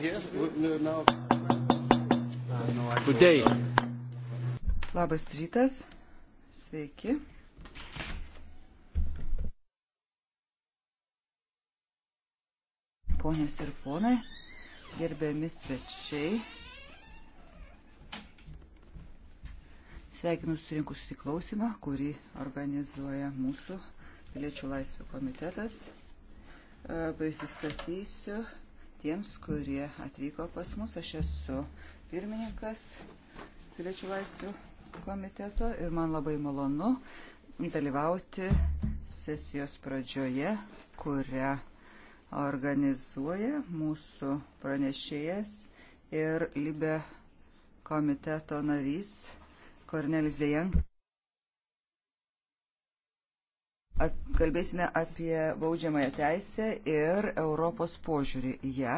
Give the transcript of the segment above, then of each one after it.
Yes, no. Good day. Labas rytas. Sveiki. Ponios ir ponai, gerbiami svečiai. Sveikinu surinkus įklausimą, kurį organizuoja mūsų Piliečių laisvių komitetas. E, prisistatysiu tiems, kurie atvyko pas mus. Aš esu pirmininkas Piliečių laisvių komiteto ir man labai malonu dalyvauti sesijos pradžioje, kurią organizuoja mūsų pranešėjas ir Libe komiteto narys Kornelis Dejank. kalbėsime apie baudžiamąją teisę ir Europos požiūrį į ją.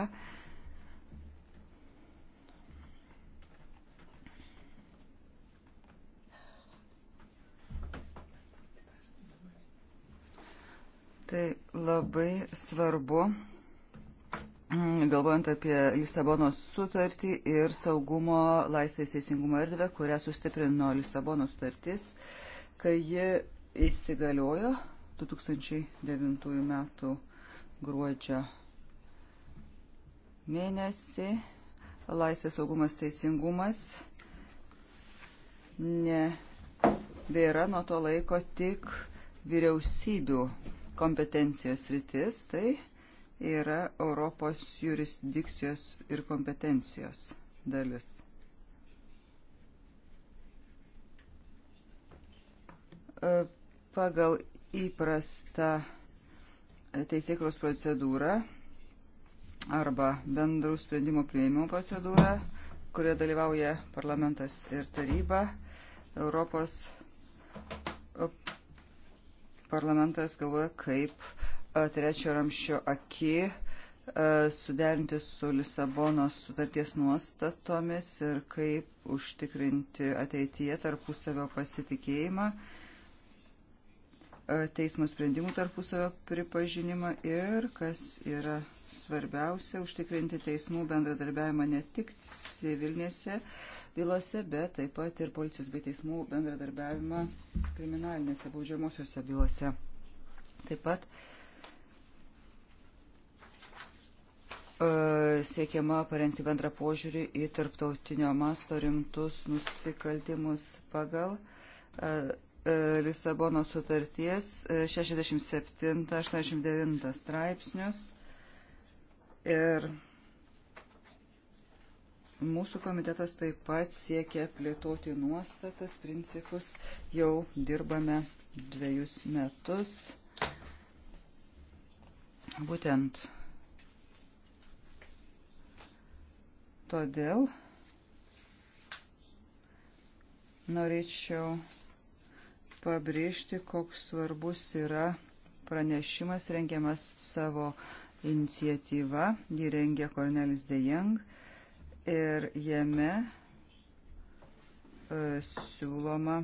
Tai labai svarbu, mm, galvojant apie Lisabonos sutartį ir saugumo laisvės teisingumo erdvę, kurią sustiprino Lisabonos sutartis, kai ji įsigaliojo 2009 metų gruodžio mėnesį. Laisvės saugumas teisingumas nebėra nuo to laiko tik vyriausybių kompetencijos rytis, tai yra Europos jurisdikcijos ir kompetencijos dalis. Pagal įprasta teisėkros procedūra arba bendrų sprendimų prieimimo procedūra, kurioje dalyvauja parlamentas ir taryba. Europos parlamentas galvoja, kaip e, trečio ramščio aki e, suderinti su Lisabonos sutarties nuostatomis ir kaip užtikrinti ateityje tarpusavio pasitikėjimą. E, teismo sprendimų tarpusavio pripažinimą ir, kas yra svarbiausia, užtikrinti teismų bendradarbiavimą ne tik civilinėse bylose, bet taip pat ir policijos bei teismų bendradarbiavimą kriminalinėse baudžiamosiose bylose. Taip pat e, siekiama parengti bendrą požiūrį į tarptautinio masto rimtus nusikaltimus pagal e, E, Lisabono sutarties 67-89 e, straipsnius ir Mūsų komitetas taip pat siekia plėtoti nuostatas, principus. Jau dirbame dviejus metus. Būtent todėl norėčiau pabrėžti, koks svarbus yra pranešimas rengiamas savo iniciatyva. Jį rengia Kornelis Dejang ir jame e, siūloma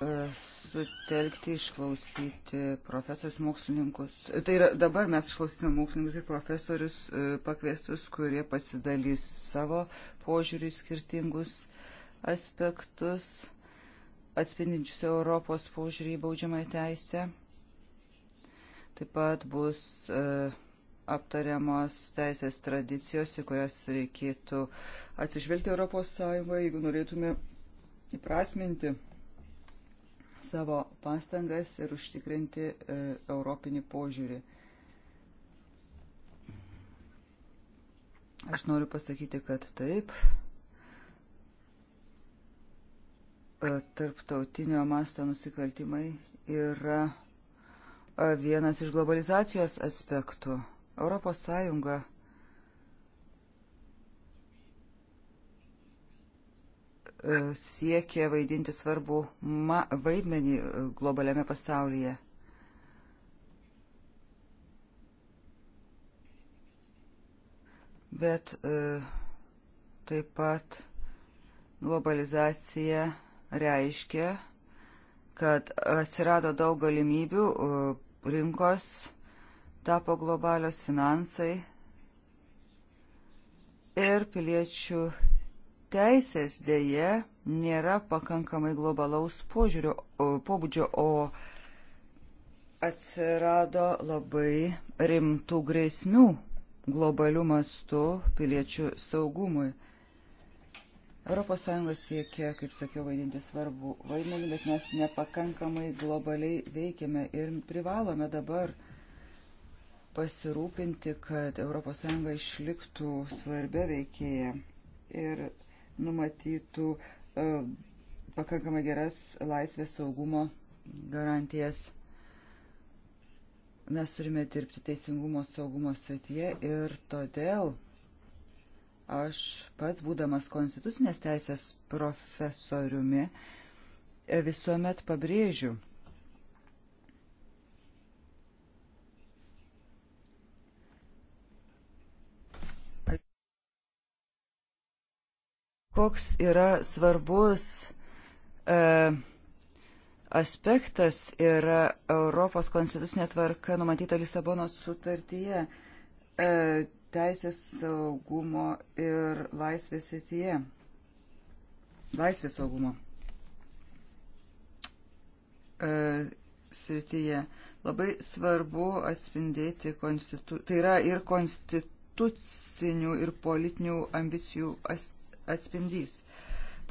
e, sutelkti, išklausyti profesorius mokslininkus. Tai yra, dabar mes išklausysime mokslininkus ir profesorius e, pakviestus, kurie pasidalys savo požiūrį skirtingus aspektus atspindinčius Europos požiūrį į baudžiamąją teisę. Taip pat bus uh, aptariamos teisės tradicijos, į kurias reikėtų atsižvelgti Europos Sąjungoje, jeigu norėtume įprasminti savo pastangas ir užtikrinti e, europinį požiūrį. Aš noriu pasakyti, kad taip, e, tarptautinio masto nusikaltimai yra e, vienas iš globalizacijos aspektų. Europos Sąjunga E, siekia vaidinti svarbu ma, vaidmenį e, globaliame pasaulyje. Bet e, taip pat globalizacija reiškia, kad atsirado daug galimybių, rinkos tapo globalios finansai ir piliečių teisės dėje nėra pakankamai globalaus požiūrio, pobūdžio, o atsirado labai rimtų grėsmių globalių mastų piliečių saugumui. ES siekia, kaip sakiau, vaidinti svarbų vaidmenį, bet mes nepakankamai globaliai veikiame ir privalome dabar pasirūpinti, kad ES išliktų svarbia veikėja. Ir numatytų e, pakankamai geras laisvės saugumo garantijas. Mes turime dirbti teisingumo saugumo srityje ir todėl aš pats, būdamas konstitucinės teisės profesoriumi, e, visuomet pabrėžiu koks yra svarbus e, aspektas yra Europos konstitucinė tvarka numatyta Lisabonos sutartyje e, teisės saugumo ir laisvės sityje. Laisvės saugumo e, srityje. Labai svarbu atspindėti, konstitu... tai yra ir konstitucinių, ir politinių ambicijų aspektų atspindys.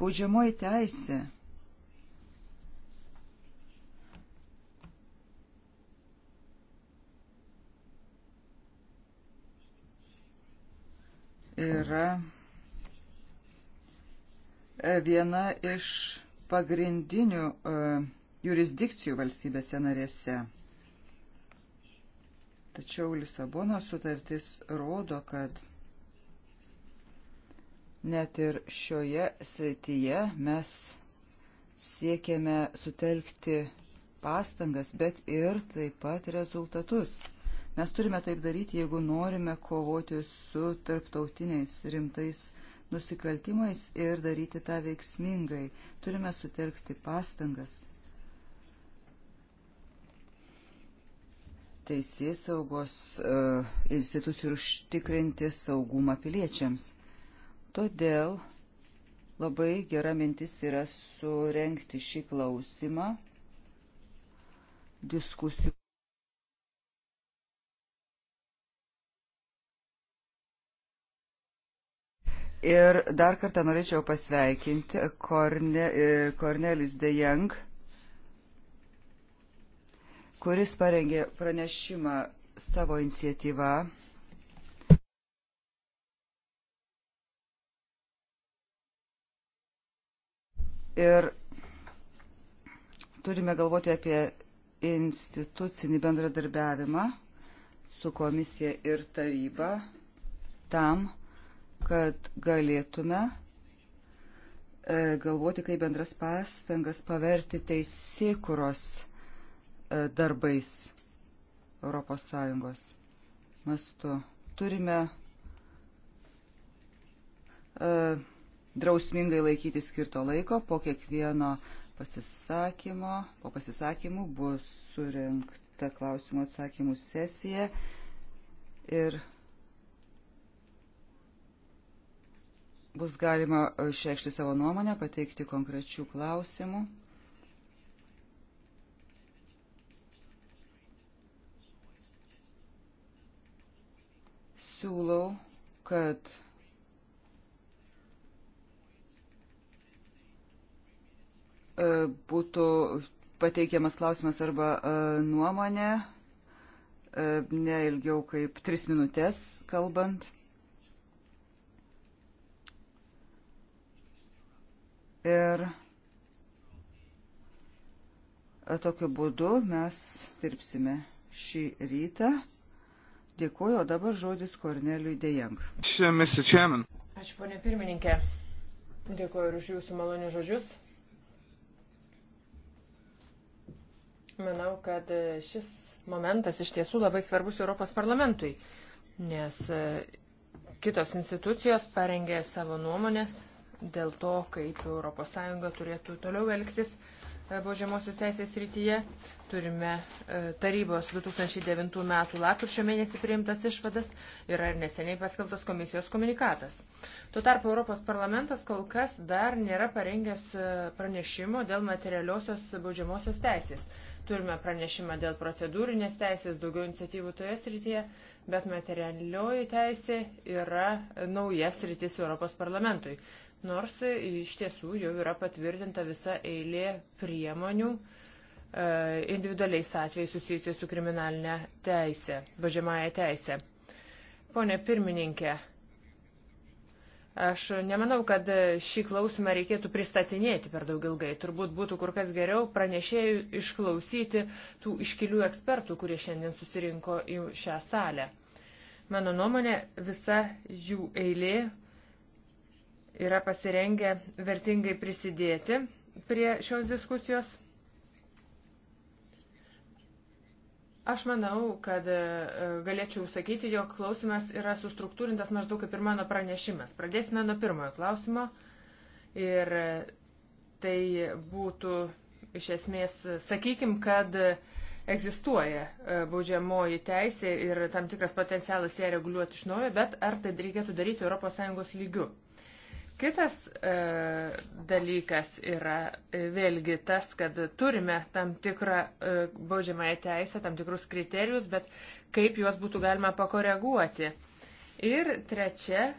Baudžiamoji teisė yra viena iš pagrindinių e, jurisdikcijų valstybėse narėse. Tačiau Lisabono sutartis rodo, kad Net ir šioje srityje mes siekiame sutelkti pastangas, bet ir taip pat rezultatus. Mes turime taip daryti, jeigu norime kovoti su tarptautiniais rimtais nusikaltimais ir daryti tą veiksmingai. Turime sutelkti pastangas. Teisės saugos uh, e, institucijų ir užtikrinti saugumą piliečiams. Todėl labai gera mintis yra surenkti šį klausimą diskusijų. Ir dar kartą norėčiau pasveikinti Korne, Kornelis e, De Jong, kuris parengė pranešimą savo iniciatyvą Ir turime galvoti apie institucinį bendradarbiavimą su komisija ir taryba tam, kad galėtume e, galvoti, kaip bendras pastangas paverti teisėkuros e, darbais ES mastu. Turime e, drausmingai laikyti skirto laiko. Po kiekvieno pasisakymo, po pasisakymų bus surinkta klausimų atsakymų sesija. Ir bus galima išreikšti savo nuomonę, pateikti konkrečių klausimų. Siūlau, kad E, būtų pateikiamas klausimas arba e, nuomonė, e, ne ilgiau kaip tris minutės kalbant. Ir tokiu būdu mes dirbsime šį rytą. Dėkuoju, o dabar žodis Korneliui Dejang. Ačiū, ponė pirmininkė. Dėkuoju ir už jūsų malonius žodžius. Manau, kad e, šis momentas iš tiesų labai svarbus Europos parlamentui, nes e, kitos institucijos parengė savo nuomonės dėl to, kaip ES turėtų toliau elgtis e, baudžiamosios teisės rytyje. Turime tarybos 2009 m. lapkričio mėnesį priimtas išvadas yra ir neseniai paskeltas komisijos komunikatas. Tuo tarpu Europos parlamentas kol kas dar nėra parengęs pranešimo dėl materialiosios baudžiamosios teisės. Turime pranešimą dėl procedūrinės teisės, daugiau iniciatyvų toje srityje, bet materialioji teisė yra nauja sritis Europos parlamentui. Nors iš tiesų jau yra patvirtinta visa eilė priemonių e, individualiais atvejais susijusiais su kriminalinė teisė, bažiamąją teisę. Pone pirmininkė, Aš nemanau, kad šį klausimą reikėtų pristatinėti per daug ilgai. Turbūt būtų kur kas geriau pranešėjų išklausyti tų iškilių ekspertų, kurie šiandien susirinko į šią salę. Mano nuomonė, visa jų eilė yra pasirengę vertingai prisidėti prie šios diskusijos. Aš manau, kad e, e, galėčiau sakyti, jog klausimas yra sustruktūrintas maždaug kaip ir mano pranešimas. Pradėsime nuo pirmojo klausimo ir e, tai būtų iš esmės, sakykim, kad egzistuoja baudžiamoji teisė ir tam tikras potencialas ją reguliuoti iš naujo, bet ar tai reikėtų daryti ES lygiu? Kitas e, dalykas yra e, vėlgi tas, kad turime tam tikrą e, baudžiamąją teisę, tam tikrus kriterijus, bet kaip juos būtų galima pakoreguoti. Ir trečia e,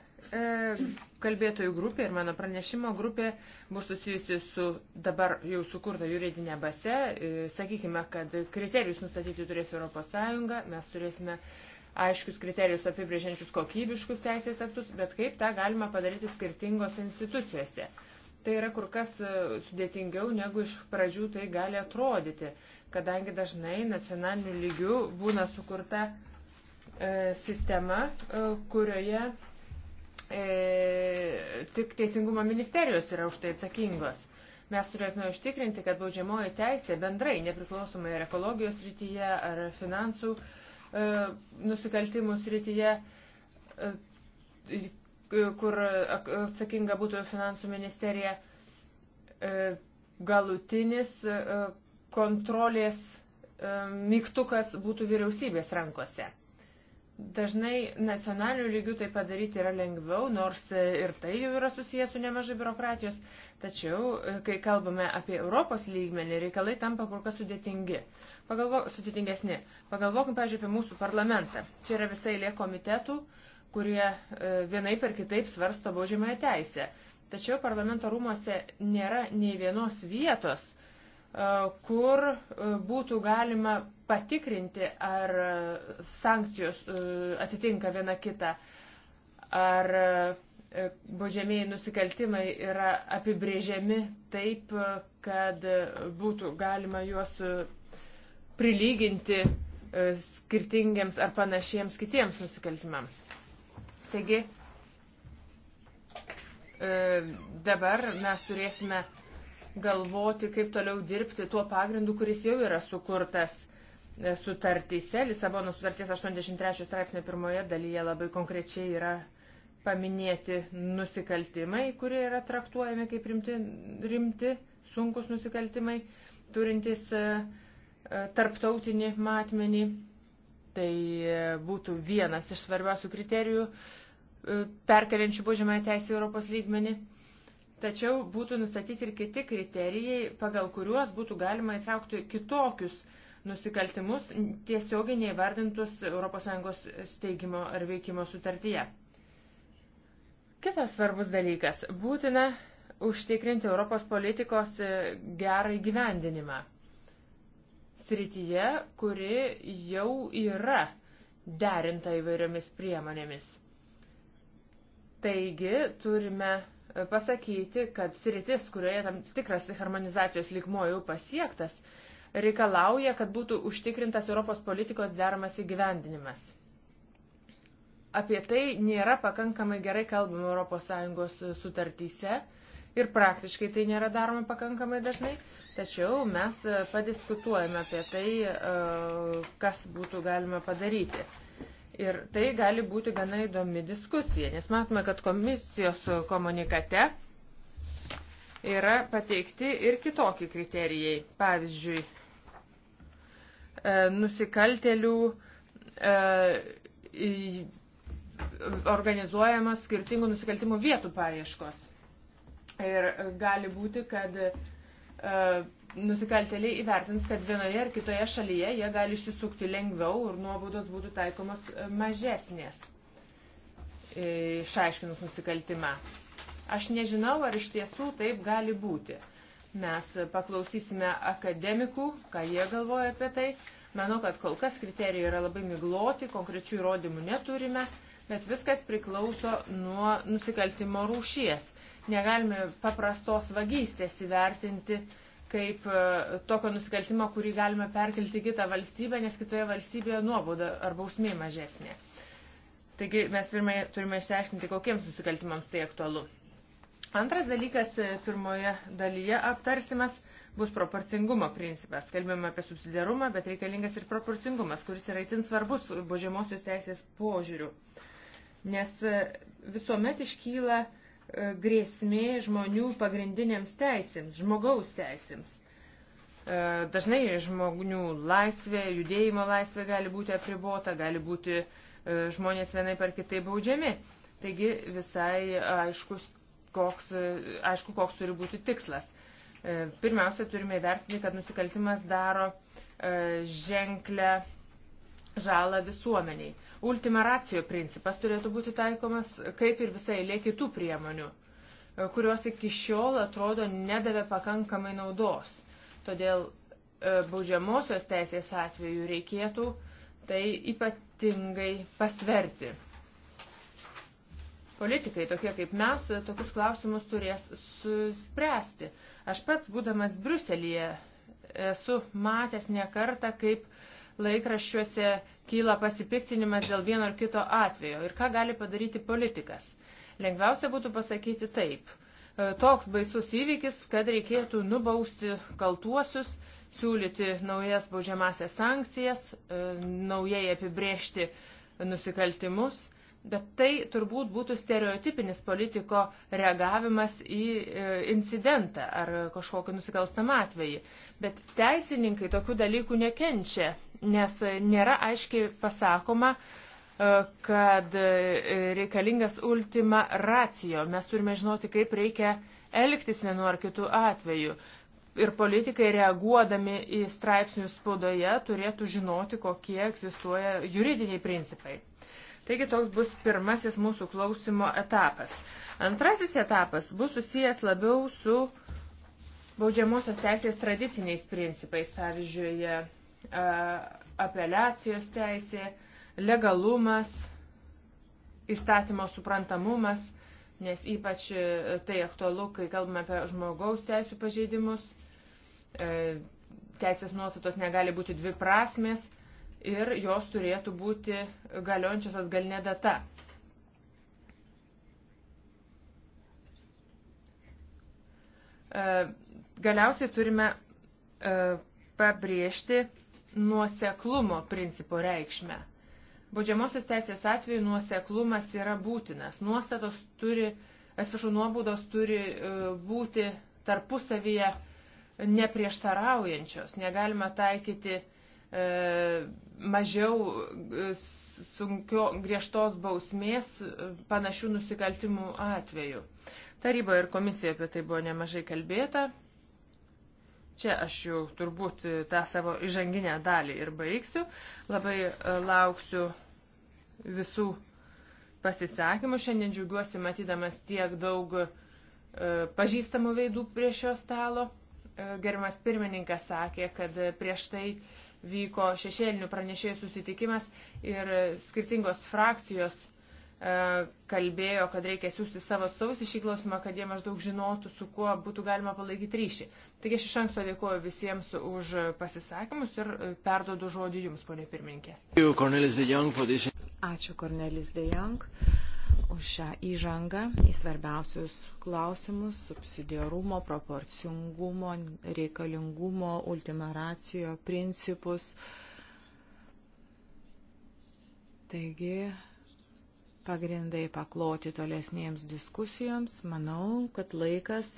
kalbėtojų grupė ir mano pranešimo grupė bus susijusi su dabar jau sukurta juridinė base. E, sakykime, kad kriterijus nustatyti turės ES, mes turėsime. E, aiškius kriterijus apibrėžiančius kokybiškus teisės aktus, bet kaip tą galima padaryti skirtingose institucijose. Tai yra kur kas e, sudėtingiau negu iš pradžių tai gali atrodyti, kadangi dažnai nacionaliniu lygiu būna sukurta e, sistema, e, kurioje e, tik Teisingumo ministerijos yra už tai atsakingos. Mes turėtume užtikrinti, kad baudžiamoji teisė bendrai, nepriklausomai ar ekologijos rytyje, ar finansų, e, E, nusikaltimų srityje, e, kur atsakinga būtų finansų ministerija, e, galutinis kontrolės mygtukas būtų vyriausybės rankose. Dažnai nacionaliniu lygiu tai padaryti yra lengviau, nors ir tai jau yra susijęs su nemažai biurokratijos, Tačiau, e, kai kalbame apie Europos lygmenį, reikalai tampa kur kas sudėtingi. Pagalvo, sudėtingesni. Pagalvokim, pažiūrėjau, apie mūsų parlamentą. Čia yra visai lė komitetų, kurie e, vienai per kitaip svarsto baudžiamąją teisę. Tačiau parlamento rūmose nėra nei vienos vietos, e, kur būtų galima patikrinti, ar sankcijos atitinka viena kitą, ar E, baudžiamieji nusikaltimai yra apibrėžiami taip, e, kad e, būtų galima juos prilyginti skirtingiems ar panašiems kitiems nusikaltimams. Taigi, dabar mes turėsime galvoti, kaip toliau dirbti tuo pagrindu, kuris jau yra sukurtas sutartyse. Lisabono sutarties 83 straipsnio pirmoje dalyje labai konkrečiai yra uh, paminėti nusikaltimai, kurie yra traktuojami kaip rimti, rimti sunkus nusikaltimai, turintys e, e, tarptautinį matmenį. Tai e, būtų vienas iš svarbiausių kriterijų perkeliančių baudžiamąją teisę Europos lygmenį. Tačiau būtų nustatyti ir kiti kriterijai, pagal kuriuos būtų galima įtraukti kitokius nusikaltimus tiesiogiai neįvardintus ES steigimo ar veikimo sutartyje. Kitas svarbus dalykas - būtina užtikrinti Europos politikos e, gerą įgyvendinimą. Srityje, kuri jau yra derinta įvairiomis priemonėmis. Taigi turime e, pasakyti, kad sritis, kurioje tam tikras harmonizacijos likmuo jau pasiektas, reikalauja, kad būtų užtikrintas Europos politikos deramas įgyvendinimas apie tai nėra pakankamai gerai kalbama ES sutartyse ir praktiškai tai nėra daroma pakankamai dažnai, tačiau mes e, padiskutuojame apie tai, e, kas būtų galima padaryti. Ir tai gali būti gana įdomi diskusija, nes matome, kad komisijos komunikate yra pateikti ir kitokie kriterijai. Pavyzdžiui, e, nusikaltelių organizuojamos skirtingų nusikaltimų vietų paieškos. Ir gali būti, kad e, nusikaltėliai įvertins, kad vienoje ar kitoje šalyje jie gali išsisukti lengviau ir nuobaudos būtų taikomos e, mažesnės e, išaiškinus nusikaltimą. Aš nežinau, ar iš tiesų taip gali būti. Mes paklausysime akademikų, ką jie galvoja apie tai. Manau, kad kol kas kriterijai yra labai migloti, konkrečių įrodymų neturime bet viskas priklauso nuo nusikaltimo rūšies. Negalime paprastos vagystės įvertinti kaip e, tokio nusikaltimo, kurį galime perkelti kitą valstybę, nes kitoje valstybėje nuobauda ar bausmė mažesnė. Taigi mes pirmai turime išsiaiškinti, kokiems nusikaltimams tai aktualu. Antras dalykas e, pirmoje dalyje aptarsimas bus proporcingumo principas. Kalbėjome apie subsidiarumą, bet reikalingas ir proporcingumas, kuris yra itin svarbus baudžiamosios teisės požiūrių. Uh, nes e, visuomet iškyla e, grėsmė žmonių pagrindinėms teisėms, žmogaus teisėms. E, dažnai žmonių laisvė, judėjimo laisvė gali būti apribota, gali būti žmonės vienai par kitai baudžiami. Taigi visai aiškus, koks, aišku, koks turi būti tikslas. Pirmiausia, turime įvertinti, kad nusikaltimas daro ženklę žalą visuomeniai. Ultima racijo principas turėtų būti taikomas, kaip ir visai lė kitų priemonių, e, kurios iki šiol atrodo nedavė pakankamai naudos. Todėl e, baudžiamosios teisės atveju reikėtų tai ypatingai pasverti. Politikai, tokie kaip mes, tokius klausimus turės suspręsti. Aš pats, būdamas Bruselėje, esu matęs ne kartą, kaip laikraščiuose kyla pasipiktinimas dėl vieno ar kito atvejo ir ką gali padaryti politikas. Lengviausia būtų pasakyti taip. E, toks baisus įvykis, kad reikėtų nubausti kaltuosius, siūlyti naujas baudžiamasias sankcijas, e, naujai apibriežti nusikaltimus Bet tai turbūt būtų stereotipinis politiko reagavimas į e, incidentą ar kažkokį nusikalstamą atvejį. Bet teisininkai tokių dalykų nekenčia, nes nėra aiškiai pasakoma, e, kad e, reikalingas ultima racijo. Mes turime žinoti, kaip reikia elgtis vienu ar kitu atveju. Ir politikai reaguodami į straipsnius spaudoje turėtų žinoti, kokie egzistuoja juridiniai principai. Taigi toks bus pirmasis mūsų klausimo etapas. Antrasis etapas bus susijęs labiau su baudžiamosios teisės tradiciniais principais, pavyzdžiui, e, apeliacijos teisė, legalumas, įstatymo suprantamumas, nes ypač e, tai aktualu, kai kalbame apie žmogaus teisų pažeidimus, e, teisės nuostatos negali būti dvi prasmės ir jos turėtų būti galiojančios atgalinė data. E, galiausiai turime e, pabrėžti nuoseklumo principo reikšmę. Baudžiamosios teisės atveju nuoseklumas yra būtinas. Nuostatos turi, atsiprašau, nuobaudos turi e, būti tarpusavyje neprieštaraujančios. Negalima taikyti uh, E, mažiau e, sunkio griežtos bausmės e, panašių nusikaltimų atveju. Taryboje ir komisijoje apie tai buvo nemažai kalbėta. Čia aš jau turbūt tą savo įžanginę dalį ir baigsiu. Labai lauksiu visų pasisakymų. Šiandien džiaugiuosi matydamas tiek daug pažįstamų veidų prie šio stalo. Gerimas pirmininkas sakė, kad prieš tai uh, vyko šešėlinių pranešėjų susitikimas ir skirtingos frakcijos e, kalbėjo, kad reikia siūsti savo atstovus į šį klausimą, kad jie maždaug žinotų, su kuo būtų galima palaikyti ryšį. Taigi aš iš anksto dėkuoju visiems už pasisakymus ir e, perdodu žodį Jums, ponė pirmininkė. Ačiū, Kornelis De Jong už šią įžangą į svarbiausius klausimus - subsidiarumo, proporcingumo, reikalingumo, ultimaracijo principus. Taigi, pagrindai pakloti tolesnėms diskusijoms, manau, kad laikas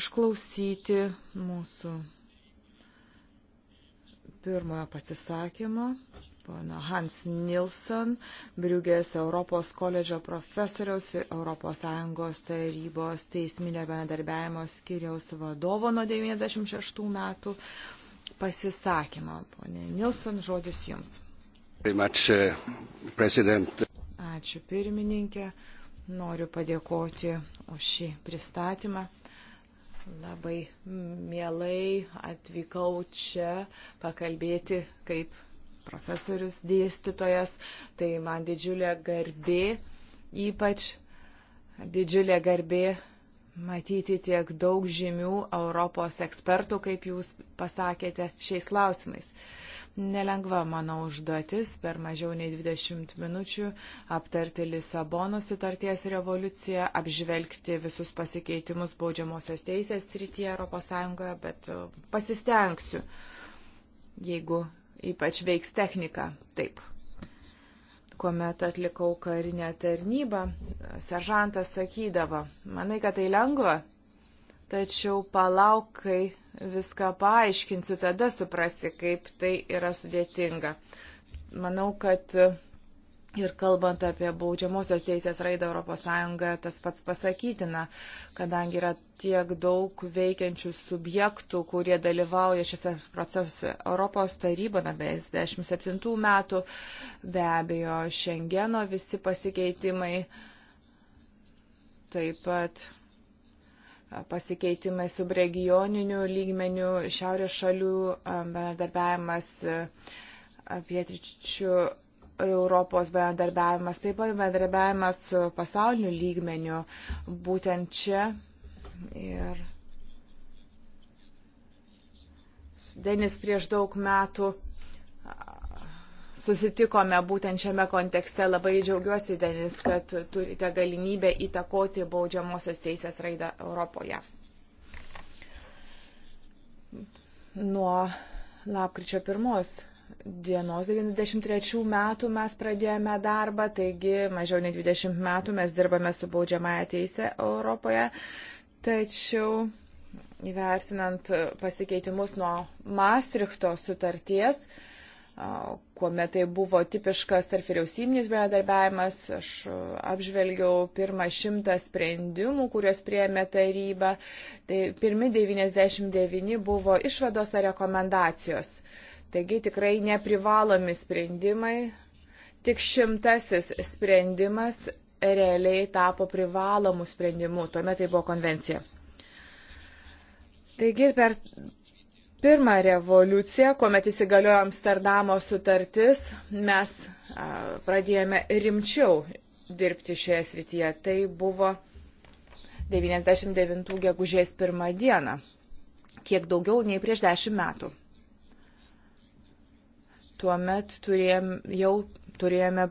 išklausyti mūsų pirmojo pasisakymo pono Hans Nilsson, Briugės Europos koledžo profesoriaus ir ES tarybos teisminio bendarbiavimo skiriaus vadovo nuo 96 metų pasisakymą. Pone Nilsson, žodis jums. Much, uh, Ačiū pirmininkė. Noriu padėkoti už šį pristatymą labai mielai atvykau čia pakalbėti kaip profesorius, dėstytojas, tai man didžiulė garbė, ypač didžiulė garbė matyti tiek daug žymių Europos ekspertų, kaip jūs pasakėte, šiais klausimais. Nelengva mano užduotis per mažiau nei 20 minučių aptarti Lisabono sutarties revoliuciją, apžvelgti visus pasikeitimus baudžiamosios teisės srityje ES, bet pasistengsiu. Jeigu ypač veiks technika. Taip. Kuomet atlikau karinę tarnybą, seržantas sakydavo, manai, kad tai lengva, tačiau palauk, kai viską paaiškinsiu, tada suprasi, kaip tai yra sudėtinga. Manau, kad Ir kalbant apie baudžiamosios teisės raidą ES, tas pats pasakytina, kadangi yra tiek daug veikiančių subjektų, kurie dalyvauja šiuose procesuose. Europos taryba, na, 57 metų, be abejo, Šengeno visi pasikeitimai, taip pat pasikeitimai su regioniniu lygmeniu, šiaurės šalių bendarbiavimas pietričių Europos bendarbiavimas, taip pat bendarbiavimas pasauliniu lygmeniu, būtent čia. Ir Denis prieš daug metų susitikome būtent šiame kontekste. Labai džiaugiuosi, Denis, kad turite galimybę įtakoti baudžiamosios teisės raidą Europoje. Nuo lapkričio pirmos dienos 93 metų mes pradėjome darbą, taigi mažiau nei 20 metų mes dirbame su baudžiamąją teisę Europoje. Tačiau įvertinant pasikeitimus nuo Maastrichto sutarties, kuomet tai buvo tipiškas tarp vyriausybinis bendradarbiavimas, aš apžvelgiau pirmą šimtą sprendimų, kuriuos prieėmė taryba, tai pirmi 99 buvo išvados ar rekomendacijos. Taigi tikrai neprivalomi sprendimai, tik šimtasis sprendimas realiai tapo privalomų sprendimų. Tuomet tai buvo konvencija. Taigi per pirmą revoliuciją, kuomet įsigaliojo Amsterdamo sutartis, mes a, pradėjome rimčiau dirbti šioje srityje. Tai buvo 99 gegužės pirmą dieną, kiek daugiau nei prieš 10 metų tuomet turėjom, jau turėjome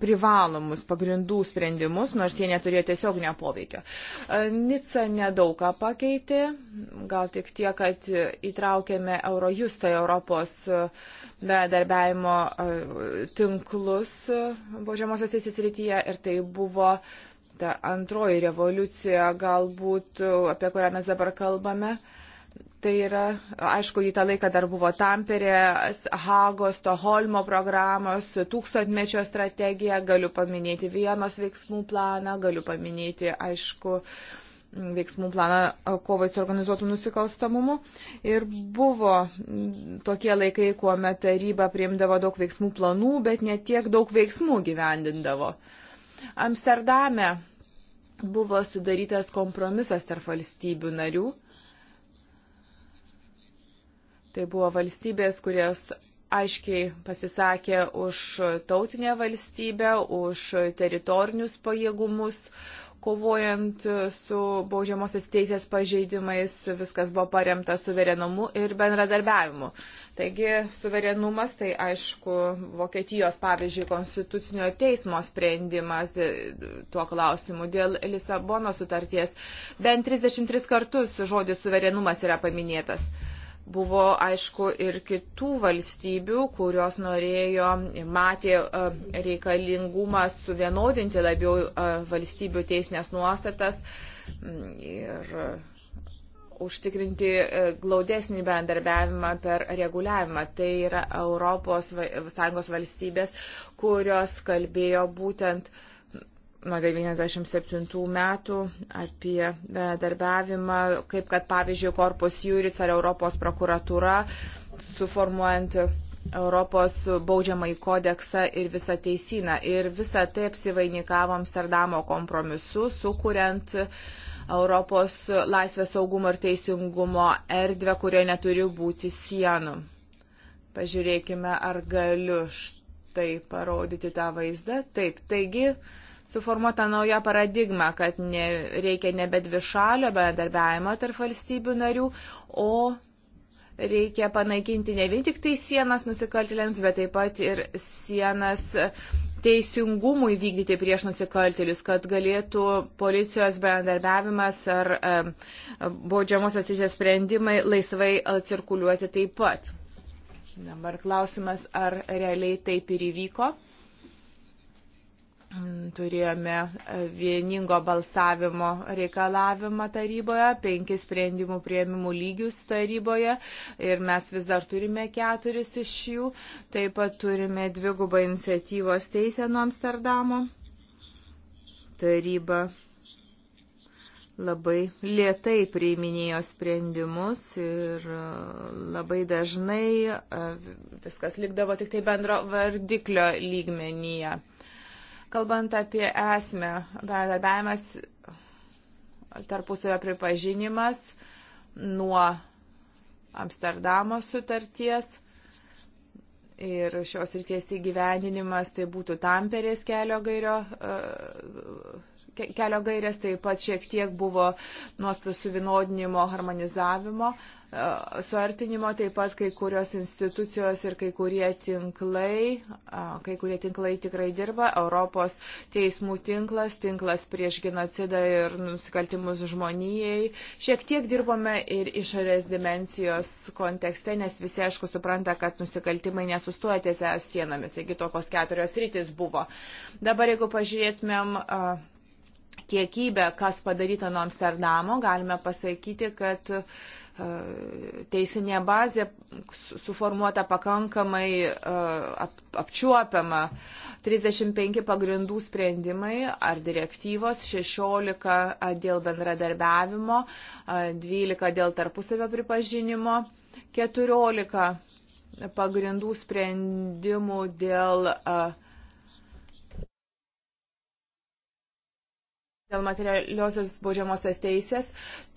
privalomus pagrindų sprendimus, nors jie neturėjo tiesioginio poveikio. E, Nica nedaug ką pakeitė, gal tik tie, kad įtraukėme Eurojustą Europos e, bedarbiavimo e, tinklus baudžiamosios teisės rytyje ir tai buvo ta antroji revoliucija, galbūt, apie kurią mes dabar kalbame. Uh, Tai yra, aišku, į tą laiką dar buvo Tamperė, Hagos, Stoholmo programos, tūkstantmečio strategija, galiu paminėti vienos veiksmų planą, galiu paminėti, aišku, veiksmų planą kovai su organizuotų nusikalstamumu. Ir buvo tokie laikai, kuomet taryba priimdavo daug veiksmų planų, bet netiek daug veiksmų gyvendindavo. Amsterdame buvo sudarytas kompromisas tarp valstybių narių Tai buvo valstybės, kurios aiškiai pasisakė už tautinę valstybę, už teritorinius pajėgumus, kovojant su baudžiamosios teisės pažeidimais, viskas buvo paremta suverenumu ir bendradarbiavimu. Taigi suverenumas tai aišku Vokietijos, pavyzdžiui, konstitucinio teismo sprendimas tuo klausimu dėl Lisabono sutarties. Bent 33 kartus žodis suverenumas yra paminėtas. Buvo, aišku, ir kitų valstybių, kurios norėjo, matė e, reikalingumą suvienodinti labiau e, valstybių teisinės nuostatas mm, ir užtikrinti e, glaudesnį bendarbiavimą per reguliavimą. Tai yra ES valstybės, kurios kalbėjo būtent uh, nuo 1997 metų apie bendarbiavimą, kaip kad pavyzdžiui Korpus Juris ar Europos prokuratūra, suformuojant Europos baudžiamąjį kodeksą ir visą teisiną. Ir visą tai apsivainikavo Amsterdamo kompromisu, sukuriant Europos laisvės saugumo ir teisingumo erdvę, kurioje neturi būti sienų. Pažiūrėkime, ar galiu štai parodyti tą vaizdą. Taip, taigi suformuota nauja paradigma, kad ne, reikia nebe dvišalio bendarbiavimo tarp valstybių narių, o reikia panaikinti ne vien tik tai sienas nusikaltėliams, bet taip pat ir sienas teisingumui vykdyti prieš nusikaltėlius, kad galėtų policijos bendarbiavimas ar e, baudžiamosios teisės sprendimai laisvai e, cirkuliuoti taip pat. Dabar klausimas, ar realiai taip ir įvyko turėjome e, vieningo balsavimo reikalavimą taryboje, penkis sprendimų prieimimų lygius taryboje ir mes vis dar turime keturis iš jų. Taip pat turime dvigubą iniciatyvos teisę nuo Amsterdamo. Taryba labai lietai priiminėjo sprendimus ir e, labai dažnai e, viskas likdavo tik tai bendro vardiklio lygmenyje. Kalbant apie esmę, bendarbiavimas tarpusavio pripažinimas nuo Amsterdamo sutarties ir šios ryties įgyvendinimas tai būtų Tamperės kelio gairio e, kelio gairės, taip pat šiek tiek buvo nuostų suvinodinimo, harmonizavimo, e, suartinimo, taip pat kai kurios institucijos ir kai kurie tinklai, kai kurie tinklai tikrai dirba, Europos teismų tinklas, tinklas prieš genocidą ir nusikaltimus žmonijai. Šiek tiek dirbome ir išorės dimensijos kontekste, nes visi aišku supranta, kad nusikaltimai nesustoja ties sienomis, taigi tokios keturios rytis buvo. Dabar jeigu pažiūrėtumėm kiekybę, kas padaryta nuo Amsterdamo, galime pasakyti, kad e, teisinė bazė suformuota pakankamai e, apčiuopiama. 35 pagrindų sprendimai ar direktyvos, 16 e, dėl bendradarbiavimo, 12 dėl tarpusavio pripažinimo, 14 pagrindų sprendimų dėl uh, Dėl materialiosios baudžiamosios teisės,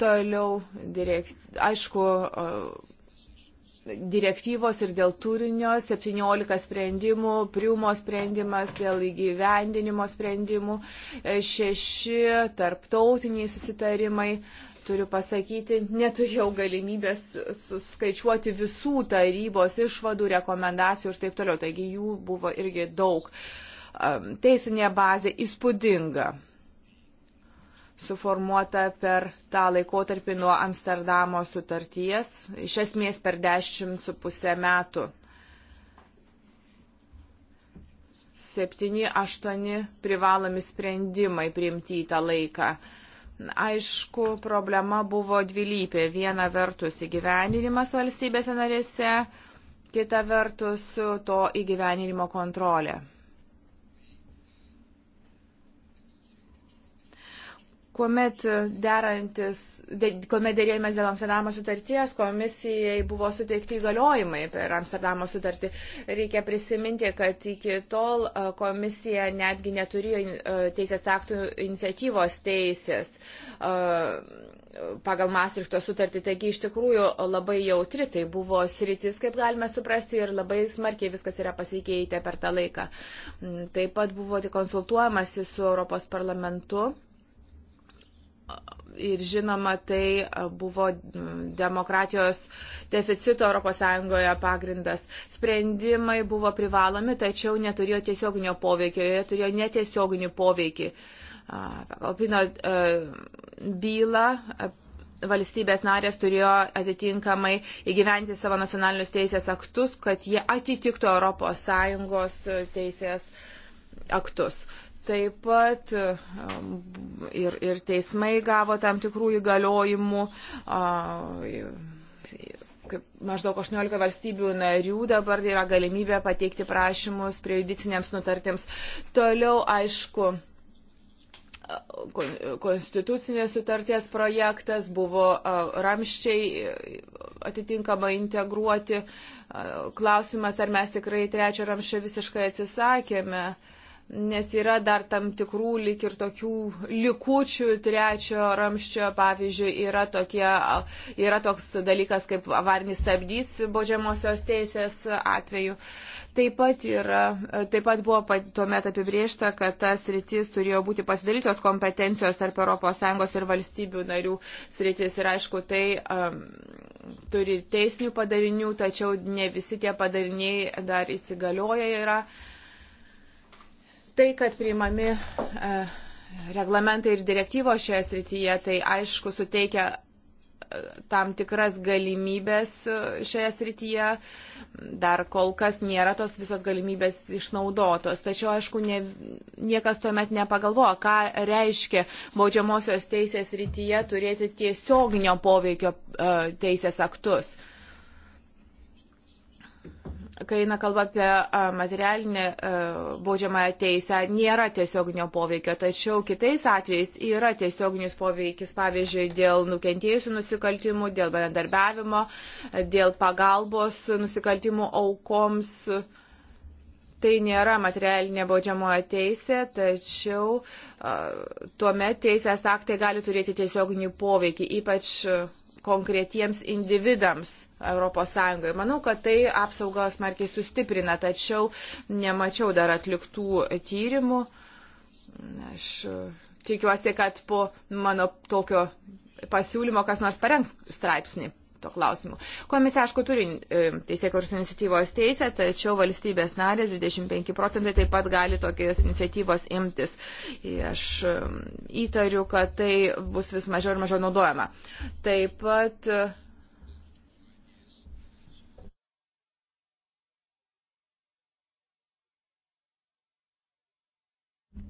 toliau, direkt, aišku, e, direktyvos ir dėl turinio, 17 sprendimų, priumo sprendimas, dėl įgyvendinimo sprendimų, 6 e, tarptautiniai susitarimai. Turiu pasakyti, neturėjau galimybės suskaičiuoti visų tarybos išvadų, rekomendacijų ir taip toliau, taigi jų buvo irgi daug. Teisinė bazė įspūdinga suformuota per tą laikotarpį nuo Amsterdamo sutarties, iš esmės per 10,5 metų. 7-8 privalomi sprendimai priimti į tą laiką. Aišku, problema buvo dvilypė. Viena vertus įgyveninimas valstybėse narėse, kita vertus to įgyveninimo kontrolė. kuomet, kuomet dėrėjomės dėl Amsterdamo sutarties, komisijai buvo suteikti įgaliojimai per Amsterdamo sutartį. Reikia prisiminti, kad iki tol e, komisija netgi neturėjo e, teisės aktų iniciatyvos teisės e, pagal Maastrichto sutartį. Taigi iš tikrųjų labai jautri tai buvo sritis, kaip galime suprasti, ir labai smarkiai viskas yra pasikeitę per tą laiką. Mm, taip pat buvo tik konsultuojamasi su Europos parlamentu Ir žinoma, tai buvo demokratijos deficito ES pagrindas. Sprendimai buvo privalomi, tačiau neturėjo tiesioginio poveikio, jie turėjo netiesioginį poveikį. Kalpino bylą valstybės narės turėjo atitinkamai įgyventi savo nacionalinius teisės aktus, kad jie atitiktų ES teisės aktus. Taip pat um, ir, ir teismai gavo tam tikrų įgaliojimų. Kaip maždaug 18 valstybių narių dabar tai yra galimybė pateikti prašymus prie judicinėms nutartims. Toliau, aišku, konstitucinės sutarties projektas, buvo ramščiai atitinkamai integruoti. Klausimas, ar mes tikrai trečio ramščio visiškai atsisakėme. Uh, nes yra dar tam tikrų lik ir tokių likučių trečio ramščio, pavyzdžiui, yra, tokie, yra toks dalykas kaip avarinis stabdys baudžiamosios teisės atveju. Taip pat, yra, taip pat buvo tuomet apibriešta, kad tas rytis turėjo būti pasidalytos kompetencijos tarp ES ir valstybių narių sritis ir aišku, tai um, turi teisinių padarinių, tačiau ne visi tie padariniai dar įsigalioja yra. Uh, Tai, kad priimami e, reglamentai ir direktyvos šioje srityje, tai aišku suteikia e, tam tikras galimybės e, šioje srityje. Dar kol kas nėra tos visos galimybės išnaudotos. Tačiau, aišku, ne, niekas tuomet nepagalvoja, ką reiškia baudžiamosios teisės srityje turėti tiesioginio poveikio teisės aktus kai eina kalba apie materialinę baudžiamąją teisę, nėra tiesioginio poveikio, tačiau kitais atvejais yra tiesioginis poveikis, pavyzdžiui, dėl nukentėjusių nusikaltimų, dėl bendarbiavimo, dėl pagalbos nusikaltimų aukoms. Tai nėra materialinė baudžiamoja teisė, tačiau tuomet teisės aktai gali turėti tiesioginį poveikį, ypač uh, konkretiems individams ES. Manau, kad tai apsaugą smarkiai sustiprina, tačiau nemačiau dar atliktų tyrimų. Aš e, tikiuosi, kad po mano tokio pasiūlymo kas nors parengs straipsnį to klausimu. Komisija, aišku, turi e, teisėkurs iniciatyvos teisę, tačiau valstybės narės 25 procentai taip pat gali tokios iniciatyvos imtis. Aš e, įtariu, kad tai bus vis mažiau ir mažiau naudojama. Taip pat e,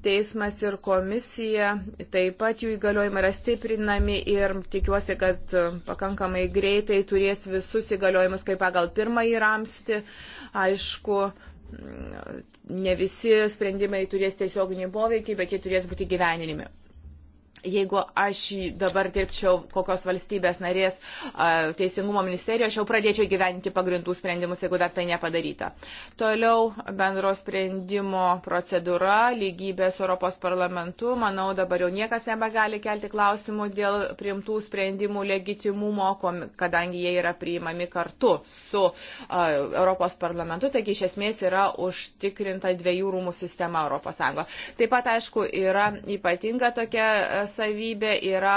teismas ir komisija, taip pat jų įgaliojimai yra stiprinami ir tikiuosi, kad e, pakankamai greitai turės visus įgaliojimus kaip pagal pirmąjį ramsti. Aišku, ne visi sprendimai turės tiesioginį poveikį, bet jie turės būti gyvenimi jeigu aš dabar dirbčiau kokios valstybės narės teisingumo ministerijoje, aš jau pradėčiau gyventi pagrindų sprendimus, jeigu dar tai nepadaryta. Toliau bendro sprendimo procedūra, lygybė su Europos parlamentu. Manau, dabar jau niekas nebegali kelti klausimų dėl priimtų sprendimų legitimumo, kadangi jie yra priimami kartu su Europos parlamentu. Taigi iš esmės yra užtikrinta dviejų rūmų sistema Europos Sąjungo. Taip pat, aišku, yra ypatinga tokia savybė yra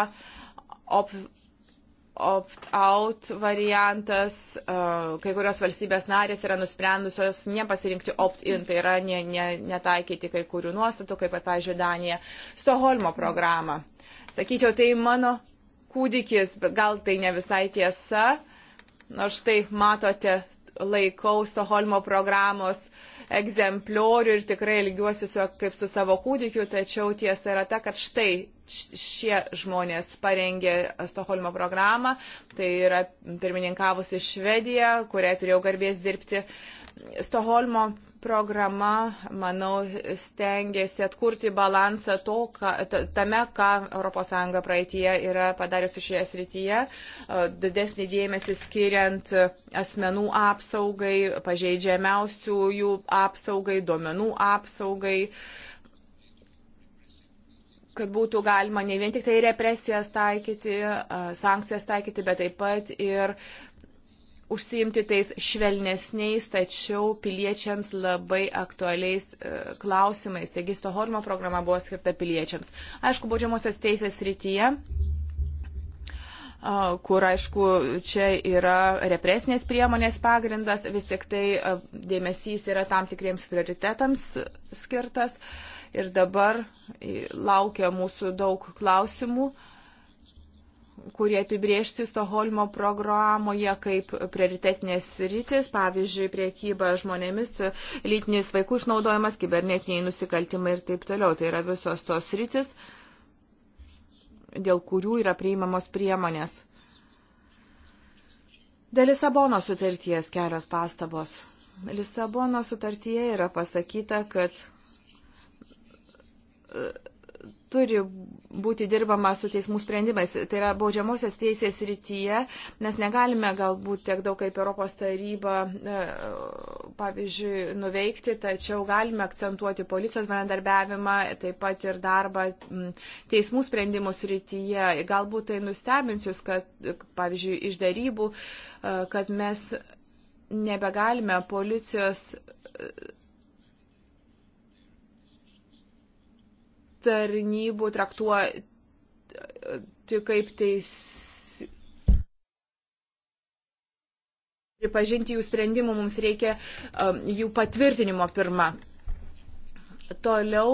opt-out variantas. Kai kurios valstybės narės yra nusprendusios nepasirinkti opt-in, tai yra ne, ne, netaikyti kai kurių nuostatų, kaip, pavyzdžiui, Danija, Stoholmo programą. Sakyčiau, tai mano kūdikis, bet gal tai ne visai tiesa. Nors štai matote, laikau Stoholmo programos egzempliorių ir tikrai elgiuosi su, kaip su savo kūdikiu, tačiau tiesa yra ta, kad štai šie žmonės parengė Stoholmo programą, tai yra pirmininkavusi Švedija, kuriai turėjau garbės dirbti. Stoholmo programa, manau, stengiasi atkurti balansą to, ką, tame, ką ES praeitie yra padariusi šioje srityje, didesnį dėmesį skiriant asmenų apsaugai, pažeidžiamiausių jų apsaugai, duomenų apsaugai. Uh, kad būtų galima ne vien tik tai represijas taikyti, sankcijas taikyti, bet taip pat ir užsiimti tais švelnesniais, tačiau piliečiams labai aktualiais e, klausimais. Taigi Stoholmo programa buvo skirta piliečiams. Aišku, baudžiamosios teisės rytyje kur, aišku, čia yra represinės priemonės pagrindas, vis tik tai dėmesys yra tam tikriems prioritetams skirtas ir dabar laukia mūsų daug klausimų kurie apibriežti Stoholmo programoje kaip prioritetinės rytis, pavyzdžiui, priekyba žmonėmis, lytinis vaikų išnaudojimas, kibernetiniai nusikaltimai ir taip toliau. Tai yra visos tos rytis, dėl kurių yra priimamos priemonės. Dėl Lisabono sutarties kelios pastabos. Lisabono sutartyje yra pasakyta, kad turi būti dirbama su teismų sprendimais. Tai yra baudžiamosios teisės rytyje. Mes negalime galbūt tiek daug kaip Europos taryba, e, pavyzdžiui, nuveikti, tačiau galime akcentuoti policijos bendarbiavimą, taip pat ir darbą teismų sprendimų srityje. Galbūt tai nustebinsius, kad, pavyzdžiui, iš darybų, e, kad mes nebegalime policijos e, tarnybų traktuoti kaip teis. Pripažinti jų sprendimų mums reikia um, jų patvirtinimo pirmą. Toliau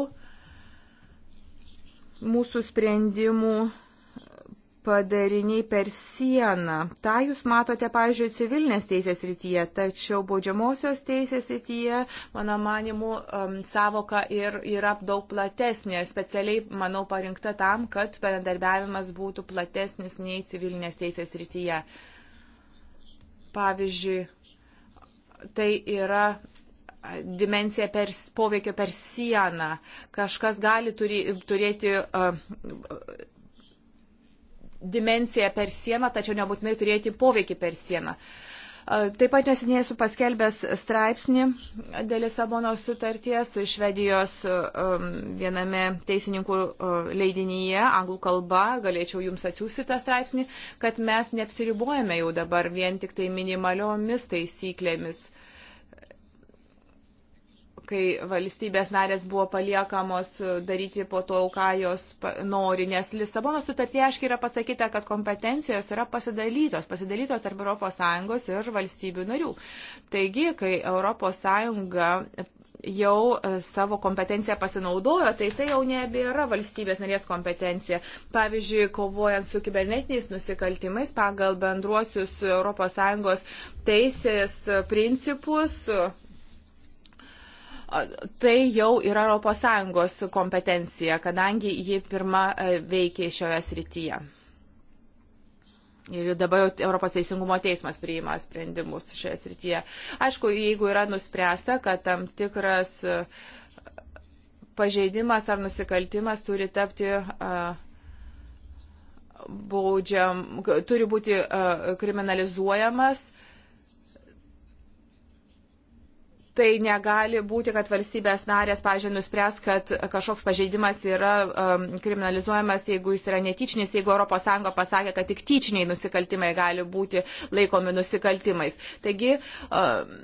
mūsų sprendimų padariniai per sieną. Ta jūs matote, pavyzdžiui, civilinės teisės rytyje, tačiau baudžiamosios teisės rytyje, mano manimu, savoka ir yra daug platesnė, specialiai, manau, parinkta tam, kad bendarbiavimas būtų platesnis nei civilinės teisės rytyje. Pavyzdžiui, tai yra dimensija per, poveikio per sieną. Kažkas gali turi, turėti uh, dimensiją per sieną, tačiau nebūtinai turėti poveikį per sieną. Taip pat nesiniai esu paskelbęs straipsnį dėl Lisabono sutarties Švedijos um, viename teisininkų leidinyje, anglų kalba, galėčiau jums atsiųsti tą straipsnį, kad mes neapsiribuojame jau dabar vien tik tai minimaliomis taisyklėmis kai valstybės narės buvo paliekamos e, daryti po to, ką jos nori, nes Lisabono sutartyje aiškiai yra pasakyta, kad kompetencijos yra pasidalytos, pasidalytos tarp ES ir valstybių narių. Taigi, kai ES jau e, savo kompetenciją pasinaudojo, tai tai jau nebėra valstybės narės kompetencija. Pavyzdžiui, kovojant su kibernetiniais nusikaltimais pagal bendruosius ES teisės principus, Tai jau yra ES kompetencija, kadangi ji pirma e, veikia šioje srityje. Ir dabar Europos Teisingumo teismas priima sprendimus šioje srityje. Aišku, jeigu yra nuspręsta, kad tam tikras e, pažeidimas ar nusikaltimas turi tapti e, baudžiam, turi būti kriminalizuojamas, tai negali būti, kad valstybės narės, pažiūrėjau, nuspręs, kad kažkoks pažeidimas yra um, kriminalizuojamas, jeigu jis yra netyčinis, jeigu ES pasakė, kad tik tyčiniai nusikaltimai gali būti laikomi nusikaltimais. Taigi, um,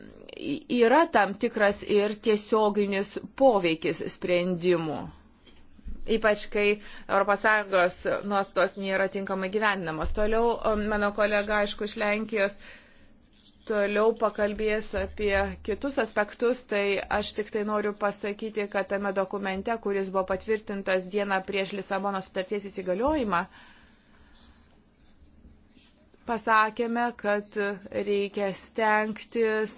yra tam tikras ir tiesioginis poveikis sprendimų. Ypač, kai ES nuostos nėra tinkamai gyveninamos. Toliau um, mano kolega, aišku, iš Lenkijos toliau pakalbės apie kitus aspektus, tai aš tik tai noriu pasakyti, kad tame dokumente, kuris buvo patvirtintas dieną prieš Lisabono sutarties įsigaliojimą, uh, pasakėme, kad reikia stengtis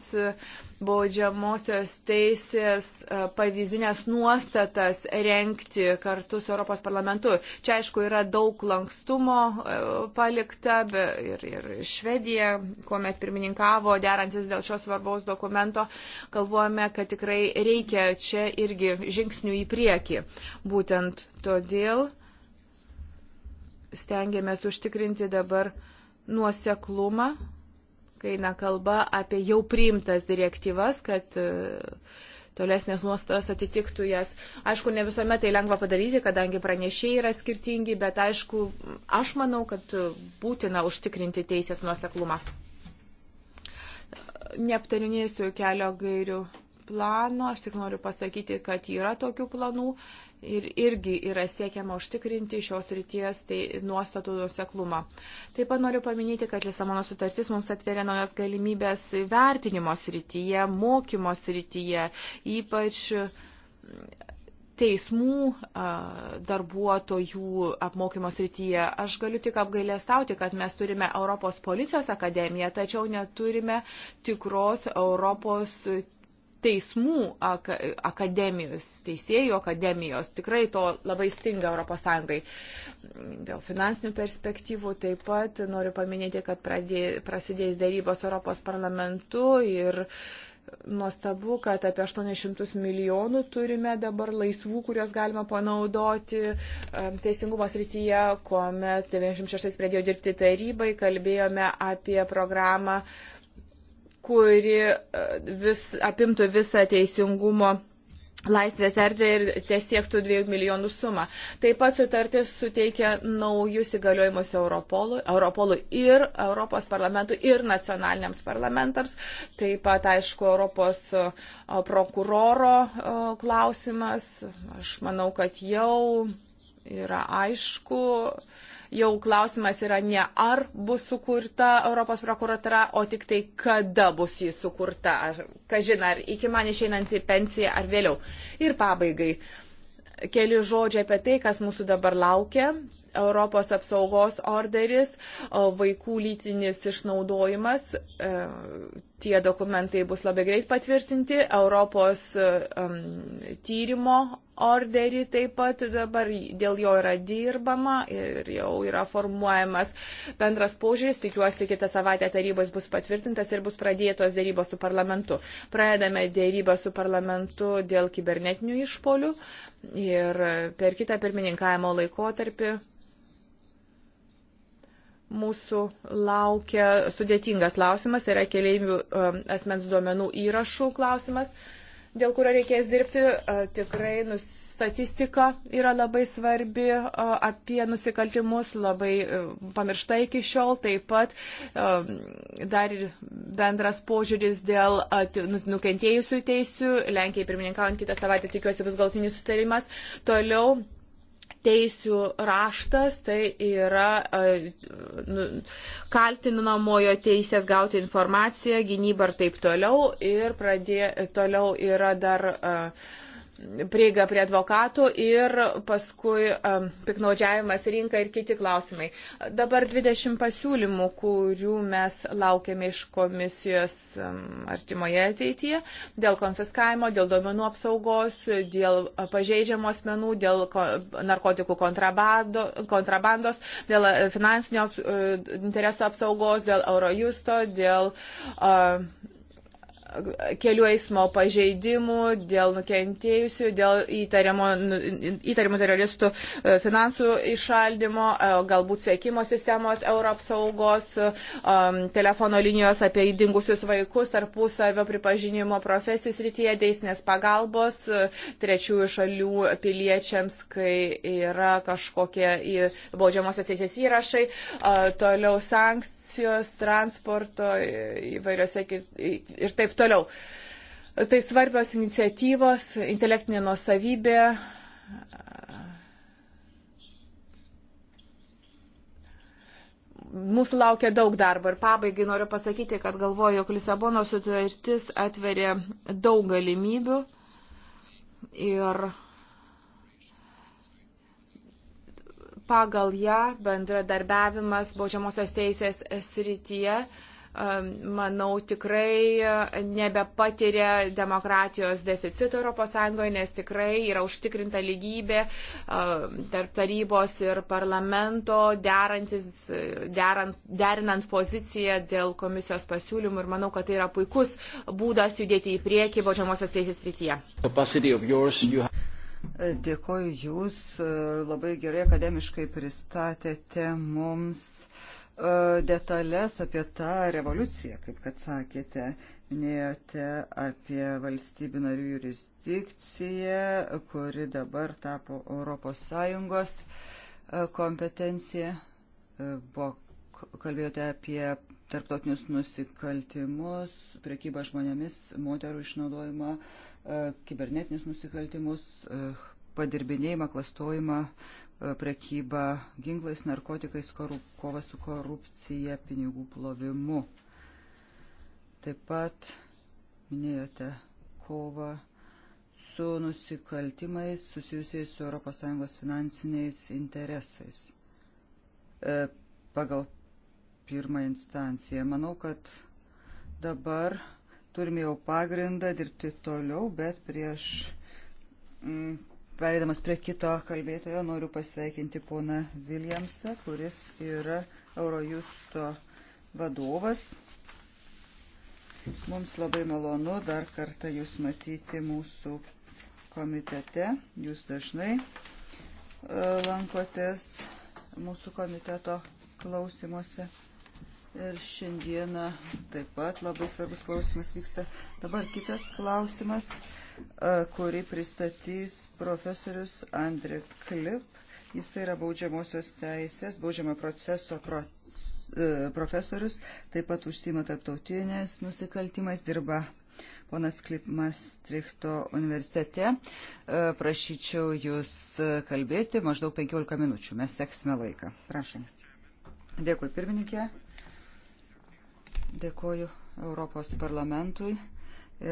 baudžiamosios teisės e, pavyzdinės nuostatas renkti kartu su Europos parlamentu. Čia aišku yra daug lankstumo e, palikta ir, ir Švedija, kuomet pirmininkavo derantis dėl šios svarbaus dokumento, galvojame, kad tikrai reikia čia irgi žingsnių į priekį. Būtent todėl stengiamės užtikrinti dabar uh, nuoseklumą, kai eina kalba apie jau priimtas direktyvas, kad e, tolesnės nuostatas atitiktų jas. Aišku, ne visuomet tai lengva padaryti, kadangi pranešėjai yra skirtingi, bet aišku, aš manau, kad būtina užtikrinti teisės nuoseklumą. Neaptarinėsiu kelio gairių plano, aš tik noriu pasakyti, kad yra tokių planų ir irgi yra siekiama užtikrinti šios ryties tai nuostatų nuoseklumą. Taip pat noriu paminėti, kad Lisabono sutartis mums atveria naujas galimybės vertinimo srityje, mokymo srityje, ypač teismų darbuotojų apmokymo srityje. Aš galiu tik apgailėstauti, kad mes turime Europos policijos akademiją, tačiau neturime tikros Europos teismų akademijos, teisėjų akademijos. Tikrai to labai stinga ES. Dėl finansinių perspektyvų taip pat noriu paminėti, kad pradė, prasidės darybos Europos parlamentu ir nuostabu, kad apie 800 milijonų turime dabar laisvų, kuriuos galima panaudoti um, teisingumo srityje, kuomet 96 pradėjo dirbti tarybai, kalbėjome apie programą uh, kuri e, vis, apimtų visą teisingumo laisvės erdvė ir tiesiektų 2 milijonų sumą. Taip pat sutartis suteikia naujus įgaliojimus Europolui, Europolui ir Europos parlamentui ir nacionaliniams parlamentams. Taip pat, aišku, Europos e, prokuroro e, klausimas. Aš manau, kad jau yra aišku jau klausimas yra ne ar bus sukurta Europos prokuratura, o tik tai kada bus jį sukurta. Ar, kažin, ar iki man išeinant į pensiją, ar vėliau. Ir pabaigai. Keli žodžiai apie tai, kas mūsų dabar laukia. Europos apsaugos orderis, vaikų lytinis išnaudojimas. E, tie dokumentai bus labai greit patvirtinti. Europos um, tyrimo orderį taip pat dabar dėl jo yra dirbama ir jau yra formuojamas bendras požiūris. Tikiuosi, kitą savaitę tarybos bus patvirtintas ir bus pradėtos dėrybos su parlamentu. Pradedame dėrybą su parlamentu dėl kibernetinių išpolių ir per kitą pirmininkavimo laikotarpį Mūsų laukia sudėtingas klausimas, tai yra keliaivių um, asmens duomenų įrašų klausimas, dėl kurio reikės dirbti. Uh, tikrai nu, statistika yra labai svarbi uh, apie nusikaltimus, labai uh, pamiršta iki šiol. Taip pat um, dar ir bendras požiūris dėl nu, nukentėjusių teisių. Lenkijai pirmininkaujant kitą savaitę tikiuosi bus galtinis sutarimas. Toliau teisių raštas, tai yra e, nu, kaltinamojo teisės gauti informaciją, gynybą ir taip toliau. Ir pradė, toliau yra dar. Uh, prieiga prie advokatų ir paskui um, piknaudžiavimas rinka ir kiti klausimai. Dabar 20 pasiūlymų, kurių mes laukiame iš komisijos um, artimoje ateityje dėl konfiskavimo, dėl duomenų apsaugos, dėl pažeidžiamo asmenų, dėl ko, narkotikų kontrabandos, dėl e, finansinio uh, interesų apsaugos, dėl Eurojusto, dėl uh, kelių eismo pažeidimų, dėl nukentėjusių, dėl įtariamo, nu, įtariamų teroristų e, finansų išaldimo, e, galbūt sėkimo sistemos, Europsaugos, e, telefono linijos apie įdingusius vaikus, tarpusavio pripažinimo profesijų srityje, teisinės pagalbos, trečiųjų šalių piliečiams, kai yra kažkokie baudžiamosios teisės įrašai, toliau sankcijų aviacijos, transporto įvairiose ir taip toliau. Tai svarbios iniciatyvos, intelektinė nuosavybė. Mūsų laukia daug darbo ir pabaigai noriu pasakyti, kad galvoju, jog Lisabono sutartis atveria daug galimybių ir Pagal ją bendradarbiavimas baudžiamosios teisės srityje manau, tikrai nebepatiria demokratijos deficito ES, nes tikrai yra užtikrinta lygybė tarp tarybos ir parlamento, derant, derinant poziciją dėl komisijos pasiūlymų ir manau, kad tai yra puikus būdas judėti į priekį baudžiamosios teisės rytyje. Dėkoju Jūs, e, labai gerai akademiškai pristatėte mums e, detalės apie tą revoliuciją, kaip kad sakėte, minėjote apie valstybių narių jurisdikciją, kuri dabar tapo ES e, kompetencija. Buvo, kalbėjote apie tarptautinius nusikaltimus, prekybą žmonėmis, moterų išnaudojimą, uh, E, kibernetinius nusikaltimus, e, padirbinėjimą, klastojimą, e, prekybą ginklais, narkotikais, korup, kovą su korupcija, pinigų plovimu. Taip pat minėjote kovą su nusikaltimais susijusiais su ES finansiniais interesais. E, pagal pirmą instanciją. Manau, kad dabar turime jau pagrindą dirbti toliau, bet prieš mm, pereidamas prie kito kalbėtojo noriu pasveikinti poną Viljamsą, kuris yra Eurojusto vadovas. Mums labai malonu dar kartą jūs matyti mūsų komitete. Jūs dažnai e, lankotės mūsų komiteto klausimuose. Ir šiandieną taip pat labai svarbus klausimas vyksta. Dabar kitas klausimas, e, kurį pristatys profesorius Andri Klip. Jis yra baudžiamosios teisės, baudžiamo proceso pro, e, profesorius, taip pat užsima tarptautinės nusikaltimais, dirba ponas Klip Mastrichto universitete. E, prašyčiau jūs kalbėti maždaug 15 minučių, mes seksime laiką. Prašom. Dėkui, pirmininkė. Dėkoju Europos parlamentui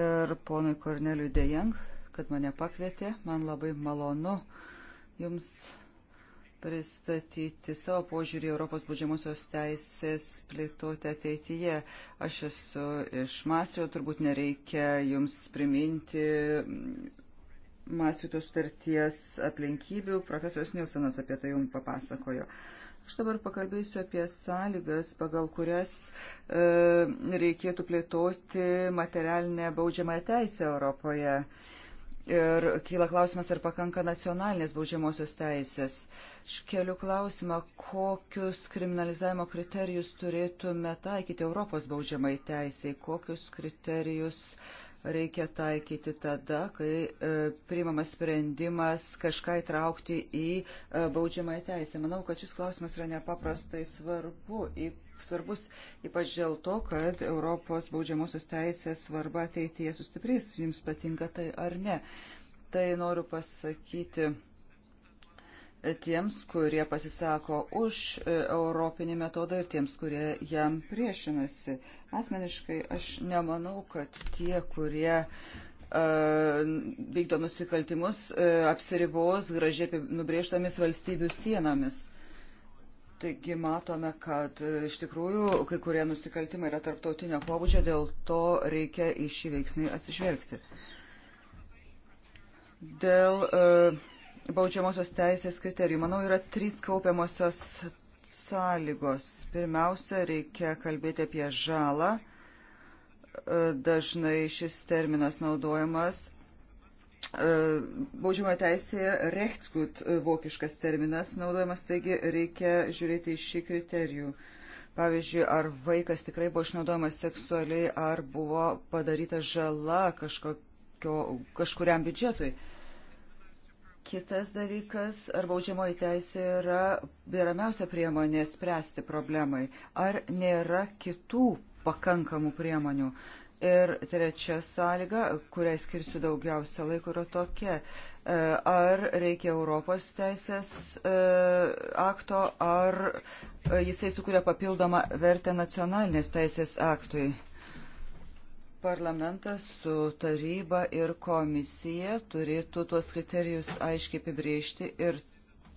ir ponui Korneliui Dejang, kad mane pakvietė. Man labai malonu jums pristatyti savo požiūrį Europos baudžiamosios teisės plėtoti ateityje. Aš esu iš Masio, turbūt nereikia jums priminti Masito sutarties aplinkybių. Profesorius Nilsonas apie tai jums papasakojo. Uh, Aš dabar pakalbėsiu apie sąlygas, pagal kurias e, reikėtų plėtoti materialinę baudžiamąją teisę Europoje. Ir kyla klausimas, ar pakanka nacionalinės baudžiamosios teisės. Aš keliu klausimą, kokius kriminalizavimo kriterijus turėtume taikyti Europos baudžiamai teisiai, kokius kriterijus uh, reikia taikyti tada, kai e, priimamas sprendimas kažką įtraukti į e, baudžiamąją teisę. Manau, kad šis klausimas yra nepaprastai svarbu, į, svarbus, ypač dėl to, kad Europos baudžiamosios teisės svarba ateityje sustiprės, jums patinka tai ar ne. Tai noriu pasakyti tiems, kurie pasisako už e, europinį metodą ir tiems, kurie jam priešinasi. Asmeniškai aš nemanau, kad tie, kurie e, vykdo nusikaltimus, e, apsiribos gražiai nubrėžtomis valstybių sienomis. Taigi matome, kad iš tikrųjų kai kurie nusikaltimai yra tarptautinio pobūdžio, dėl to reikia į šį veiksnį atsižvelgti. Dėl uh, baudžiamosios teisės kriterijų. Manau, yra trys kaupiamosios sąlygos. Pirmiausia, reikia kalbėti apie žalą. E, dažnai šis terminas naudojamas. E, Baudžiamo teisėje rechtskut vokiškas terminas naudojamas, taigi reikia žiūrėti į šį kriterijų. Pavyzdžiui, ar vaikas tikrai buvo išnaudojamas seksualiai, ar buvo padaryta žala kažko, kažkuriam biudžetui. Uh, Kitas dalykas, ar baudžiamoji teisė yra vyramiausia priemonė spręsti problemai, ar nėra kitų pakankamų priemonių. Ir trečia sąlyga, kuriai skirsiu daugiausia laiko, yra tokia. E, ar reikia Europos teisės e, akto, ar e, jisai sukuria papildomą vertę nacionalinės teisės aktui parlamentas su taryba ir komisija turėtų tuos kriterijus aiškiai apibriežti ir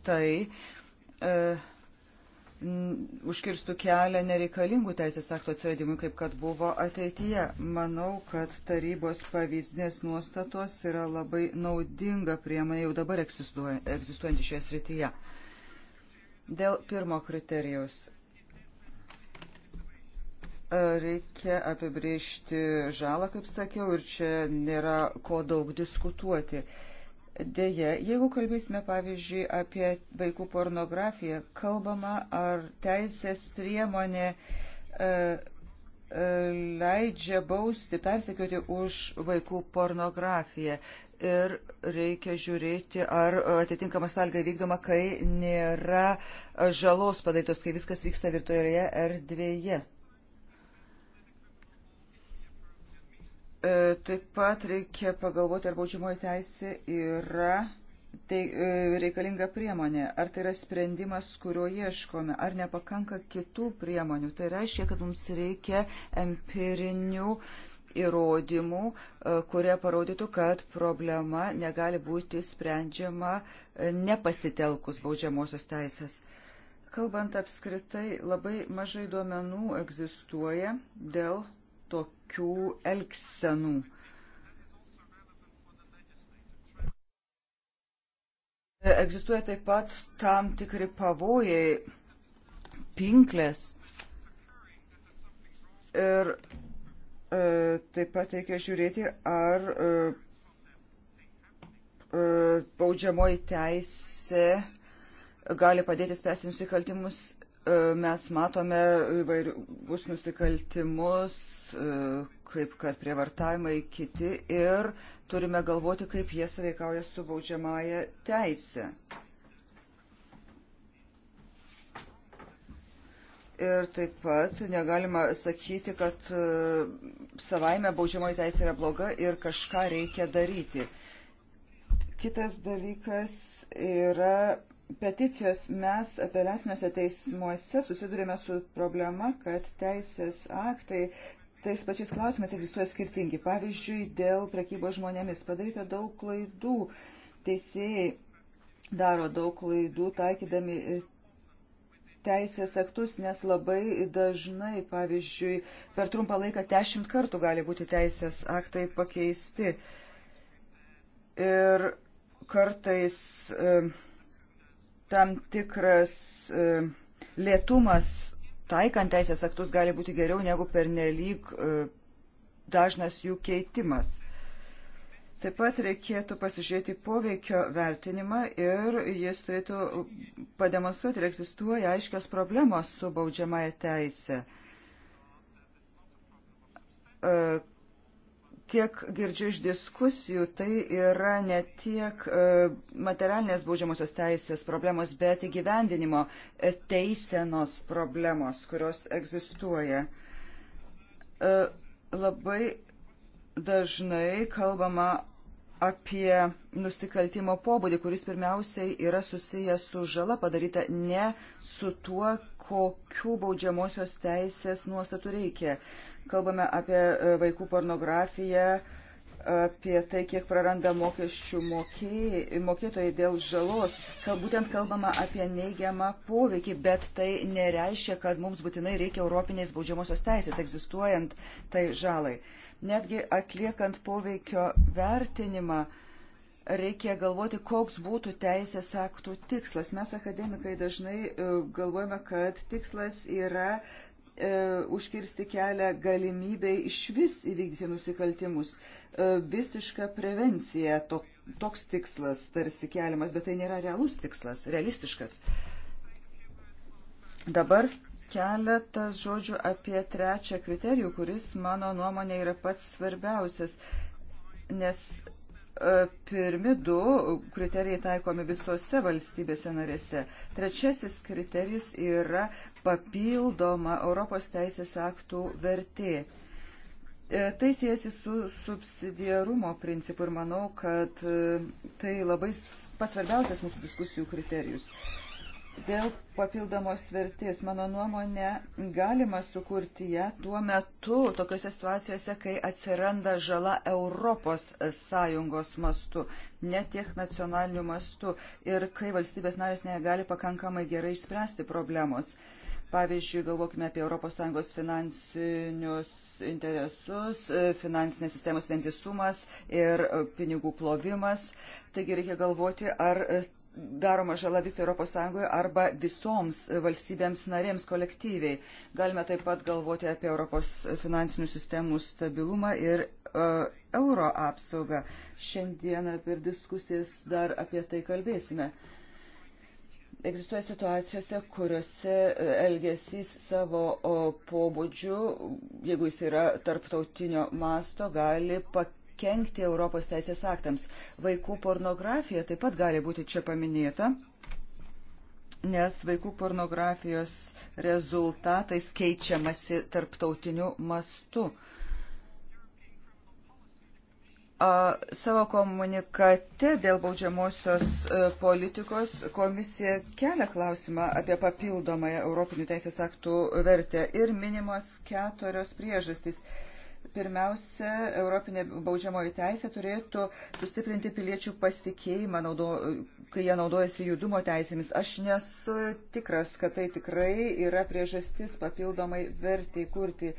tai e, užkirstų kelią nereikalingų teisės aktų atsiradimui, kaip kad buvo ateityje. Manau, kad tarybos pavyzdinės nuostatos yra labai naudinga priemonė jau dabar egzistuojanti šioje srityje. Dėl pirmo kriterijaus reikia apibriežti žalą, kaip sakiau, ir čia nėra ko daug diskutuoti. Deja, jeigu kalbėsime, pavyzdžiui, apie vaikų pornografiją, kalbama, ar teisės priemonė e, e leidžia bausti, persekioti už vaikų pornografiją. Ir reikia žiūrėti, ar atitinkama sąlyga vykdoma, kai nėra žalos padaitos, kai viskas vyksta virtualioje erdvėje. E, taip pat reikia pagalvoti, ar baudžiamoji teisė yra tai, e, reikalinga priemonė, ar tai yra sprendimas, kurio ieškome, ar nepakanka kitų priemonių. Tai reiškia, kad mums reikia empirinių įrodymų, e, kurie parodytų, kad problema negali būti sprendžiama nepasitelkus baudžiamosios teisės. Kalbant apskritai, labai mažai duomenų egzistuoja dėl tokių elgsenų. Egzistuoja taip pat tam tikri pavojai, pinklės. Ir e, taip pat reikia žiūrėti, ar e, e, baudžiamoji teisė gali padėti spręsti nusikaltimus E, mes matome įvairius nusikaltimus, e, kaip kad prievartavimai kiti ir turime galvoti, kaip jie saveikauja su baudžiamąją teisę. Ir taip pat negalima sakyti, kad e, savaime baudžiamoji teisė yra bloga ir kažką reikia daryti. Kitas dalykas yra peticijos mes apeliaciniuose teismuose susidurėme su problema, kad teisės aktai tais pačiais klausimais egzistuoja skirtingi. Pavyzdžiui, dėl prekybos žmonėmis padaryta daug klaidų. Teisėjai daro daug klaidų taikydami e, teisės aktus, nes labai dažnai, pavyzdžiui, per trumpą laiką dešimt kartų gali būti teisės aktai pakeisti. Ir kartais e, tam tikras e, lėtumas taikant teisės aktus gali būti geriau negu pernelyg e, dažnas jų keitimas. Taip pat reikėtų pasižiūrėti poveikio vertinimą ir jis turėtų pademonstruoti, ar egzistuoja aiškios problemos su baudžiamąją teisę e, Kiek girdžiu iš diskusijų, tai yra ne tiek e, materialinės baudžiamosios teisės problemos, bet įgyvendinimo e, teisenos problemos, kurios egzistuoja. E, labai dažnai kalbama apie nusikaltimo pobūdį, kuris pirmiausiai yra susijęs su žala padaryta, ne su tuo, kokių baudžiamosios teisės nuostatų reikia. Kalbame apie e, vaikų pornografiją, apie tai, kiek praranda mokesčių mokėtojai dėl žalos. Kal, būtent kalbama apie neigiamą poveikį, bet tai nereiškia, kad mums būtinai reikia Europinės baudžiamosios teisės egzistuojant tai žalai. Netgi atliekant poveikio vertinimą, reikia galvoti, koks būtų teisės aktų tikslas. Mes akademikai dažnai e, galvojame, kad tikslas yra e, užkirsti kelią galimybei iš vis įvykdyti nusikaltimus. E, visiška prevencija, to, toks tikslas tarsi keliamas, bet tai nėra realus tikslas, realistiškas. Dabar keletas žodžių apie trečią kriterijų, kuris mano nuomonė yra pats svarbiausias, nes E, pirmi du kriterijai taikomi visose valstybėse narėse. Trečiasis kriterijus yra papildoma Europos teisės aktų vertė. E, tai siejasi su subsidiarumo principu ir manau, kad e, tai labai pats svarbiausias mūsų diskusijų kriterijus. Dėl papildomos vertės, mano nuomonė, galima sukurti ją tuo metu, tokiuose situacijose, kai atsiranda žala Europos Sąjungos mastu, ne tiek nacionaliniu mastu ir kai valstybės narės negali pakankamai gerai išspręsti problemos. Pavyzdžiui, galvokime apie ES finansinius interesus, finansinės sistemos vientisumas ir pinigų plovimas. Taigi reikia galvoti, ar daroma žala visai ES arba visoms valstybėms narėms kolektyviai. Galime taip pat galvoti apie Europos finansinių sistemų stabilumą ir uh, euro apsaugą. Šiandieną per diskusijas dar apie tai kalbėsime. Egzistuoja situacijose, kuriuose e, elgesys savo pobūdžiu, jeigu jis yra tarptautinio masto, gali pakeisti pakengti Europos teisės aktams. Vaikų pornografija taip pat gali būti čia paminėta, nes vaikų pornografijos rezultatais keičiamasi tarptautiniu mastu. A, savo komunikate dėl baudžiamosios e, politikos komisija kelia klausimą apie papildomąją Europinių teisės aktų vertę ir minimos keturios priežastys. Pirmiausia, Europinė baudžiamoji teisė turėtų sustiprinti piliečių pasitikėjimą, naudo, kai jie naudojasi judumo teisėmis. Aš nesu tikras, kad tai tikrai yra priežastis papildomai vertai kurti.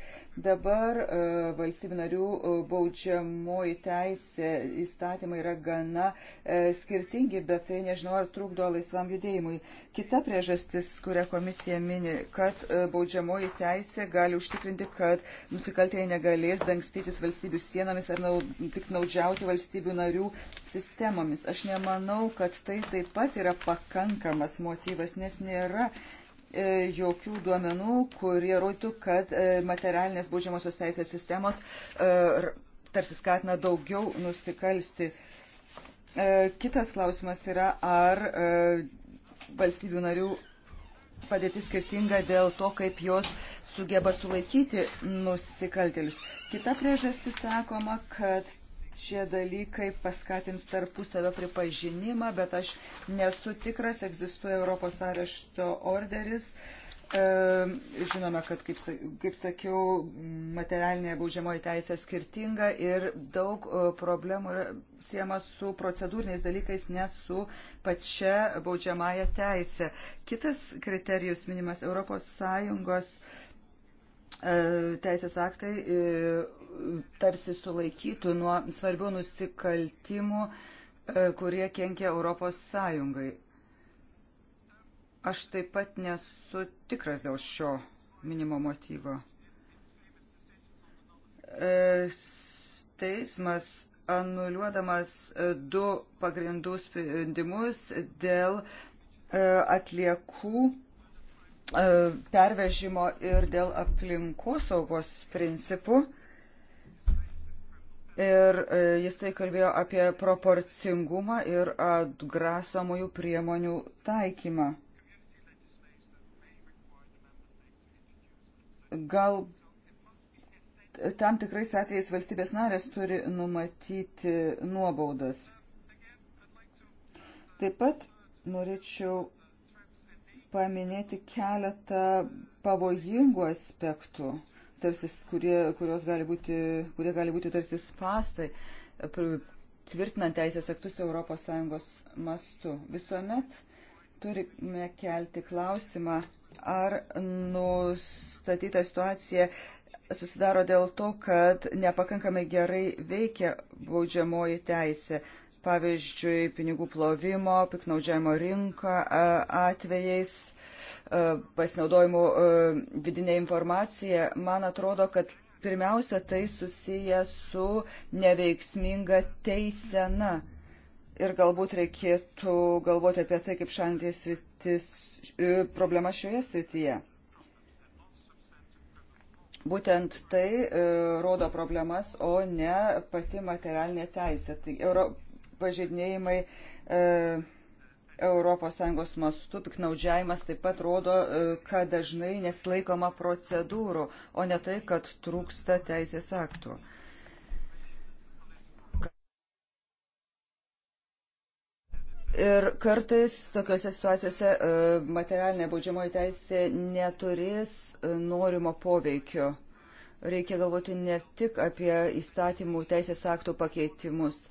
Dabar e, valstybių narių e, baudžiamoji teisė įstatymai yra gana e, skirtingi, bet tai nežinau, ar trukdo laisvam judėjimui. Kita priežastis, kurią komisija mini, kad baudžiamoji teisė gali užtikrinti, kad nusikaltėjai negalės tikslais dangstytis valstybių sienomis ar naud, piknaudžiauti valstybių narių sistemomis. Aš nemanau, kad tai taip pat yra pakankamas motyvas, nes nėra e, jokių duomenų, kurie rodytų, kad e, materialinės baudžiamosios teisės sistemos e, tarsi skatina daugiau nusikalsti. E, kitas klausimas yra, ar e, valstybių narių padėtis skirtinga dėl to, kaip jos sugeba sulaikyti nusikaltelius. Kita priežastis sakoma, kad šie dalykai paskatins tarpusavio pripažinimą, bet aš nesu tikras, egzistuoja Europos arešto orderis. E, žinome, kad, kaip, kaip sakiau, materialinė baudžiamoji teisė skirtinga ir daug e, problemų yra siema su procedūriniais dalykais, ne su pačia baudžiamąją teisė. Kitas kriterijus minimas Europos Sąjungos uh, E, teisės aktai e, tarsi sulaikytų nuo svarbių nusikaltimų, e, kurie kenkia Europos Sąjungai. Aš taip pat nesu tikras dėl šio minimo motyvo. Teismas anuliuodamas du pagrindų sprendimus dėl atliekų E, pervežimo ir dėl aplinkosaugos principų. Ir e, jisai kalbėjo apie proporcingumą ir atgrasomųjų priemonių taikymą. Gal tam tikrais atvejais valstybės narės turi numatyti nuobaudas. Taip pat norėčiau paminėti keletą pavojingų aspektų, tarsi, kurie, gali būti, kurie gali būti tarsi spastai, tvirtinant teisės aktus ES mastu. Visuomet turime kelti klausimą, ar nustatyta situacija susidaro dėl to, kad nepakankamai gerai veikia baudžiamoji teisė pavyzdžiui, pinigų plovimo, piknaudžiavimo rinką atvejais, pasinaudojimu vidinė informacija, man atrodo, kad pirmiausia tai susiję su neveiksminga teisena. Ir galbūt reikėtų galvoti apie tai, kaip šalinti e, problemą šioje srityje. Būtent tai e, rodo problemas, o ne pati materialinė teisė. Tai Euro, pažeidinėjimai ES mastu, piknaudžiavimas taip pat rodo, e, kad dažnai neslaikoma procedūrų, o ne tai, kad trūksta teisės aktų. Ir kartais tokiuose situacijose e, materialinė baudžiamoji teisė neturės e, norimo poveikio. Reikia galvoti ne tik apie įstatymų teisės aktų pakeitimus. Uh,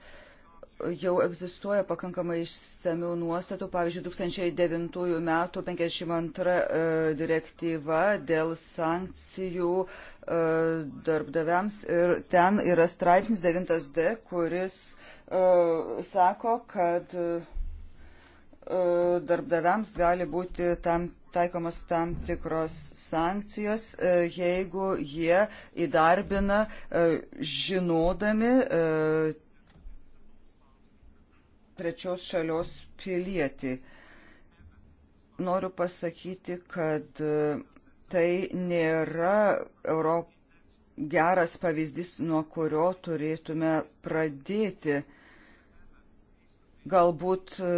jau egzistuoja pakankamai išsamių nuostatų, pavyzdžiui, 2009 metų 52 e, direktyva dėl sankcijų e, darbdaviams ir ten yra straipsnis 9d, kuris e, sako, kad darbdaviams gali būti tam taikomos tam tikros sankcijos, jeigu jie įdarbina žinodami trečios šalios pilietį. Noriu pasakyti, kad e, tai nėra Europos geras pavyzdys, nuo kurio turėtume pradėti. Galbūt e,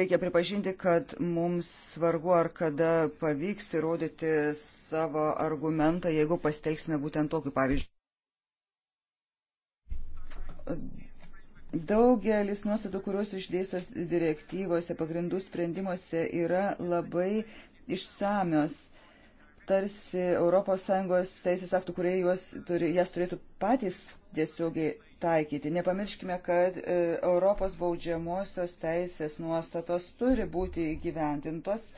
reikia pripažinti, kad mums svarbu ar kada pavyks įrodyti savo argumentą, jeigu pasitelksime būtent tokiu pavyzdžiu. Daugelis nuostatų, kurios išdėstos direktyvose, pagrindų sprendimuose yra labai išsamios. Tarsi ES teisės aktų, kurie juos turi, jas turėtų patys tiesiogiai taikyti. Nepamirškime, kad e, Europos baudžiamosios teisės nuostatos turi būti įgyventintos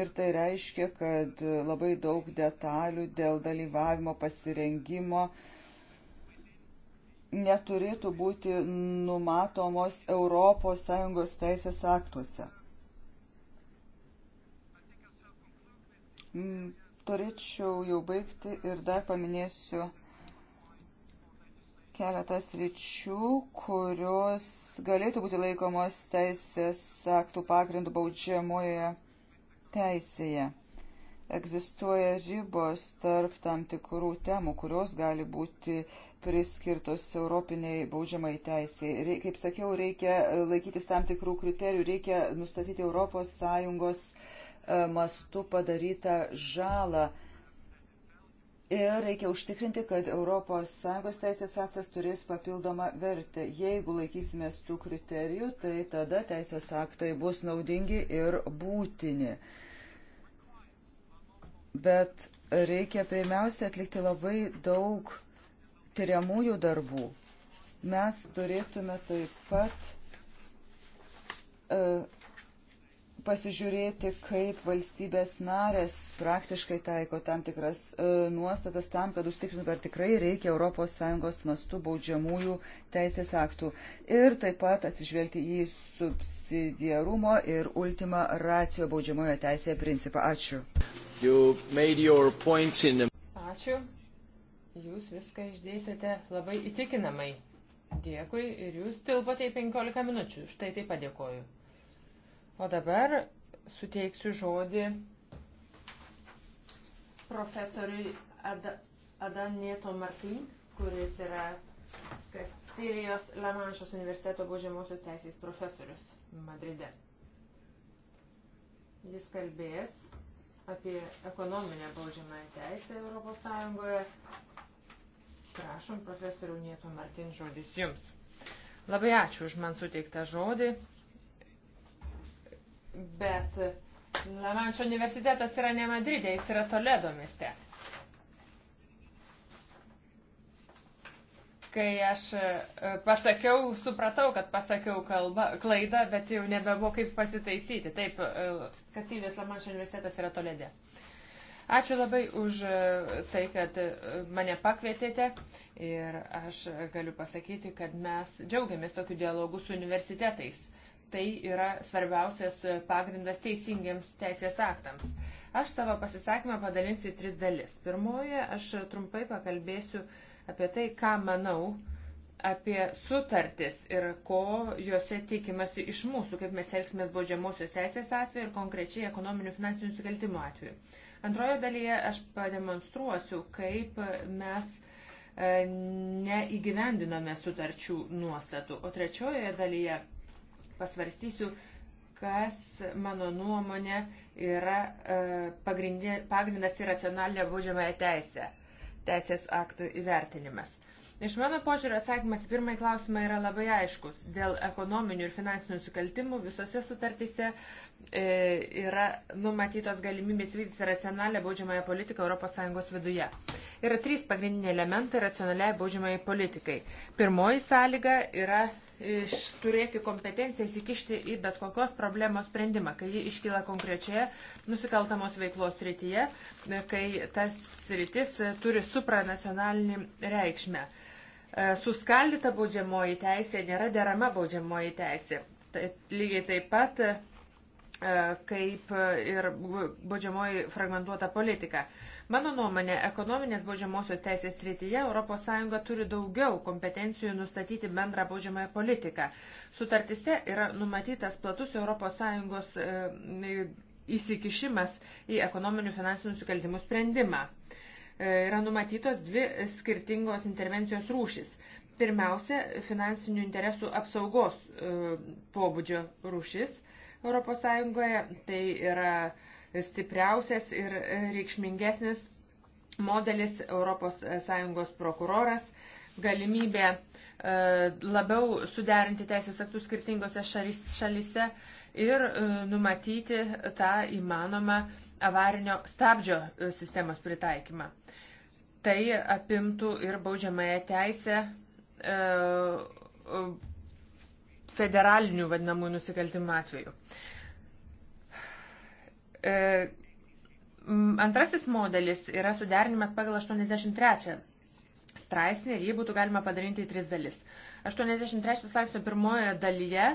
ir tai reiškia, kad e, labai daug detalių dėl dalyvavimo, pasirengimo, uh, neturėtų būti numatomos ES teisės aktuose. Mm, turėčiau jau baigti ir dar paminėsiu keletas ryčių, kurios galėtų būti laikomos teisės aktų pagrindų baudžiamoje teisėje. Egzistuoja ribos tarp tam tikrų temų, kurios gali būti priskirtos Europiniai baudžiamai teisiai. Kaip sakiau, reikia laikytis tam tikrų kriterijų, reikia nustatyti ES e, mastu padarytą žalą. Ir reikia užtikrinti, kad ES teisės aktas turės papildomą vertę. Jeigu laikysimės tų kriterijų, tai tada teisės aktai bus naudingi ir būtini. Bet reikia pirmiausia atlikti labai daug tyriamųjų darbų, mes turėtume taip pat e, pasižiūrėti, kaip valstybės narės praktiškai taiko tam tikras e, nuostatas tam, kad užtikrintų, ar tikrai reikia ES mastų baudžiamųjų teisės aktų. Ir taip pat atsižvelgti į subsidiarumo ir ultimą racijo baudžiamojo teisėje principą. Ačiū. You Ačiū. Jūs viską išdėsite labai įtikinamai. Dėkui ir jūs tilpote į 15 minučių. Štai taip padėkoju. O dabar suteiksiu žodį profesoriui Ad Adanieto Martin, kuris yra Kastilijos Lamanšos universiteto baudžiamosios teisės profesorius Madride. Jis kalbės apie ekonominę baudžiamąją teisę ES. Prašom, profesoriau Nieto Martin, žodis jums. Labai ačiū už man suteiktą žodį. Bet Lamanšo universitetas yra ne Madridė, jis yra Toledo mieste. kai aš e, pasakiau, supratau, kad pasakiau kalbą, klaidą, bet jau nebebuvo kaip pasitaisyti. Taip, e, Kastilijos Lamanšo universitetas yra Toledė. Ačiū labai už e, tai, kad mane pakvietėte ir aš galiu pasakyti, kad mes džiaugiamės tokiu dialogu su universitetais. Tai yra svarbiausias pagrindas teisingiams teisės aktams. Aš savo pasisakymą padalinsiu į tris dalis. Pirmoje aš trumpai pakalbėsiu uh, apie tai, ką manau apie sutartis ir ko juose tikimasi iš mūsų, kaip mes elgsimės baudžiamosios teisės atveju ir konkrečiai ekonominių finansinių nusikaltimų atveju. Antroje dalyje aš pademonstruosiu, kaip mes e, neįgyvendinome sutarčių nuostatų. O trečiojoje dalyje pasvarstysiu, kas mano nuomonė yra e, pagrindas į racionalinę baudžiamąją teisę teisės aktų įvertinimas. Iš mano požiūrio atsakymas pirmai klausimą yra labai aiškus. Dėl ekonominių ir finansinių nusikaltimų visose sutartyse e, yra numatytos galimybės vykdyti racionalią baudžiamąją politiką ES viduje. Yra trys pagrindiniai elementai racionaliai baudžiamąją politikai. Pirmoji sąlyga yra turėti kompetenciją įsikišti į bet kokios problemos sprendimą, kai ji iškyla konkrečioje nusikaltamos veiklos srityje, kai tas sritis turi supranacionalinį reikšmę. E, suskaldyta baudžiamoji teisė nėra derama baudžiamoji teisė. Tai lygiai taip pat e, kaip ir baudžiamoji fragmentuota politika. Mano nuomonė, ekonominės baudžiamosios teisės srityje ES turi daugiau kompetencijų nustatyti bendrą baudžiamąją politiką. Sutartise yra numatytas platus ES e, įsikišimas į ekonominių finansinių nusikaltimų sprendimą. E, yra numatytos dvi skirtingos intervencijos rūšis. Pirmiausia, finansinių interesų apsaugos e, pobūdžio rūšis ES, tai yra stipriausias ir reikšmingesnis modelis ES prokuroras, galimybė e, labiau suderinti teisės aktus skirtingose šalyse ir e, numatyti tą įmanomą avarinio stabdžio e, sistemos pritaikymą. Tai apimtų ir baudžiamąją teisę federalinių vadinamų nusikaltimų atveju. E, antrasis modelis yra suderinimas pagal 83 straipsnį ir jį būtų galima padarinti į tris dalis. 83 straipsnio pirmojoje dalyje e,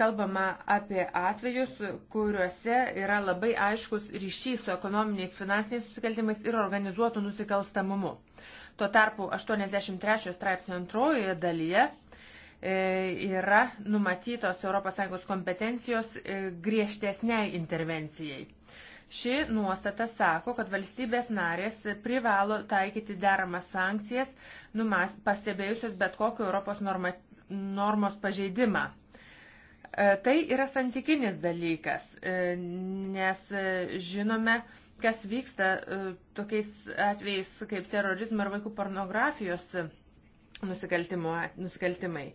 kalbama apie atvejus, kuriuose yra labai aiškus ryšys su ekonominiais, finansiniais susikaltimais ir organizuotų nusikalstamumu. Tuo tarpu 83 straipsnio antrojoje dalyje E, yra numatytos ES kompetencijos e, griežtesniai intervencijai. Ši nuostata sako, kad valstybės narės privalo taikyti deramas sankcijas, numat, pastebėjusios bet kokio Europos norma, normos pažeidimą. E, tai yra santykinis dalykas, nes žinome, kas vyksta tokiais atvejais kaip terorizmo ir vaikų pornografijos nusikaltimai.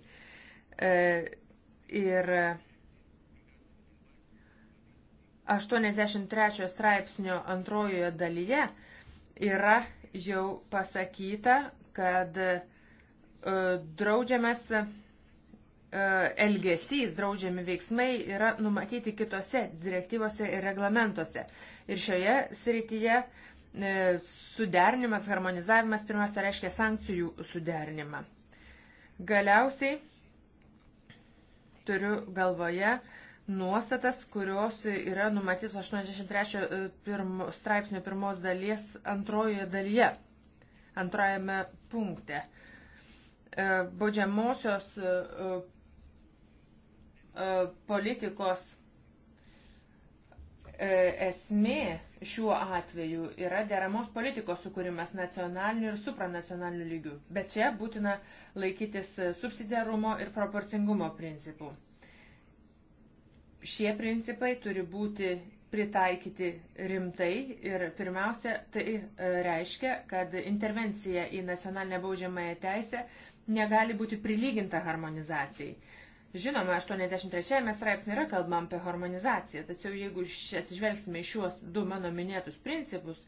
E, ir 83 straipsnio antrojoje dalyje yra jau pasakyta, kad e, draudžiamas e, elgesys, draudžiami veiksmai yra numatyti kitose direktyvose ir reglamentuose. Ir šioje srityje suderinimas, harmonizavimas pirmiausia reiškia sankcijų suderinimą. Galiausiai turiu galvoje nuostatas, kurios yra numatytos 83 e, pirmo, straipsnio pirmos dalies antrojoje dalyje, antrojame punkte. E, baudžiamosios e, politikos E, esmė šiuo atveju yra deramos politikos sukūrimas nacionaliniu ir supranacionaliniu lygiu, bet čia būtina laikytis subsidiarumo ir proporcingumo principų. Šie principai turi būti pritaikyti rimtai ir pirmiausia, tai e, reiškia, kad intervencija į nacionalinę baudžiamąją teisę negali būti prilyginta harmonizacijai. Žinoma, 83 straipsnė yra kalbama apie harmonizaciją, tačiau jeigu atsižvelgsime šiuos du mano minėtus principus,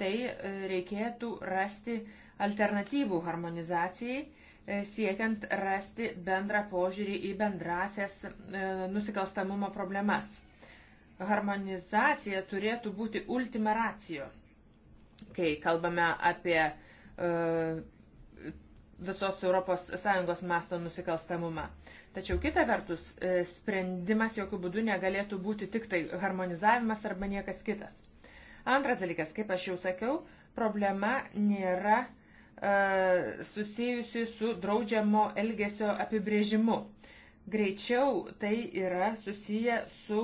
tai e, reikėtų rasti alternatyvų harmonizacijai, e, siekiant rasti bendrą požiūrį į bendrasias e, nusikalstamumo problemas. Harmonizacija turėtų būti ultima racijo, kai kalbame apie visos ES masto nusikalstamumą. Tačiau kita vertus, e, sprendimas jokių būdų negalėtų būti tik tai harmonizavimas arba niekas kitas. Antras dalykas, kaip aš jau sakiau, problema nėra e, susijusi su draudžiamo elgesio apibrėžimu. Greičiau tai yra susiję su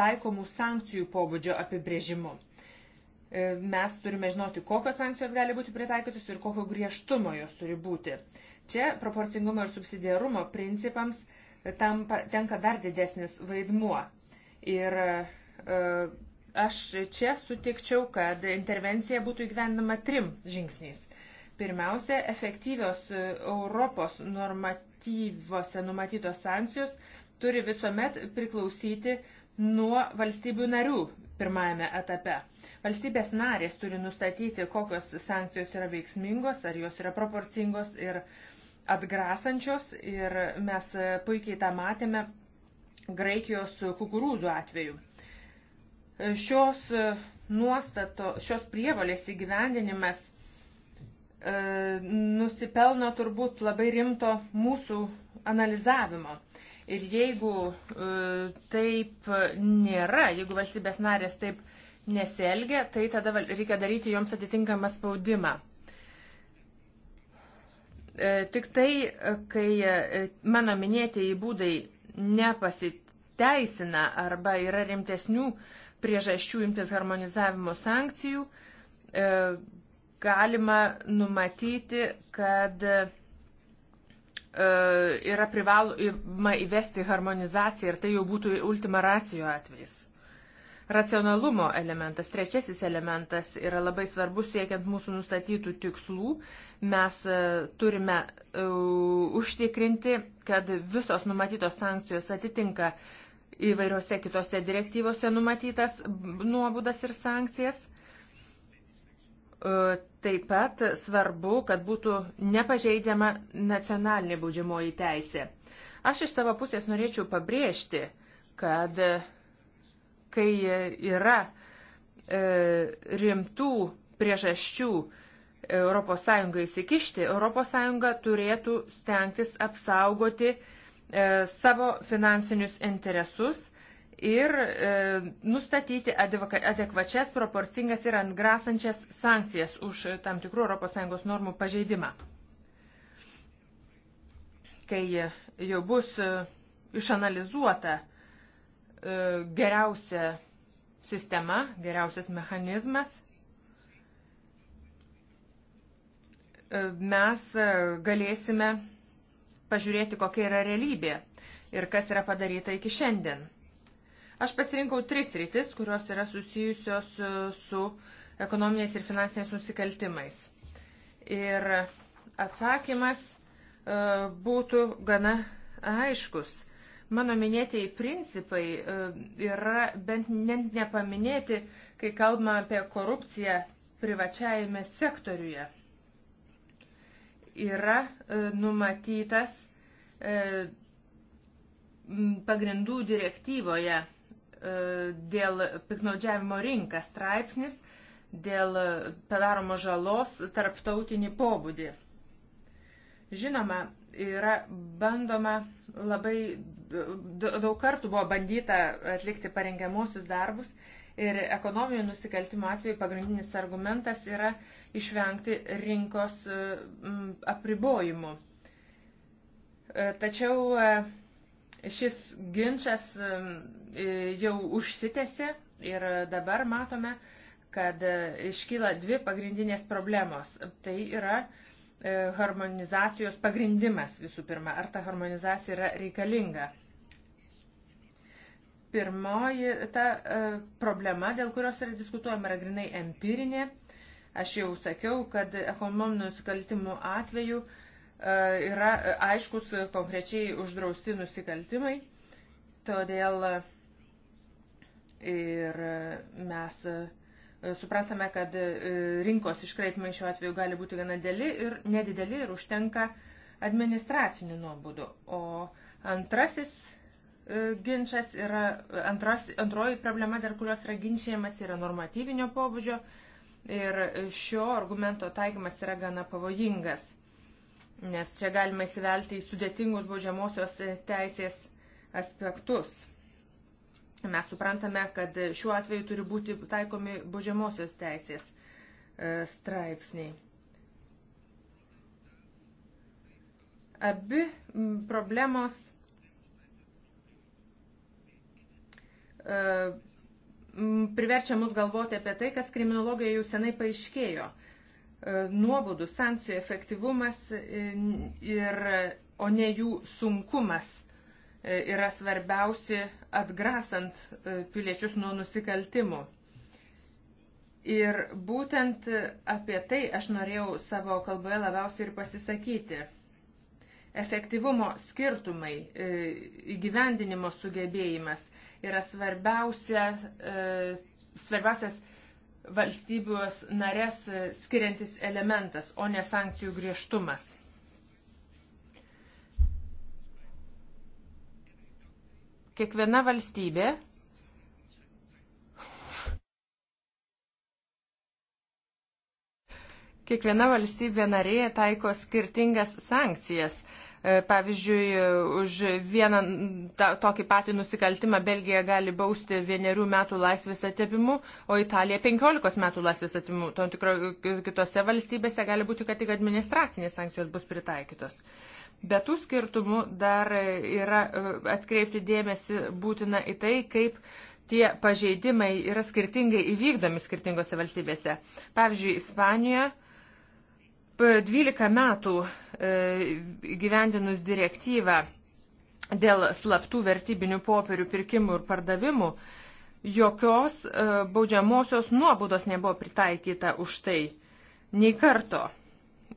taikomų sankcijų pobūdžio apibrėžimu. E, mes turime žinoti, kokios sankcijos gali būti pritaikytos ir kokio griežtumo jos turi būti. Čia proporcingumo ir subsidiarumo principams tam tenka dar didesnis vaidmuo. Ir e, aš čia sutikčiau, kad intervencija būtų įgyvendama trim žingsniais. Pirmiausia, efektyvios e, Europos normatyvose numatytos sankcijos turi visuomet priklausyti nuo valstybių narių pirmajame etape. Valstybės narės turi nustatyti, kokios sankcijos yra veiksmingos, ar jos yra proporcingos ir uh, atgrasančios ir mes puikiai tą matėme Graikijos kukurūzų atveju. Šios nuostato, šios prievalės įgyvendinimas e, nusipelno turbūt labai rimto mūsų analizavimo. Ir jeigu e, taip nėra, jeigu valstybės narės taip nesielgia, tai tada reikia daryti joms atitinkamą spaudimą. E, tik tai, e, kai e, mano minėtieji būdai nepasiteisina arba yra rimtesnių priežasčių imtis harmonizavimo sankcijų, galima numatyti, kad yra privaloma įvesti harmonizaciją ir tai jau būtų ultima racijo atvejs racionalumo elementas. Trečiasis elementas yra labai svarbus siekiant mūsų nustatytų tikslų. Mes e, turime uh, užtikrinti, kad visos numatytos sankcijos atitinka įvairiose kitose direktyvose numatytas nuobudas ir sankcijas. E, taip pat svarbu, kad būtų nepažeidžiama nacionalinė baudžiamoji teisė. Aš iš savo pusės norėčiau pabrėžti, kad kai yra e, rimtų priežasčių ES įsikišti, ES turėtų stengtis apsaugoti e, savo finansinius interesus ir e, nustatyti adekvačias, proporcingas ir atgrasančias sankcijas už tam tikrų ES normų pažeidimą. Kai jau bus išanalizuota E, geriausia sistema, geriausias mechanizmas. E, mes e, galėsime pažiūrėti, kokia yra realybė ir kas yra padaryta iki šiandien. Aš pasirinkau tris rytis, kurios yra susijusios su ekonominiais ir finansiniais nusikaltimais. Ir atsakymas būtų gana aiškus – Mano minėtieji principai e, yra bent net nepaminėti, kai kalbama apie korupciją privačiajame sektoriuje. Yra e, numatytas e, pagrindų direktyvoje dėl piknaudžiavimo rinką straipsnis dėl padaromos žalos tarptautinį pobūdį. Žinoma, yra bandoma labai daug kartų buvo bandyta atlikti parengiamuosius darbus ir ekonominių nusikaltimų atveju pagrindinis argumentas yra išvengti rinkos apribojimų. E, tačiau e, šis ginčas e, jau užsitėsi ir dabar matome, kad iškyla dvi pagrindinės problemos. Tai yra uh, E, harmonizacijos pagrindimas visų pirma, ar ta harmonizacija yra reikalinga. Pirmoji ta e, problema, dėl kurios yra diskutuojama, yra grinai empirinė. Aš jau sakiau, kad ekonominių nusikaltimų atveju e, yra aiškus konkrečiai uždrausti nusikaltimai. Todėl ir mes E, suprantame, kad e, rinkos iškreipimai šiuo atveju gali būti gana dėli ir nedideli ir užtenka administracinių nuobodų. O antrasis e, ginčas yra, antras, antroji problema, dar kurios yra ginčiamas, yra normatyvinio pobūdžio ir šio argumento taikymas yra gana pavojingas, nes čia galima įsivelti į sudėtingus baudžiamosios teisės aspektus. Mes suprantame, kad šiuo atveju turi būti taikomi baudžiamosios teisės e, straipsniai. Abi problemos e, priverčia mus galvoti apie tai, kas kriminologija jau senai paaiškėjo. E, Nuobodų sankcijų efektyvumas ir, o ne jų sunkumas E, yra svarbiausi atgrasant e, piliečius nuo nusikaltimų. Ir būtent apie tai aš norėjau savo kalboje labiausiai ir pasisakyti. Efektyvumo skirtumai, e, įgyvendinimo sugebėjimas yra svarbiausia, svarbiausias valstybės narės skiriantis elementas, o ne sankcijų griežtumas. kiekviena valstybė Kiekviena valstybė narė taiko skirtingas sankcijas. E, pavyzdžiui, už vieną ta, tokį patį nusikaltimą Belgija gali bausti vienerių metų laisvės atėpimu, o Italija 15 metų laisvės atėpimu. Tom tikro kitose valstybėse gali būti, kad tik administracinės sankcijos bus pritaikytos. Uh, Bet tų skirtumų dar yra e, atkreipti dėmesį būtina į tai, kaip tie pažeidimai yra skirtingai įvykdomi skirtingose valstybėse. Pavyzdžiui, Ispanijoje 12 metų e, gyvendinus direktyvą dėl slaptų vertybinių popierių pirkimų ir pardavimų, jokios e, baudžiamosios nuobudos nebuvo pritaikyta už tai. Nei karto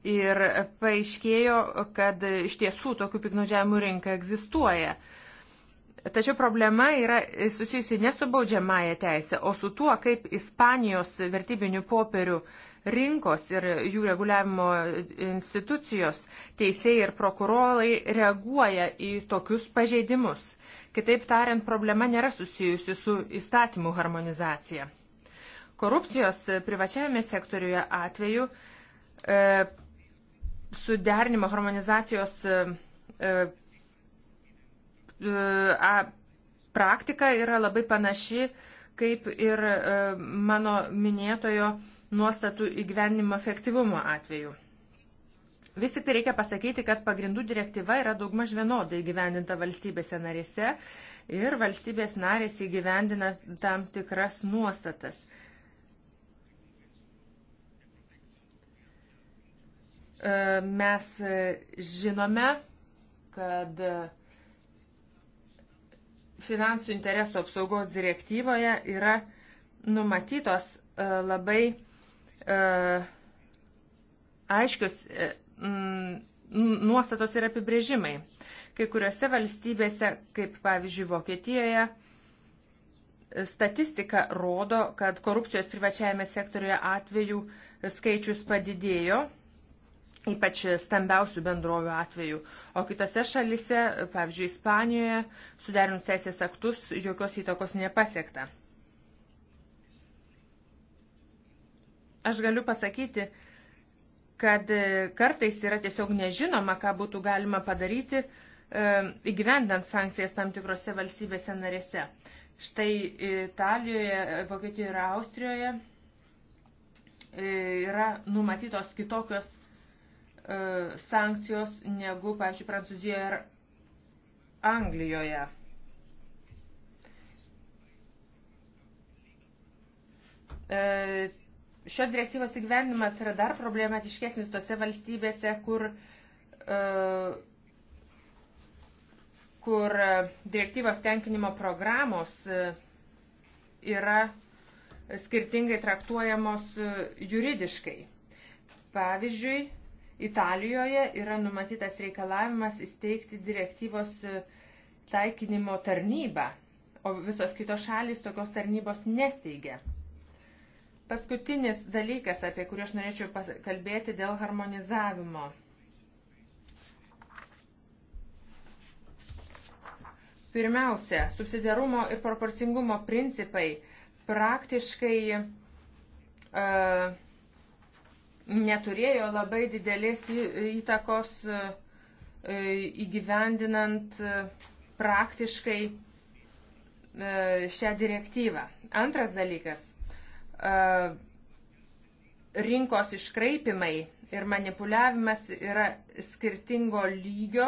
ir paaiškėjo, kad iš tiesų tokių piknaudžiavimų rinka egzistuoja. Tačiau problema yra susijusi ne su baudžiamąją teisę, o su tuo, kaip Ispanijos vertybinių popierių rinkos ir jų reguliavimo institucijos, teisėjai ir prokurorai reaguoja į tokius pažeidimus. Kitaip tariant, problema nėra susijusi su įstatymų harmonizacija. Korupcijos privačiajame sektoriuje atveju e, suderinimo harmonizacijos e, e, e, praktika yra labai panaši kaip ir mano minėtojo nuostatų įgyvenimo efektyvumo atveju. Vis tik tai reikia pasakyti, kad pagrindų direktyva yra daugmaž vienodai įgyvendinta valstybėse narėse ir valstybės narės įgyvendina tam tikras nuostatas. E, mes žinome, kad finansų interesų apsaugos direktyvoje yra numatytos e, labai e, aiškius nuostatos ir apibrėžimai. Kai kuriuose valstybėse, kaip pavyzdžiui Vokietijoje, statistika rodo, kad korupcijos privačiajame sektoriuje atvejų skaičius padidėjo ypač stambiausių bendrovių atveju. O kitose šalise, pavyzdžiui, Ispanijoje, suderinus teisės aktus, jokios įtakos nepasiekta. Aš galiu pasakyti, kad e, kartais yra tiesiog nežinoma, ką būtų galima padaryti e, įgyvendant sankcijas tam tikrose valstybėse narėse. Štai Italijoje, Vokietijoje ir Austrijoje e, yra numatytos kitokios E, sankcijos negu, pavyzdžiui, Prancūzijoje ar Anglijoje. E, šios direktyvos įgyvenimas yra dar problematiškesnis tose valstybėse, kur, e, kur direktyvos tenkinimo programos yra skirtingai traktuojamos juridiškai. Pavyzdžiui, Italijoje yra numatytas reikalavimas įsteigti direktyvos e, taikinimo tarnybą, o visos kitos šalys tokios tarnybos nesteigia. Paskutinis dalykas, apie kurį aš norėčiau kalbėti dėl harmonizavimo. Pirmiausia, subsidiarumo ir proporcingumo principai praktiškai uh, neturėjo labai didelės įtakos e, e, įgyvendinant e, praktiškai šią direktyvą. Antras dalykas - rinkos iškraipimai ir manipuliavimas yra skirtingo lygio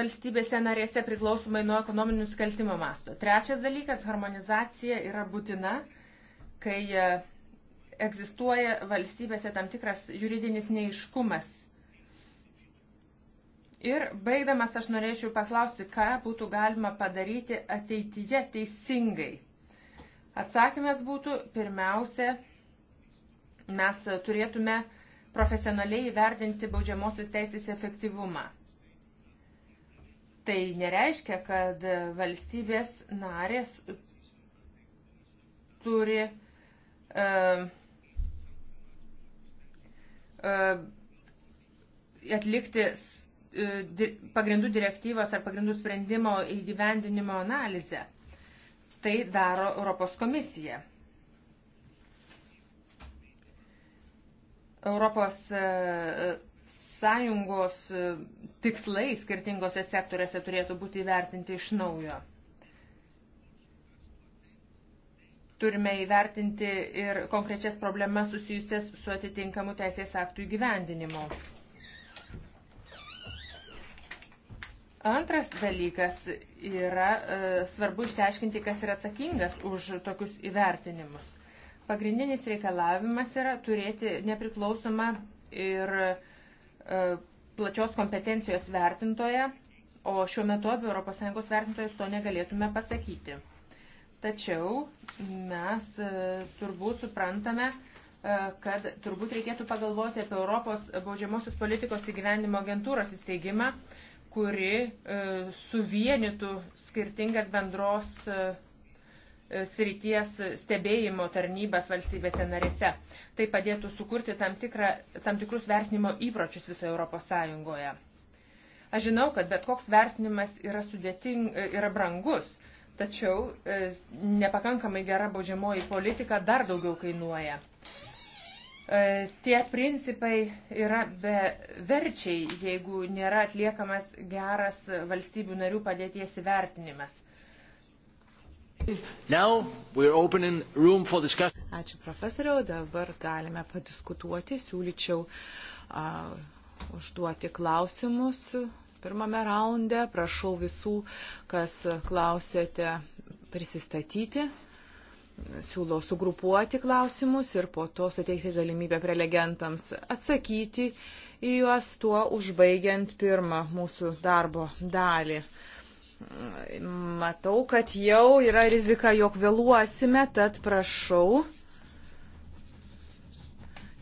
valstybėse narėse priklausomai nuo ekonominių nusikaltimo masto. Trečias dalykas - harmonizacija yra būtina, kai egzistuoja valstybėse tam tikras juridinis neiškumas. Ir baigdamas aš norėčiau paklausti, ką būtų galima padaryti ateityje teisingai. Atsakymas būtų, pirmiausia, mes turėtume profesionaliai įvertinti baudžiamosios teisės efektyvumą. Tai nereiškia, kad valstybės narės turi uh, E, atlikti e, pagrindų direktyvos ar pagrindų sprendimo įgyvendinimo analizę. Tai daro Europos komisija. Europos e, sąjungos tikslai skirtingose sektoriuose turėtų būti įvertinti iš naujo. turime įvertinti ir konkrečias problemas susijusias su atitinkamu teisės aktų įgyvendinimu. Antras dalykas yra e, svarbu išsiaiškinti, kas yra atsakingas už tokius įvertinimus. Pagrindinis reikalavimas yra turėti nepriklausomą ir e, plačios kompetencijos vertintoją, o šiuo metu apie ES vertintojus to negalėtume pasakyti. Tačiau mes e, turbūt suprantame, e, kad turbūt reikėtų pagalvoti apie Europos baudžiamosios politikos įgyvenimo agentūros įsteigimą, kuri e, suvienytų skirtingas bendros srities stebėjimo tarnybas valstybėse narėse. Tai padėtų sukurti tam, tikrą, tam tikrus vertinimo įpročius visoje Europos Sąjungoje. Aš žinau, kad bet koks vertinimas yra, sudėting, yra brangus, tačiau e, nepakankamai gera baudžiamoji politika dar daugiau kainuoja. E, tie principai yra beverčiai, jeigu nėra atliekamas geras valstybių narių padėties įvertinimas. Ačiū profesoriau, dabar galime padiskutuoti, siūlyčiau uh, užduoti klausimus pirmame raunde. Prašau visų, kas klausėte, prisistatyti. Siūlau sugrupuoti klausimus ir po to suteikti galimybę prelegentams atsakyti į juos, tuo užbaigiant pirmą mūsų darbo dalį. Matau, kad jau yra rizika, jog vėluosime, tad prašau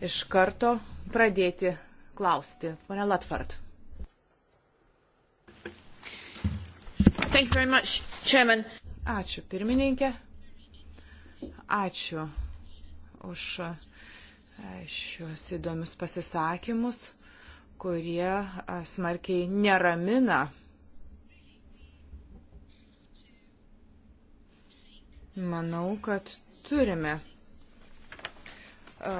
iš karto pradėti klausti. Pone Latvart. Much, Ačiū pirmininkė. Ačiū už e, šios įdomius pasisakymus, kurie e, smarkiai neramina. Manau, kad turime e,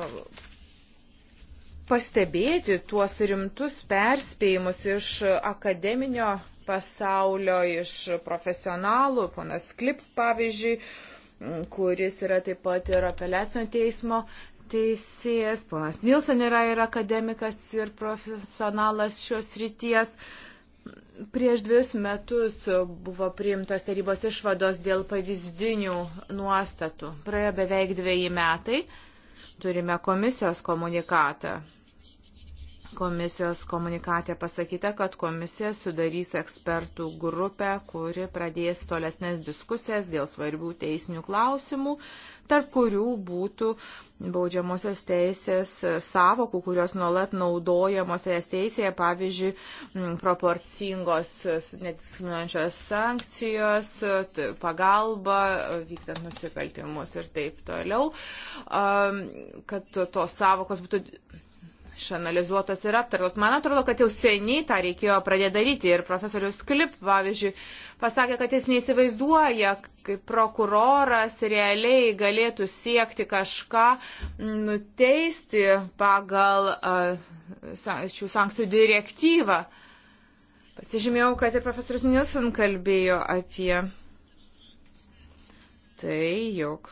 pastebėti tuos rimtus perspėjimus iš akademinio pasaulio, iš profesionalų, ponas Klip pavyzdžiui, kuris yra taip pat ir apeliacinio teismo teisėjas, ponas Nilsen yra ir akademikas ir profesionalas šios ryties. Prieš dvius metus buvo priimtos tarybos išvados dėl pavyzdinių nuostatų. Praėjo beveik dviejai metai. Turime komisijos komunikatą Komisijos komunikatė pasakyta, kad komisija sudarys ekspertų grupę, kuri pradės tolesnės diskusijas dėl svarbių teisinių klausimų, tarp kurių būtų baudžiamosios teisės savokų, kurios nuolat naudojamos es teisėje, pavyzdžiui, proporcingos nediskriminuojančios sankcijos, pagalba, vykdant nusikaltimus ir taip toliau, kad tos savokos būtų išanalizuotos ir aptartos. Man atrodo, kad jau seniai tą reikėjo pradėti daryti ir profesorius Klip, pavyzdžiui, pasakė, kad jis neįsivaizduoja, kaip prokuroras realiai galėtų siekti kažką nuteisti pagal šių sankcijų direktyvą. Pasižymėjau, kad ir profesorius Nilsson kalbėjo apie tai, jog.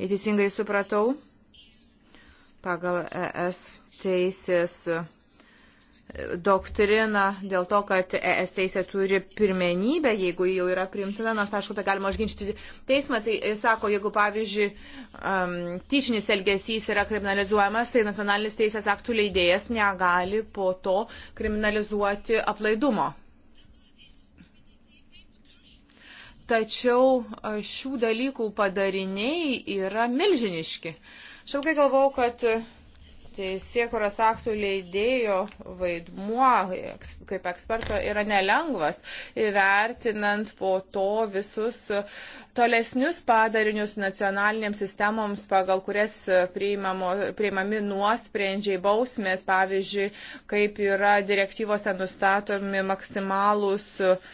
Jei teisingai supratau, pagal ES teisės e, doktriną dėl to, kad ES teisė turi pirmenybę, jeigu jau yra priimtina, nors aišku, tai galima užginčyti teismą, tai e, sako, jeigu pavyzdžiui um, tyčinis elgesys yra kriminalizuojamas, tai nacionalinis teisės aktų leidėjas negali po to kriminalizuoti aplaidumo. Tačiau e, šių dalykų padariniai yra milžiniški. Uh, Šilgai galvau, kad teisėkuros aktų leidėjo vaidmuo kaip eksperto yra nelengvas, įvertinant po to visus tolesnius padarinius nacionalinėms sistemoms, pagal kurias priimamo, priimami nuosprendžiai bausmės, pavyzdžiui, kaip yra direktyvose nustatomi maksimalūs uh,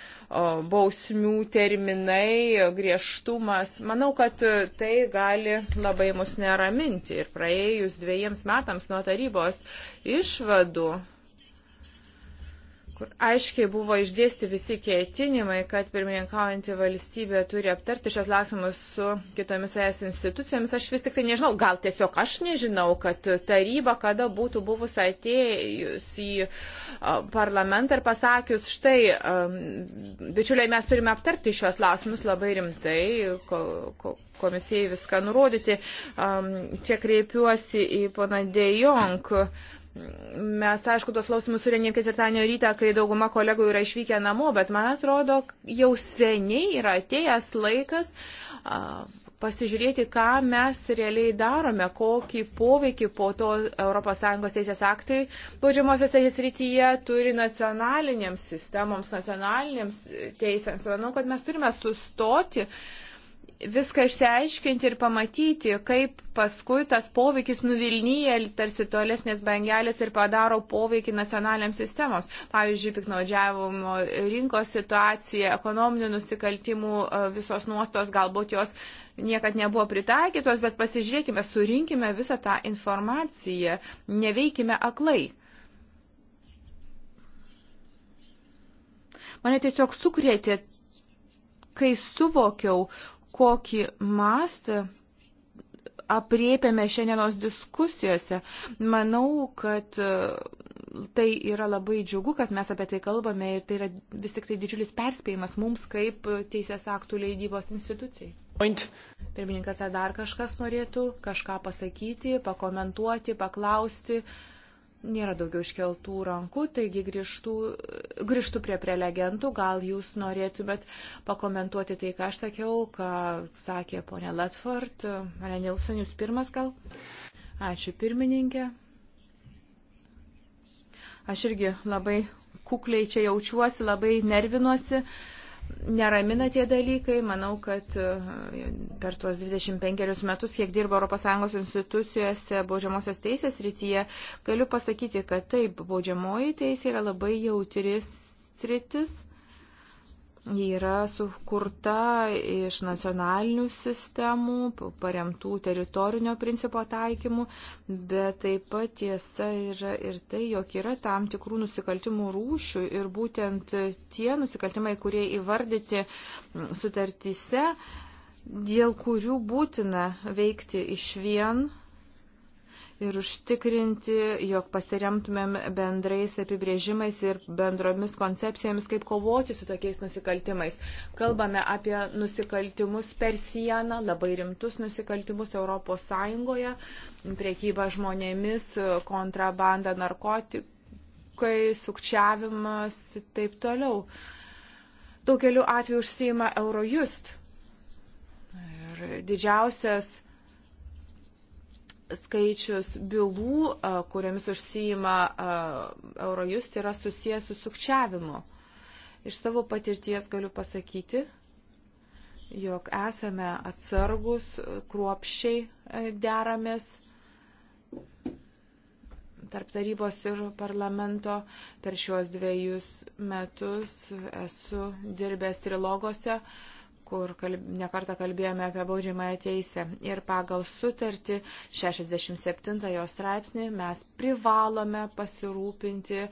bausmių terminai, griežtumas. Manau, kad tai gali labai mus neraminti. Ir praėjus dviejiems metams nuo tarybos išvadų kur aiškiai buvo išdėsti visi kėtinimai, kad pirmininkaujantį valstybę turi aptarti šios klausimus su kitomis ES institucijomis. Aš vis tik tai nežinau, gal tiesiog aš nežinau, kad taryba kada būtų buvus atėjus į e, parlamentą ir pasakius, štai, e, bičiuliai, mes turime aptarti šios klausimus labai rimtai, komisijai viską nurodyti. Čia kreipiuosi į pana Dejong. Mes, aišku, tuos klausimus surengėm ketvirtadienio rytą, kai dauguma kolegų yra išvykę namo, bet man atrodo, jau seniai yra atėjęs laikas pasižiūrėti, ką mes realiai darome, kokį poveikį po to ES teisės aktai baudžiamosios teisės rytyje turi nacionalinėms sistemoms, nacionalinėms teisėms. Manau, kad mes turime sustoti uh, viską išsiaiškinti ir pamatyti, kaip paskui tas poveikis nuvilnyja tarsi tolesnės bangelės ir padaro poveikį nacionaliniams sistemos. Pavyzdžiui, piknaudžiavimo rinkos situacija, ekonominių nusikaltimų e, visos nuostos, galbūt jos niekad nebuvo pritaikytos, bet pasižiūrėkime, surinkime visą tą informaciją, neveikime aklai. Mane tiesiog sukrėtė kai suvokiau, kokį mastą apriepiame šiandienos diskusijose. Manau, kad e, tai yra labai džiugu, kad mes apie tai kalbame ir tai yra vis tik tai didžiulis perspėjimas mums kaip teisės aktų leidybos institucijai. Point. Pirmininkas, ar dar kažkas norėtų kažką pasakyti, pakomentuoti, paklausti? Uh, Nėra daugiau iškeltų rankų, taigi grįžtų, grįžtų prie prelegentų. Gal jūs norėtumėt pakomentuoti tai, ką aš sakiau, ką sakė ponė Latford. Mane Nilson, jūs pirmas gal? Ačiū pirmininkė. Aš irgi labai kukliai čia jaučiuosi, labai nervinuosi. Uh, neramina tie dalykai. Manau, kad e, per tuos 25 metus, kiek dirbo ES institucijose baudžiamosios teisės rytyje, galiu pasakyti, kad taip, baudžiamoji teisė yra labai jautris sritis yra sukurta iš nacionalinių sistemų, paremtų teritorinio principo taikymų, bet taip pat tiesa yra ir tai, jog yra tam tikrų nusikaltimų rūšių ir būtent tie nusikaltimai, kurie įvardyti sutartyse, dėl kurių būtina veikti iš vien ir užtikrinti, jog pasiremtumėm bendrais apibrėžimais ir bendromis koncepcijomis, kaip kovoti su tokiais nusikaltimais. Kalbame apie nusikaltimus per sieną, labai rimtus nusikaltimus ES, priekybą žmonėmis, kontrabandą narkotikai, sukčiavimas ir taip toliau. Daugeliu atveju užsima Eurojust. Ir didžiausias skaičius bylų, kuriamis užsijima Eurojust, yra susijęs su sukčiavimu. Iš savo patirties galiu pasakyti, jog esame atsargus, kruopščiai deramės tarp tarybos ir parlamento. Per šiuos dviejus metus esu dirbęs trilogose. Uh, kur kalb, nekartą kalbėjome apie baudžiamąją teisę. Ir pagal sutartį 67 jos straipsnį mes privalome pasirūpinti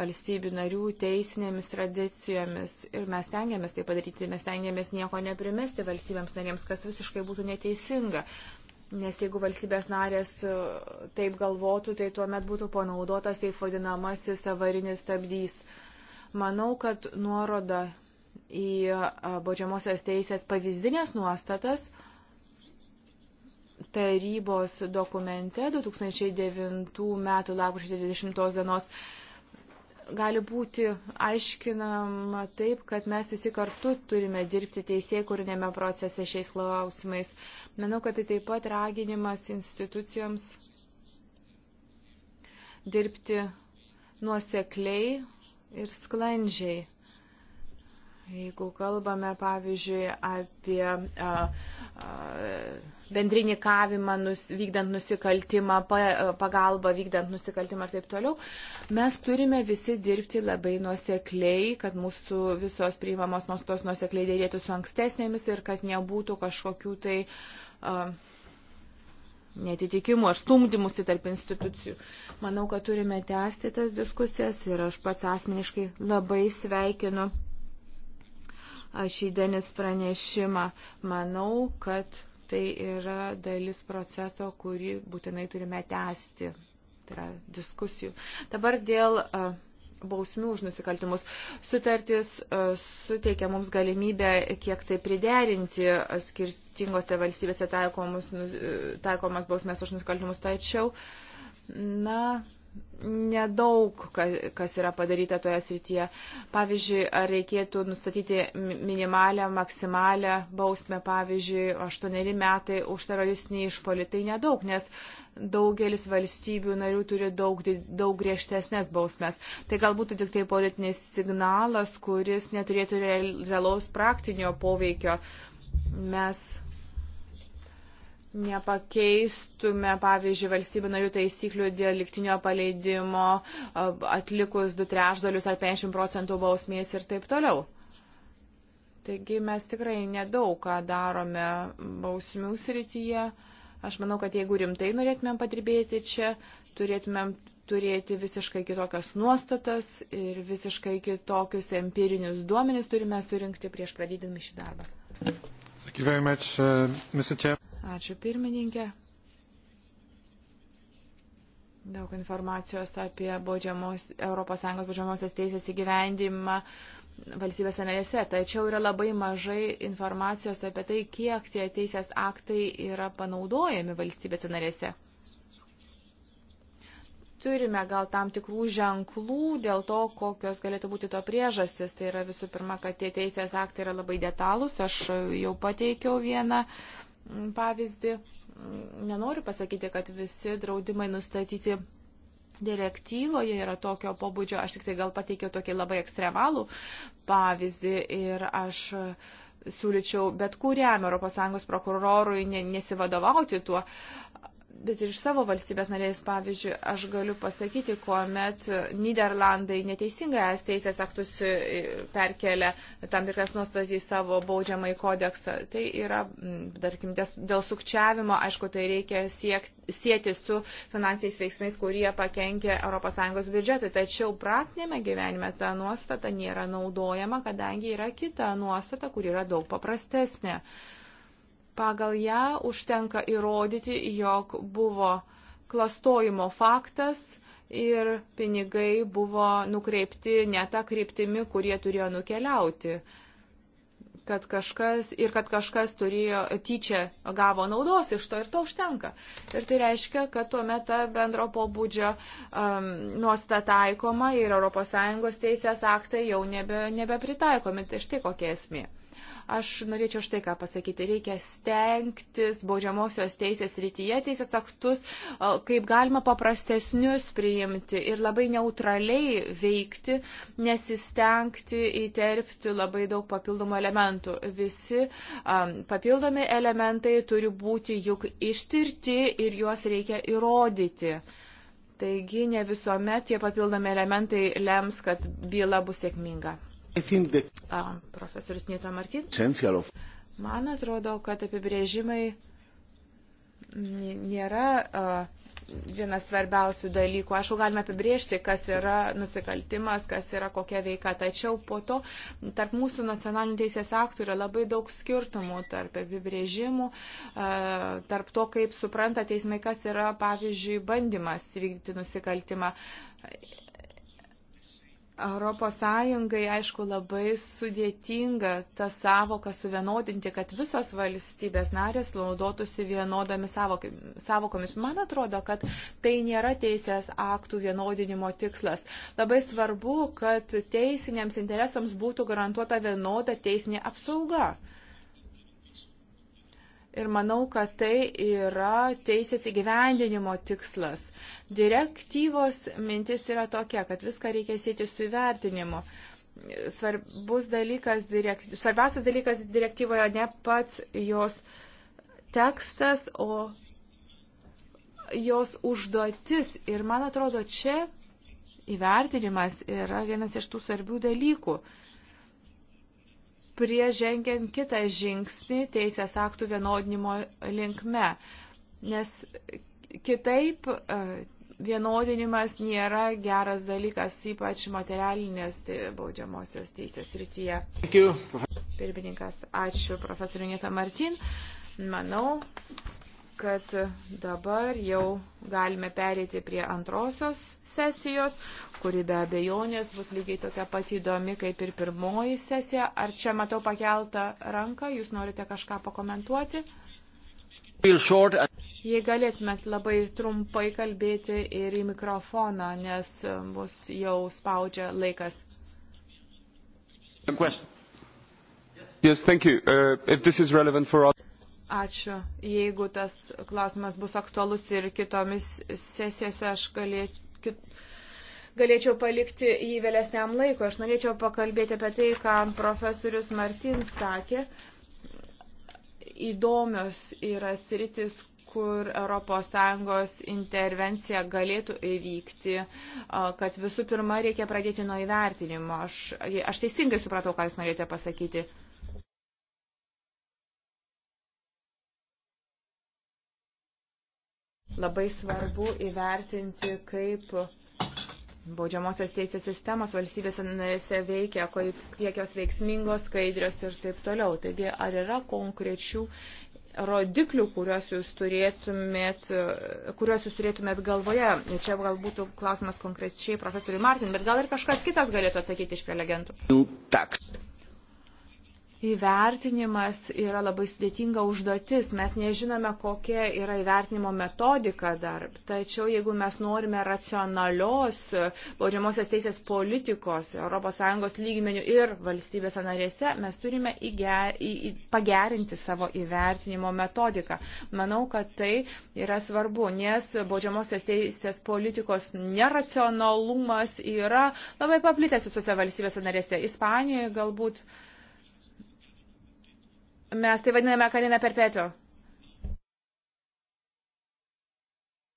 valstybių narių teisinėmis tradicijomis. Ir mes tengiamės tai padaryti, mes tengiamės nieko neprimesti valstybėms narėms, kas visiškai būtų neteisinga. Nes jeigu valstybės narės e, taip galvotų, tai tuomet būtų panaudotas taip vadinamasis avarinis stabdys. Manau, kad nuoroda į baudžiamosios teisės pavyzdinės nuostatas, tarybos dokumente 2009 metų lapkričio 30 dienos gali būti aiškinama taip, kad mes visi kartu turime dirbti teisėjai kūrinėme procese šiais klausimais. Manau, kad tai taip pat raginimas institucijoms dirbti nuosekliai ir sklandžiai. Jeigu kalbame, pavyzdžiui, apie a, a, bendrinikavimą, nus, vykdant nusikaltimą, pa, pagalbą vykdant nusikaltimą ir taip toliau, mes turime visi dirbti labai nuosekliai, kad mūsų visos priimamos nuostos nuosekliai dėrėtų su ankstesnėmis ir kad nebūtų kažkokių tai a, netitikimų ar stumdymusi tarp institucijų. Manau, kad turime tęsti tas diskusijas ir aš pats asmeniškai labai sveikinu šį Denis pranešimą. Manau, kad tai yra dalis proceso, kurį būtinai turime tęsti. Tai yra diskusijų. Dabar dėl bausmių už nusikaltimus. Sutartis suteikia mums galimybę kiek tai priderinti skirtingose valstybėse nu, taikomas bausmės už nusikaltimus. Tačiau, na, nedaug, kas yra padaryta toje srityje. Pavyzdžiui, ar reikėtų nustatyti minimalę, maksimalę bausmę, pavyzdžiui, 8 metai už teroristinį išpolį. Tai nedaug, nes daugelis valstybių narių turi daug, daug griežtesnės bausmės. Tai galbūt tik tai politinis signalas, kuris neturėtų realaus praktinio poveikio. Mes nepakeistume, pavyzdžiui, valstybių narių taisyklių dėl liktinio paleidimo, atlikus du trešdalius ar 50 procentų bausmės ir taip toliau. Taigi mes tikrai nedaug ką darome bausmių srityje. Aš manau, kad jeigu rimtai norėtumėm padirbėti čia, turėtumėm turėti visiškai kitokias nuostatas ir visiškai kitokius empirinius duomenis turime surinkti prieš pradėdami šį darbą. Thank you very much, uh, Mr. Chairman. Ačiū pirmininkė. Daug informacijos apie baudžiamos, ES baudžiamosios teisės įgyvendimą valstybėse narėse, tačiau yra labai mažai informacijos apie tai, kiek tie teisės aktai yra panaudojami valstybėse narėse. Turime gal tam tikrų ženklų dėl to, kokios galėtų būti to priežastis. Tai yra visų pirma, kad tie teisės aktai yra labai detalūs. Aš jau pateikiau vieną uh, pavyzdį. Nenoriu pasakyti, kad visi draudimai nustatyti direktyvoje yra tokio pobūdžio. Aš tik tai gal pateikiau tokį labai ekstremalų pavyzdį ir aš siūlyčiau bet kuriam ES prokurorui nesivadovauti tuo. Uh, bet ir iš savo valstybės narės, pavyzdžiui, aš galiu pasakyti, kuomet Niderlandai neteisingai es teisės aktus e, perkelia tam tikras nuostas į savo baudžiamą į kodeksą. Tai yra, tarkim, dėl sukčiavimo, aišku, tai reikia siek, sieti su finansiais veiksmais, kurie pakenkia ES biudžetui. Tačiau praktinėme gyvenime ta nuostata nėra naudojama, kadangi yra kita nuostata, kur yra daug paprastesnė. Yeah. Pagal ją užtenka įrodyti, jog buvo klastojimo faktas ir pinigai buvo nukreipti ne tą kryptimį, kurie turėjo nukeliauti kad kažkas ir kad kažkas turėjo tyčia gavo naudos iš to ir to užtenka. Ir tai reiškia, kad tuo metu bendro pobūdžio um, nuostata taikoma ir ES teisės aktai jau nebe, nebepritaikomi. Tai štai kokia esmė. Aš norėčiau štai ką pasakyti. Reikia stengtis baudžiamosios teisės rytyje teisės aktus, kaip galima paprastesnius priimti ir labai neutraliai veikti, nesistengti įterpti labai daug papildomų elementų. Visi um, papildomi elementai turi būti juk ištirti ir juos reikia įrodyti. Taigi ne visuomet tie papildomi elementai lems, kad byla bus sėkminga. A, profesorius Nito Martin. Man atrodo, kad apibrėžimai nėra a, vienas svarbiausių dalykų. Aišku, galime apibriežti, kas yra nusikaltimas, kas yra kokia veika, tačiau po to tarp mūsų nacionalinių teisės aktų yra labai daug skirtumų tarp apibrėžimų, tarp to, kaip supranta teismai, kas yra, pavyzdžiui, bandymas vykdyti nusikaltimą. Europos Sąjungai, aišku, labai sudėtinga tą savoką suvienodinti, kad visos valstybės narės naudotųsi vienodomis savokomis. Man atrodo, kad tai nėra teisės aktų vienodinimo tikslas. Labai svarbu, kad teisiniams interesams būtų garantuota vienoda teisinė apsauga. Ir manau, kad tai yra teisės įgyvendinimo tikslas. Direktyvos mintis yra tokia, kad viską reikia sėti su įvertinimu. Svarbus dalykas, direk... svarbiausias dalykas direktyvoje ne pats jos tekstas, o jos užduotis. Ir man atrodo, čia įvertinimas yra vienas iš tų svarbių dalykų. Uh, prieš žengiant kitą žingsnį teisės aktų vienodinimo linkme. Nes kitaip e, vienodinimas nėra geras dalykas, ypač materialinės tai baudžiamosios teisės rytyje. Pirmininkas, ačiū profesoriu Nita Martin. Manau, kad dabar jau galime perėti prie antrosios sesijos, kuri be abejonės bus lygiai tokia pati įdomi kaip ir pirmoji sesija. Ar čia matau pakeltą ranką, jūs norite kažką pakomentuoti? Jei galėtumėt labai trumpai kalbėti ir į mikrofoną, nes mus jau spaudžia laikas. Yes, thank you. Uh, if this is relevant for us. Ačiū. Jeigu tas klausimas bus aktualus ir kitomis sesijose, aš galėčiau. Kit galėčiau palikti jį vėlesniam laikui. Aš norėčiau pakalbėti apie tai, ką profesorius Martin sakė. Įdomios yra sritis, kur ES intervencija galėtų įvykti, kad visų pirma reikia pradėti nuo įvertinimo. Aš, aš teisingai supratau, ką jūs norėjote pasakyti. Labai svarbu įvertinti, kaip baudžiamosios teisės sistemos valstybės narėse veikia, kaip, kiek jos veiksmingos, skaidrios ir taip toliau. Taigi, ar yra konkrečių rodiklių, kuriuos jūs turėtumėt, kuriuos jūs turėtumėt galvoje? Čia gal būtų klausimas konkrečiai profesoriui Martin, bet gal ir kažkas kitas galėtų atsakyti iš prelegentų. Nu, Taks įvertinimas yra labai sudėtinga užduotis. Mes nežinome, kokia yra įvertinimo metodika dar. Tačiau jeigu mes norime racionalios baudžiamosios teisės politikos ES lygmenių ir valstybės narėse, mes turime įger, į, į, pagerinti savo įvertinimo metodiką. Manau, kad tai yra svarbu, nes baudžiamosios teisės politikos neracionalumas yra labai paplitęs visose valstybėse narėse. Ispanijoje galbūt. Uh, Mes tai vadiname Karina Perpetio.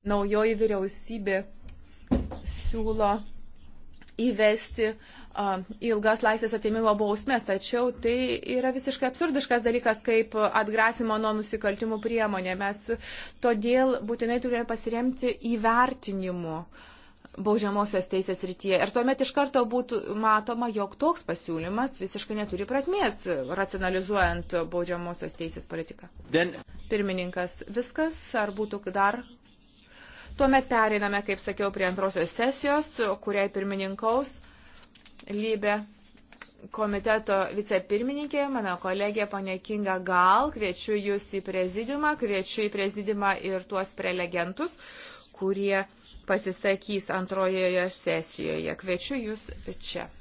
Naujoji vyriausybė siūlo įvesti uh, ilgas laisvės atimimo bausmės, tačiau tai yra visiškai absurdiškas dalykas kaip atgrasimo nuo nusikaltimų priemonė. Mes todėl būtinai turime pasiremti įvertinimu uh, baudžiamosios teisės rytyje. Ir tuomet iš karto būtų matoma, jog toks pasiūlymas visiškai neturi prasmės, racionalizuojant baudžiamosios teisės politiką. Then... Pirmininkas, viskas, ar būtų dar? Tuomet pereiname, kaip sakiau, prie antrosios sesijos, kuriai pirmininkaus lybė komiteto vicepirmininkė, mano kolegė panekinga Gal, kviečiu jūs į prezidiumą, kviečiu į prezidiumą ir tuos prelegentus, kurie pasisakys antrojoje sesijoje. Kviečiu jūs čia.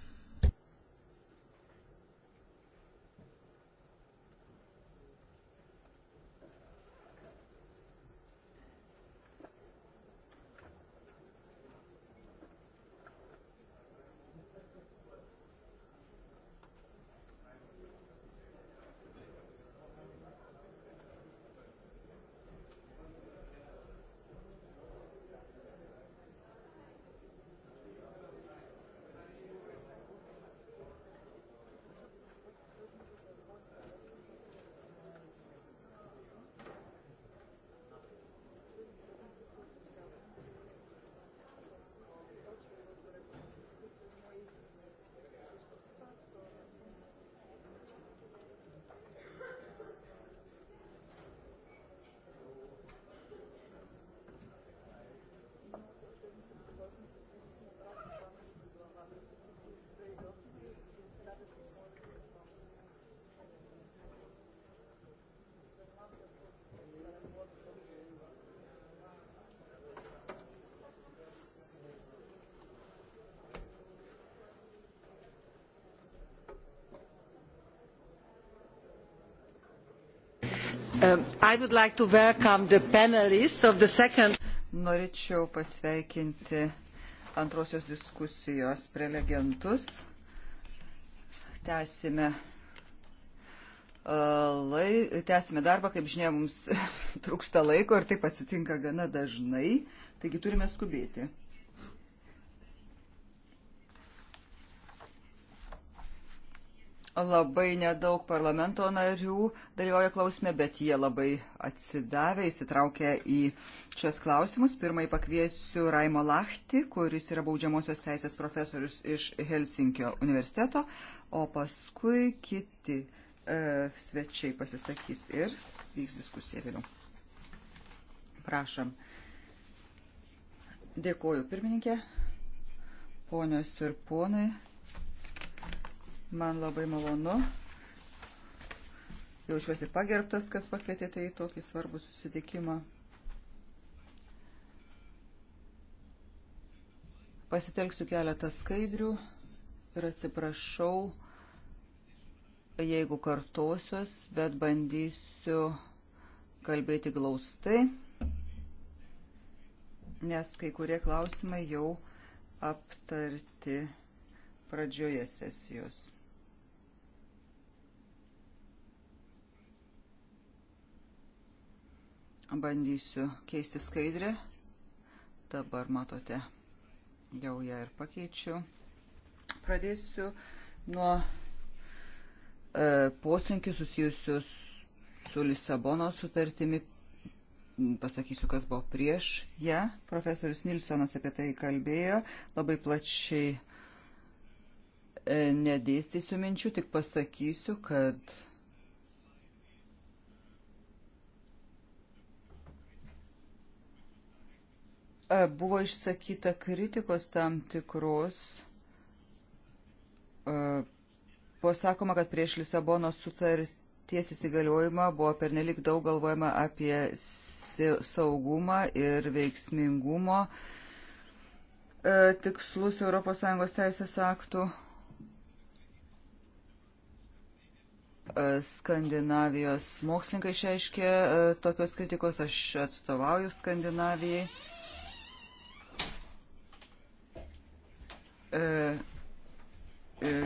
Um, like second... Norėčiau pasveikinti antrosios diskusijos prelegentus. Tęsime, uh, lai, tęsime darbą, kaip žinia, mums trūksta laiko ir taip atsitinka gana dažnai, taigi turime skubėti. Labai nedaug parlamento narių dalyvauja klausime, bet jie labai atsidavę, įsitraukia į šios klausimus. Pirmai pakviesiu Raimo Lahti, kuris yra baudžiamosios teisės profesorius iš Helsinkio universiteto, o paskui kiti e, svečiai pasisakys ir vyks diskusija vėliau. Prašom. Dėkuoju, pirmininkė. Ponios ir ponai, Man labai malonu. Jaučiuosi pagerbtas, kad pakvietėte į tokį svarbų susitikimą. Pasitelksiu keletą skaidrių ir atsiprašau, jeigu kartosiuos, bet bandysiu kalbėti glaustai, nes kai kurie klausimai jau aptarti pradžioje sesijos. Bandysiu keisti skaidrę. Dabar matote, jau ją ir pakeičiu. Pradėsiu nuo e, poslinkių susijusių su Lisabono sutartimi. Pasakysiu, kas buvo prieš ją. Ja, profesorius Nilsonas apie tai kalbėjo. Labai plačiai e, nedėstysiu minčių, tik pasakysiu, kad E, buvo išsakyta kritikos tam tikros. E, buvo sakoma, kad prieš Lisabono sutarties įsigaliojimą buvo pernelik daug galvojama apie saugumą ir veiksmingumo e, tikslus ES teisės aktų. Skandinavijos mokslininkai išreiškė tokios kritikos, aš atstovauju Skandinavijai. E, e,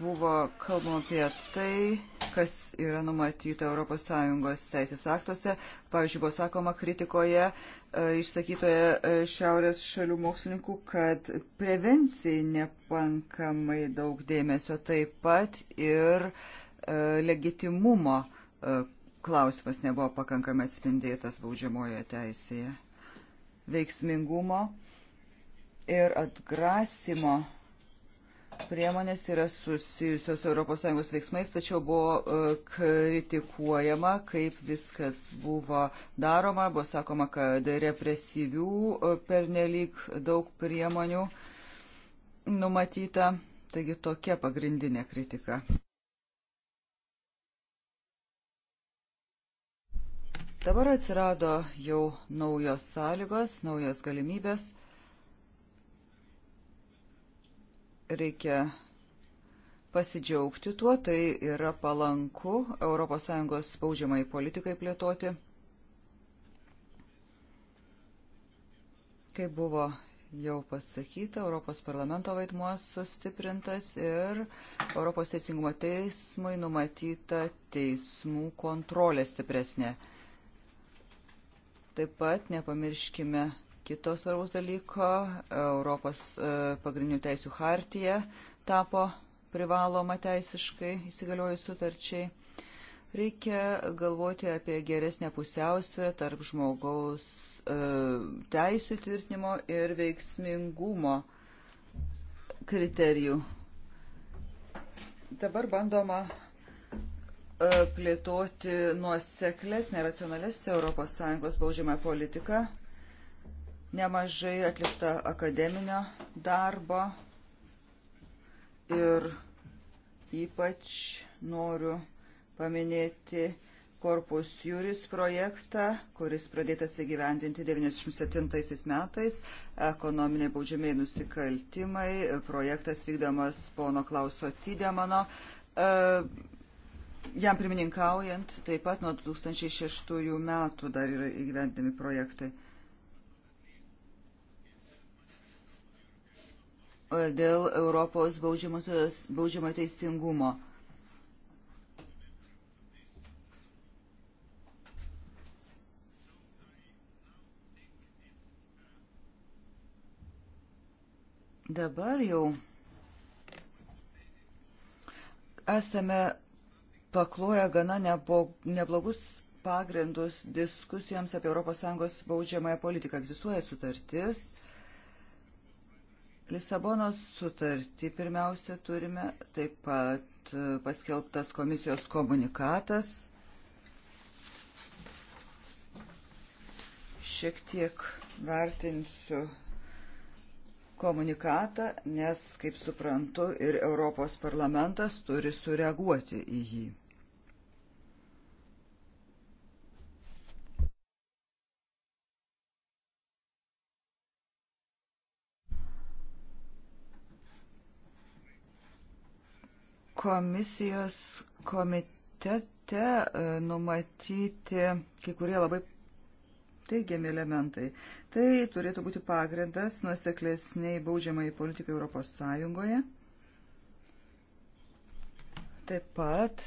buvo kalbama apie tai, kas yra numatyta ES teisės aktuose. Pavyzdžiui, buvo sakoma kritikoje e, išsakytoje šiaurės šalių mokslininkų, kad prevencijai nepankamai daug dėmesio taip pat ir legitimumo klausimas nebuvo pakankamai atspindėtas baudžiamojoje teisėje. Veiksmingumo ir atgrasimo priemonės yra susijusios ES veiksmais, tačiau buvo e, kritikuojama, kaip viskas buvo daroma, buvo sakoma, kad represyvių e, pernelyg daug priemonių numatyta, taigi tokia pagrindinė kritika. Dabar atsirado jau naujos sąlygos, naujos galimybės reikia pasidžiaugti tuo, tai yra palanku ES spaudžiamai politikai plėtoti. Kaip buvo jau pasakyta, Europos parlamento vaidmuo sustiprintas ir Europos teisingumo teismui numatyta teismų kontrolė stipresnė. Taip pat nepamirškime kito svarbus dalyko. Europos e, pagrindinių teisų hartija tapo privaloma teisiškai įsigaliojus sutarčiai. Reikia galvoti apie geresnę pusiausvę tarp žmogaus e, teisų tvirtinimo ir veiksmingumo kriterijų. Dabar bandoma e, plėtoti nuoseklesnę, racionalesnę ES baudžiamą politiką nemažai atlikta akademinio darbo ir ypač noriu paminėti Corpus Juris projektą, kuris pradėtas įgyvendinti 1997 metais, ekonominiai baudžiamiai nusikaltimai, projektas vykdomas pono Klauso Tidemano, e, jam pirmininkaujant, taip pat nuo 2006 metų dar yra įgyvendinami projektai. E, dėl Europos baudžiamo teisingumo. Dabar jau esame pakloję gana neblogus pagrindus diskusijoms apie ES baudžiamąją politiką. Egzistuoja sutartis Lisabonos sutartį pirmiausia turime taip pat e, paskelbtas komisijos komunikatas. Šiek tiek vertinsiu komunikatą, nes, kaip suprantu, ir Europos parlamentas turi sureaguoti į jį. Komisijos komitete e, numatyti kai kurie labai teigiami elementai. Tai turėtų būti pagrindas nuoseklesniai baudžiamai politikai Europos Sąjungoje. Taip pat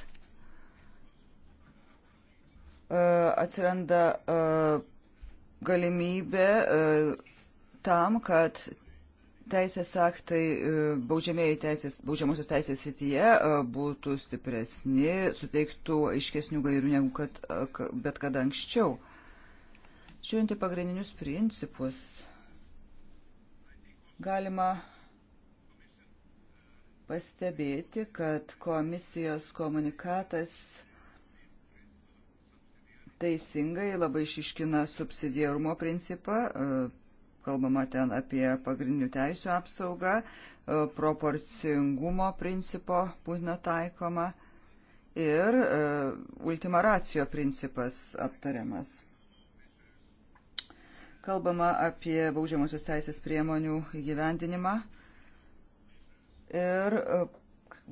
e, atsiranda e, galimybė tam, kad teisės aktai e, baudžiamieji teisės, baudžiamosios teisės sityje e, būtų stipresni, suteiktų aiškesnių gairių negu kad e, bet kada anksčiau. Žiūrint į pagrindinius principus, galima pastebėti, kad komisijos komunikatas teisingai labai išiškina subsidiarumo principą, kalbama ten apie pagrindinių teisų apsaugą, e, proporcingumo principo būtina taikoma ir e, ultima racijo principas aptariamas. Kalbama apie baudžiamosios teisės priemonių įgyvendinimą ir e,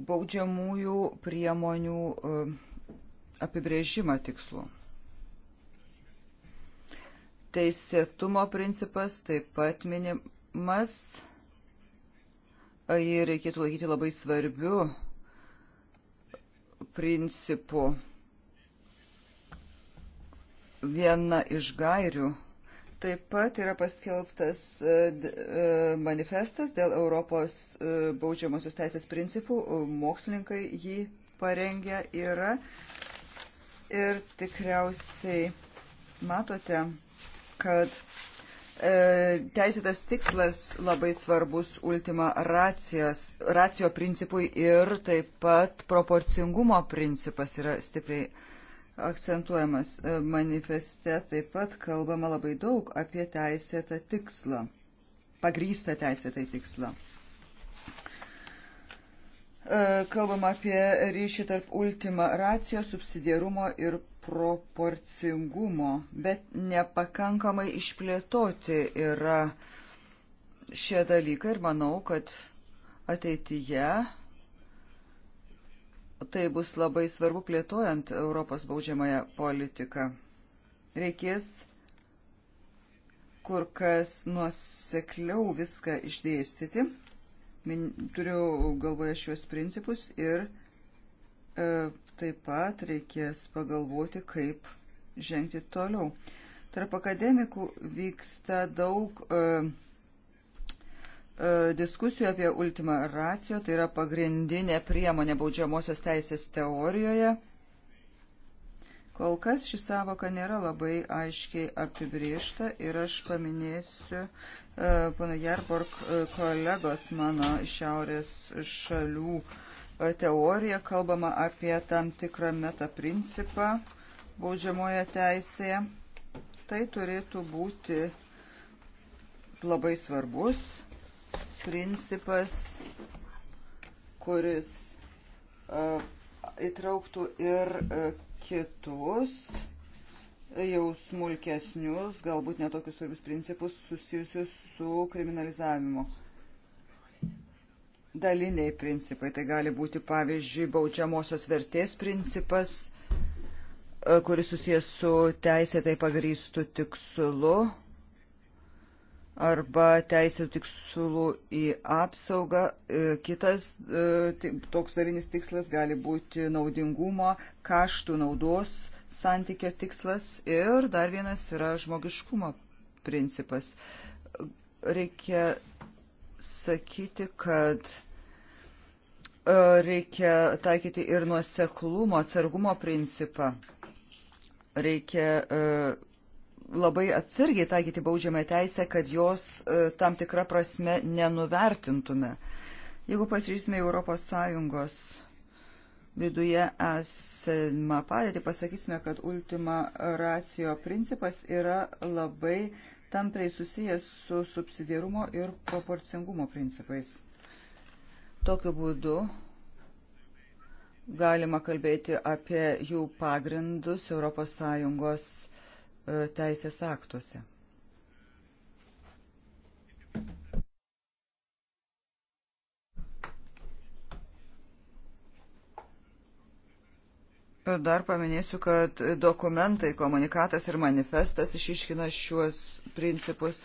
baudžiamųjų priemonių apibrėžimą tikslų. Teisėtumo principas taip pat minimas. Jį reikėtų laikyti labai svarbiu principu. Viena iš gairių Taip pat yra paskelbtas e, e, manifestas dėl Europos e, baudžiamosios teisės principų, mokslininkai jį parengę yra ir tikriausiai matote kad e, teisėtas tikslas labai svarbus ultima racijos, racijo principui ir taip pat proporcingumo principas yra stipriai akcentuojamas. E, manifeste taip pat kalbama labai daug apie teisėtą tikslą, pagrystą teisėtą tikslą. E, kalbama apie ryšį tarp ultima racijo, subsidiarumo ir proporcingumo, bet nepakankamai išplėtoti yra šie dalykai ir manau, kad ateityje tai bus labai svarbu plėtojant Europos baudžiamąją politiką. Reikės kur kas nuosekliau viską išdėstyti. Min, turiu galvoje šios principus ir e, taip pat reikės pagalvoti, kaip žengti toliau. Tarp akademikų vyksta daug e, e, diskusijų apie ultimą racijo, tai yra pagrindinė priemonė baudžiamosios teisės teorijoje. Kol kas ši savoka nėra labai aiškiai apibriešta ir aš paminėsiu Pana Jarborg, kolegos mano šiaurės šalių teorija, kalbama apie tam tikrą meta principą baudžiamoje teisėje. Tai turėtų būti labai svarbus principas, kuris įtrauktų ir kitus jau smulkesnius, galbūt netokius svarbius principus susijusius su kriminalizavimu. Daliniai principai, tai gali būti pavyzdžiui baudžiamosios vertės principas, e, kuris susijęs su teisėtai pagrystų tikslu arba teisėtų tikslų į apsaugą. E, kitas e, toks darinis tikslas gali būti naudingumo, kaštų naudos santykio tikslas ir dar vienas yra žmogiškumo principas. Reikia sakyti, kad e, reikia taikyti ir nuoseklumo, atsargumo principą. Reikia e, labai atsargiai taikyti baudžiamą teisę, kad jos e, tam tikrą prasme nenuvertintume. Jeigu pasižiūrėsime Europos Sąjungos viduje esamą padėtį, pasakysime, kad ultima racijo principas yra labai tampriai susijęs su subsidiarumo ir proporcingumo principais. Tokiu būdu galima kalbėti apie jų pagrindus ES e, teisės aktuose. dar paminėsiu, kad dokumentai, komunikatas ir manifestas išiškina šiuos principus.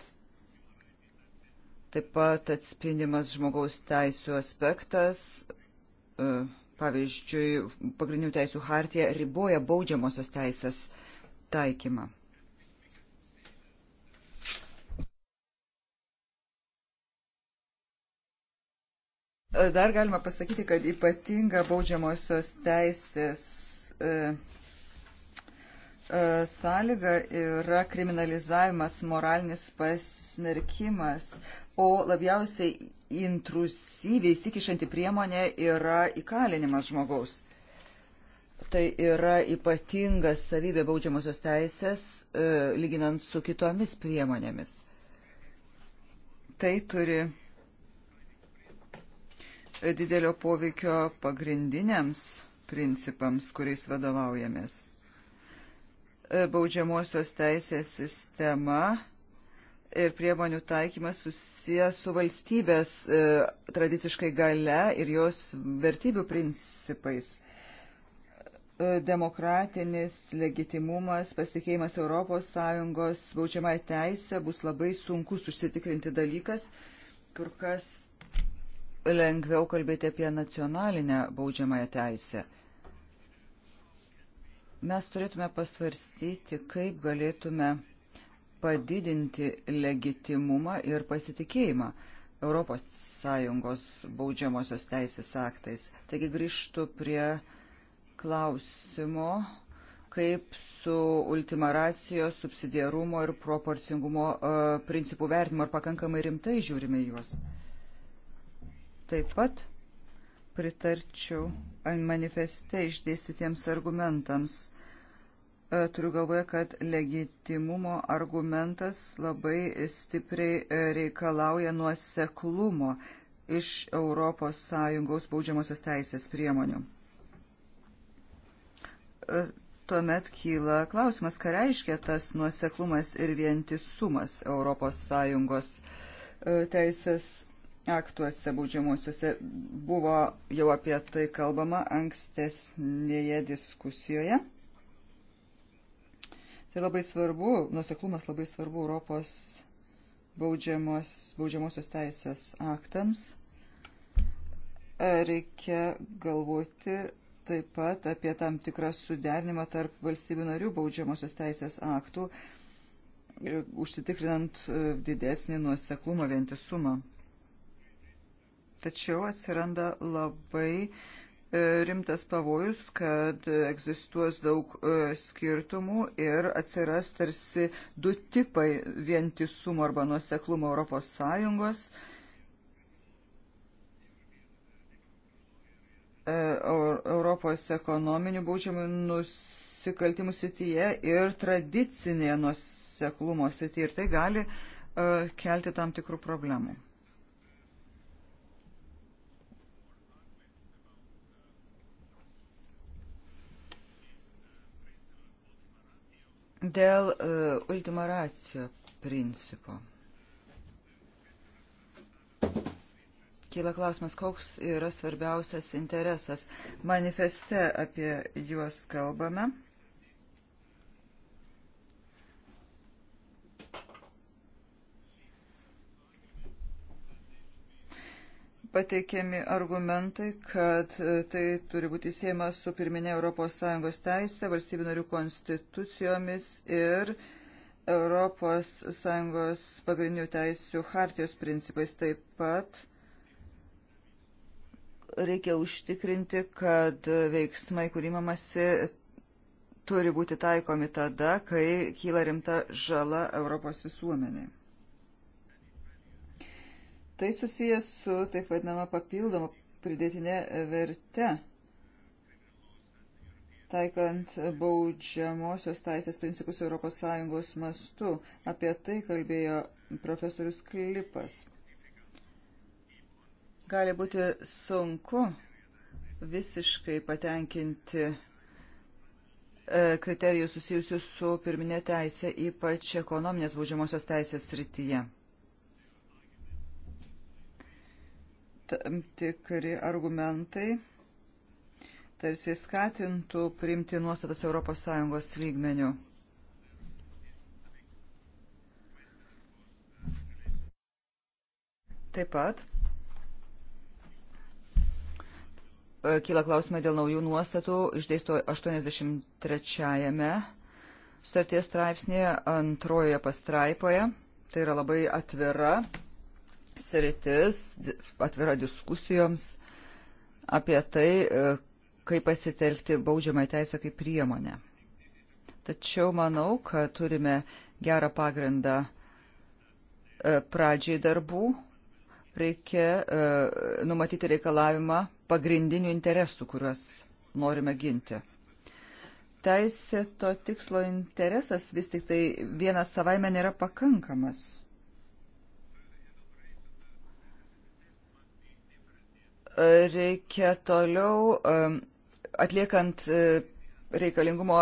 Taip pat atspindimas žmogaus teisų aspektas. E, pavyzdžiui, pagrindinių teisų hartija riboja baudžiamosios teisės taikymą. E, dar galima pasakyti, kad ypatinga baudžiamosios teisės E, e, sąlyga yra kriminalizavimas, moralinis pasmerkimas, o labiausiai intrusyviai įsikišanti priemonė yra įkalinimas žmogaus. Tai yra ypatinga savybė baudžiamosios teisės, e, lyginant su kitomis priemonėmis. Tai turi didelio poveikio pagrindiniams principams, kuriais vadovaujamės. E, baudžiamosios teisės sistema ir priemonių taikymas susijęs su valstybės e, tradiciškai gale ir jos vertybių principais. E, demokratinis legitimumas, pasitikėjimas ES baudžiamai teisė bus labai sunkus užsitikrinti dalykas, kur kas lengviau kalbėti apie nacionalinę baudžiamąją teisę. Mes turėtume pasvarstyti, kaip galėtume padidinti legitimumą ir pasitikėjimą ES baudžiamosios teisės aktais. Taigi grįžtu prie klausimo, kaip su ultimaracijos, subsidiarumo ir proporcingumo e, principų vertimo ar pakankamai rimtai žiūrime juos. Taip pat pritarčiau manifeste išdėstytiems argumentams E, turiu galvoje, kad legitimumo argumentas labai stipriai e, reikalauja nuoseklumo iš ES baudžiamosios teisės priemonių. E, tuomet kyla klausimas, ką reiškia tas nuoseklumas ir vientisumas ES teisės aktuose baudžiamosiuose. Buvo jau apie tai kalbama ankstesnėje diskusijoje. Tai labai svarbu, nuseklumas labai svarbu Europos baudžiamos, baudžiamosios teisės aktams. E, reikia galvoti taip pat apie tam tikrą suderinimą tarp valstybių narių baudžiamosios teisės aktų, e, užsitikrinant e, didesnį nuoseklumą, vientisumą. Tačiau atsiranda labai uh, E, rimtas pavojus, kad egzistuos daug e, skirtumų ir atsiras tarsi du tipai vientisumo arba nuoseklumo Europos Sąjungos. E, Europos ekonominių baudžiamų nusikaltimų sityje ir tradicinėje nuoseklumo sityje. Ir tai gali kelti tam tikrų problemų. Dėl uh, e, ultima racijo principo. Kyla klausimas, koks yra svarbiausias interesas. Manifeste apie juos kalbame. pateikiami argumentai, kad e, tai turi būti siejama su pirminė ES teisė, valstybių narių konstitucijomis ir ES pagrindinių teisių hartijos principais. Taip pat reikia užtikrinti, kad veiksmai, kur įmamasi, turi būti taikomi tada, kai kyla rimta žala Europos visuomeniai. Tai susijęs su taip vadinama papildoma pridėtinė verte, taikant baudžiamosios taisės principus ES mastu. Apie tai kalbėjo profesorius Klipas. Gali būti sunku visiškai patenkinti e, kriterijų susijusių su pirminė teisė, ypač ekonominės baudžiamosios teisės srityje. tam tikri argumentai tarsi skatintų priimti nuostatas ES lygmenių. Taip pat e, kyla klausimai dėl naujų nuostatų išdėsto 83-ame sutarties straipsnėje antrojoje pastraipoje. Tai yra labai atvira sritis, atvira diskusijoms apie tai, e, kaip pasitelkti baudžiamą teisę kaip priemonę. Tačiau manau, kad turime gerą pagrindą e, pradžiai darbų. Reikia e, numatyti reikalavimą pagrindinių interesų, kuriuos norime ginti. Teisėto tikslo interesas vis tik tai vienas savaime nėra pakankamas reikia toliau atliekant e, reikalingumo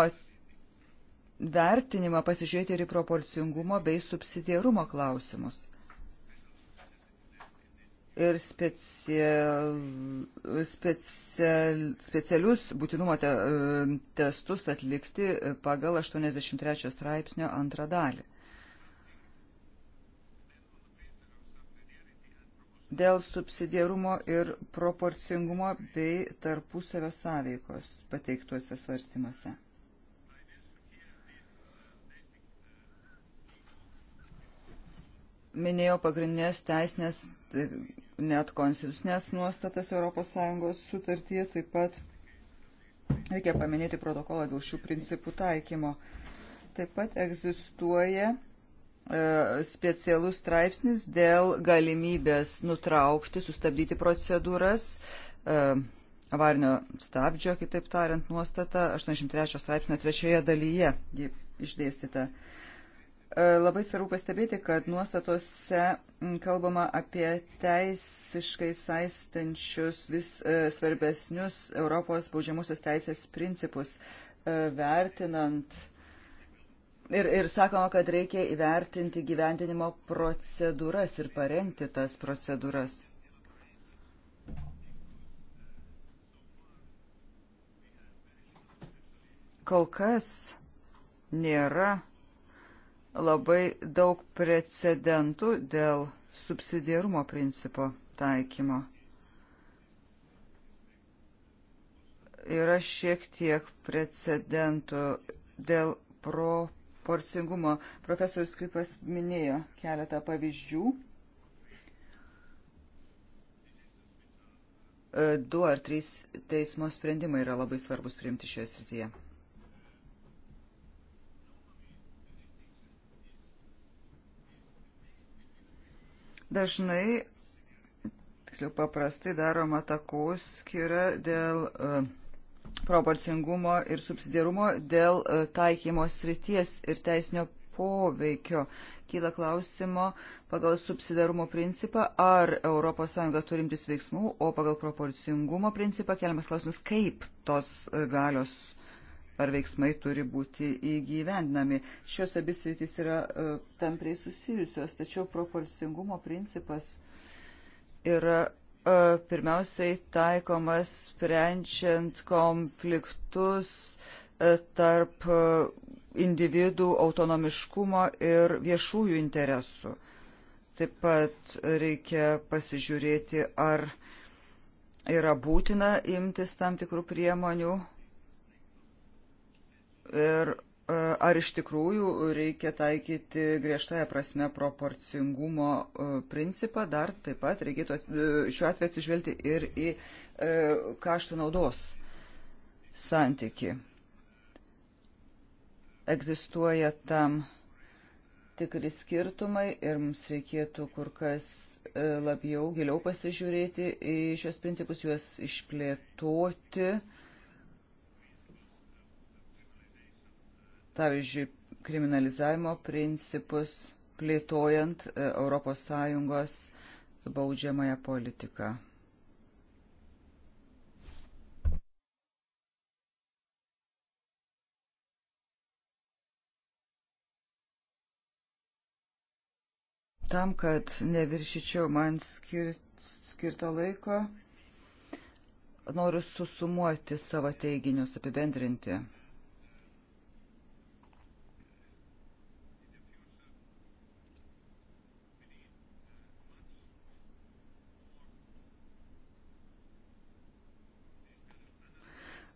vertinimą pasižiūrėti ir į proporcingumo bei subsidiarumo klausimus. Ir specie, specie, specialius būtinumo te, testus atlikti pagal 83 straipsnio antrą dalį. dėl subsidiarumo ir proporcingumo bei tarpusavio sąveikos pateiktuose svarstymuose. Minėjau pagrindinės teisinės, net konstitucinės nuostatas ES sutartyje, taip pat reikia paminėti protokolą dėl šių principų taikymo. Taip pat egzistuoja E, specialus straipsnis dėl galimybės nutraukti, sustabdyti procedūras, e, avarinio stabdžio, kitaip tariant, nuostata 83 straipsnio trečioje dalyje išdėstyta. E, labai svarbu pastebėti, kad nuostatose kalbama apie teisiškai saistančius vis svarbesnius Europos baudžiamusios teisės principus, vertinant uh, Ir, ir sakoma, kad reikia įvertinti gyventinimo procedūras ir parengti tas procedūras. Kol kas nėra labai daug precedentų dėl subsidiarumo principo taikymo. Yra šiek tiek precedentų dėl proporcijų proporcingumo. Profesorius Kripas minėjo keletą pavyzdžių. E, du ar trys teismo sprendimai yra labai svarbus priimti šioje srityje. Dažnai, tiksliau paprastai, daroma takos skira dėl uh, proporcingumo ir subsidiarumo dėl e, taikymo srities ir teisinio poveikio. Kyla klausimo pagal subsidarumo principą, ar ES turimtis veiksmų, o pagal proporcingumo principą keliamas klausimas, kaip tos e, galios ar veiksmai turi būti įgyvendinami. Šios abis rytis yra uh, tampriai susijusios, tačiau proporcingumo principas yra E, pirmiausiai taikomas sprendžiant konfliktus e, tarp e, individų autonomiškumo ir viešųjų interesų. Taip pat reikia pasižiūrėti, ar yra būtina imtis tam tikrų priemonių ir ar iš tikrųjų reikia taikyti griežtąją prasme proporcingumo e, principą, dar taip pat reikėtų e, šiuo atveju atsižvelgti ir į e, kaštų naudos santyki. Egzistuoja tam tikri skirtumai ir mums reikėtų kur kas labiau, giliau pasižiūrėti į šios principus, juos išplėtoti pavyzdžiui, kriminalizavimo principus plėtojant ES baudžiamąją politiką. Tam, kad neviršyčiau man skir skirto laiko, noriu susumuoti savo teiginius, apibendrinti.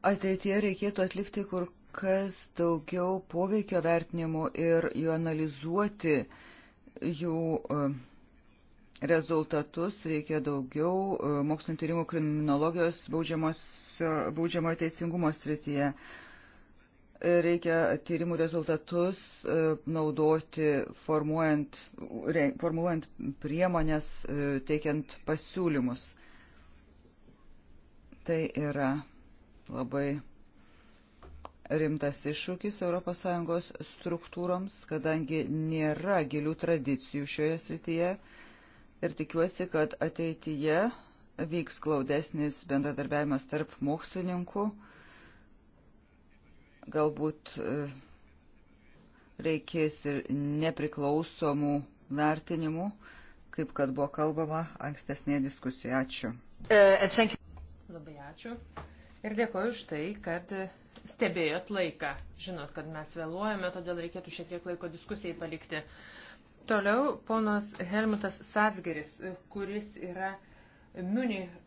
ateityje reikėtų atlikti kur kas daugiau poveikio vertinimų ir jų analizuoti jų e, rezultatus, reikia daugiau e, mokslinio tyrimų kriminologijos baudžiamojo teisingumo srityje. Reikia tyrimų rezultatus e, naudoti, formuojant, formuojant priemonės, teikiant pasiūlymus. Tai yra labai rimtas iššūkis ES struktūroms, kadangi nėra gilių tradicijų šioje srityje ir tikiuosi, kad ateityje vyks glaudesnis bendradarbiavimas tarp mokslininkų. Galbūt e, reikės ir nepriklausomų vertinimų, kaip kad buvo kalbama ankstesnėje diskusijoje. Ačiū. Uh, Labai ačiū. Ir dėkoju už tai, kad stebėjot laiką. Žinot, kad mes vėluojame, todėl reikėtų šiek tiek laiko diskusijai palikti. Toliau ponas Helmutas Satsgeris, kuris yra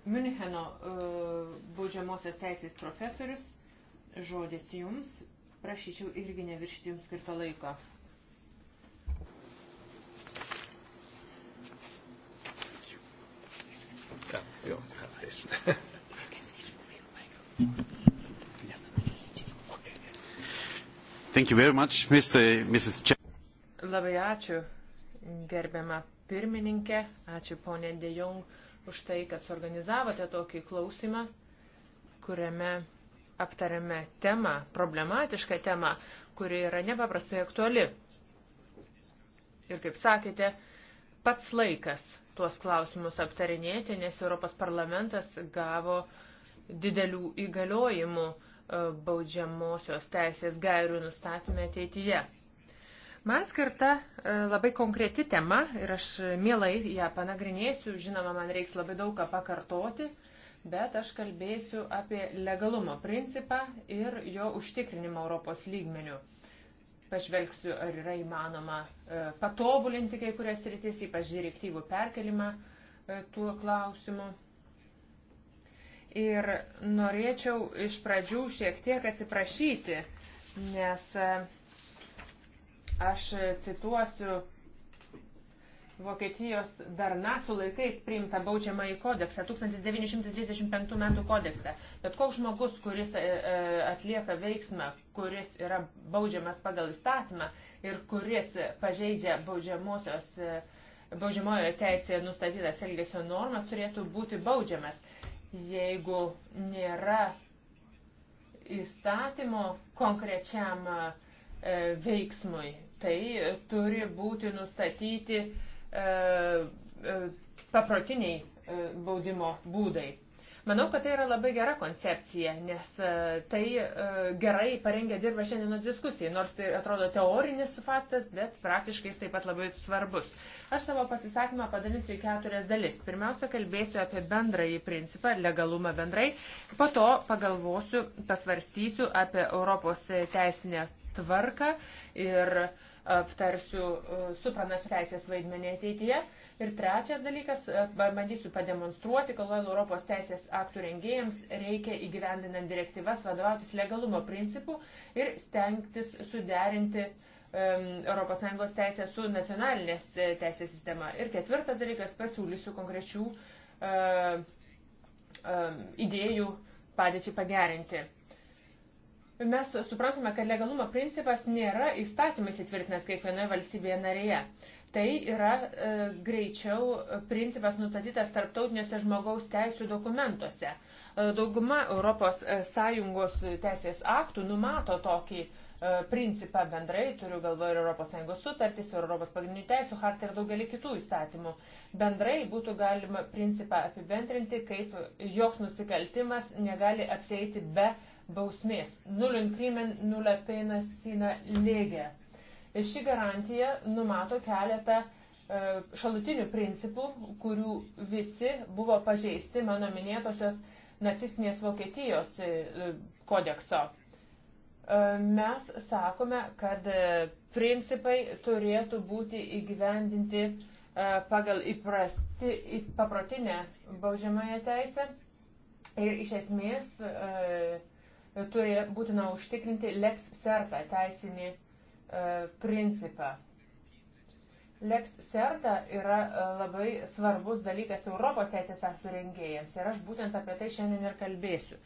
Müncheno uh, baudžiamosios teisės profesorius. Žodis jums. Prašyčiau irgi neviršti jums skirto laiko. Ja, jo, ja, Thank you very much, Mr. Mrs. Ch Labai ačiū, gerbiama pirmininkė, ačiū ponė Dejong už tai, kad suorganizavote tokį klausimą, kuriame aptariame temą, problematišką temą, kuri yra nepaprastai aktuali. Ir kaip sakėte, pats laikas tuos klausimus aptarinėti, nes Europos parlamentas gavo uh, didelių įgaliojimų e, baudžiamosios teisės gairių nustatymė ateityje. Man skirta e, labai konkreti tema ir aš mielai ją panagrinėsiu. Žinoma, man reiks labai daug ką pakartoti, bet aš kalbėsiu apie legalumo principą ir jo užtikrinimą Europos lygmenių. Pažvelgsiu, ar yra įmanoma e, patobulinti kai kurias rytis, ypač direktyvų perkelimą tuo klausimu. Ir norėčiau iš pradžių šiek tiek atsiprašyti, nes e, aš cituosiu Vokietijos dar nacių laikais priimtą baudžiamąjį kodeksą, 1935 metų kodeksą. Bet koks žmogus, kuris e, e, atlieka veiksmą, kuris yra baudžiamas pagal įstatymą ir kuris pažeidžia baudžiamojoje teisėje nustatytas elgesio normas, turėtų būti baudžiamas jeigu nėra įstatymo konkrečiam e, veiksmui, tai turi būti nustatyti e, e, paprotiniai baudimo būdai. Manau, kad tai yra labai gera koncepcija, nes e, tai e, gerai parengia dirba šiandienos diskusijai, nors tai atrodo teorinis faktas, bet praktiškai jis taip pat labai svarbus. Aš savo pasisakymą padarysiu į keturias dalis. Pirmiausia, kalbėsiu apie bendrąjį principą, legalumą bendrai, po to pagalvosiu, pasvarstysiu apie Europos teisinę tvarką ir uh, aptarsiu e, su pranašų teisės vaidmenį ateityje. Ir trečias dalykas, e, bandysiu pademonstruoti, kad Europos teisės aktų rengėjams reikia įgyvendinant direktyvas vadovautis legalumo principu ir stengtis suderinti um, ES teisę su nacionalinės e, teisės sistema. Ir ketvirtas dalykas, pasiūlysiu konkrečių uh, um, idėjų padėčiai pagerinti. Mes suprantame, kad legalumo principas nėra įstatymais įtvirtinęs kiekvienoje valstybėje narėje. Tai yra e, greičiau principas nustatytas tarptautiniuose žmogaus teisų dokumentuose. E, dauguma ES e, teisės aktų numato tokį e, principą bendrai, turiu galvoje ir ES sutartys, ir ES pagrindinių teisų hartą ir daugelį kitų įstatymų. Bendrai būtų galima principą apibendrinti, kaip joks nusikaltimas negali apsėti be bausmės. Nulin krimen nulė peina sina lėgė. Ši garantija numato keletą e, šalutinių principų, kurių visi buvo pažeisti mano minėtosios nacistinės Vokietijos e, e, kodekso. Mes sakome, kad principai turėtų būti įgyvendinti pagal įprasti, paprotinę baudžiamąją teisę ir iš esmės turi būtina užtikrinti lex serta teisinį e, principą. Lex serta yra e, labai svarbus dalykas Europos teisės aktų rengėjams ir aš būtent apie tai šiandien ir kalbėsiu.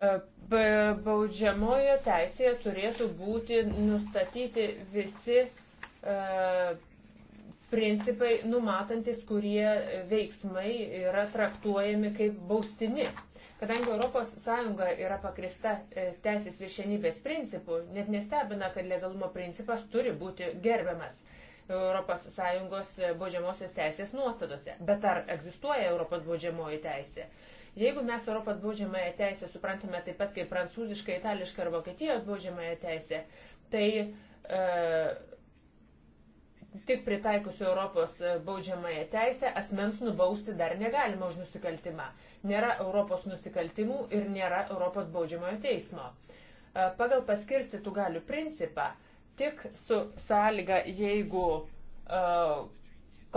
E, Baudžiamojo teisėje turėtų būti nustatyti visi e, principai numatantis, kurie veiksmai yra traktuojami kaip baustini. Kadangi ES yra pakrista e, teisės viršenybės principų, net nestebina, kad legalumo principas turi būti gerbiamas. ES baudžiamosios teisės nuostatose. Bet ar egzistuoja Europos baudžiamoji teisė? Jeigu mes Europos baudžiamąją teisę suprantame taip pat kaip prancūzišką, itališką ar vokietijos baudžiamąją teisę, tai uh, e, tik pritaikus Europos baudžiamąją teisę asmens nubausti dar negalima už nusikaltimą. Nėra Europos nusikaltimų ir nėra Europos baudžiamojo teismo. E, pagal paskirstytų galių principą, tik su sąlyga, jeigu uh,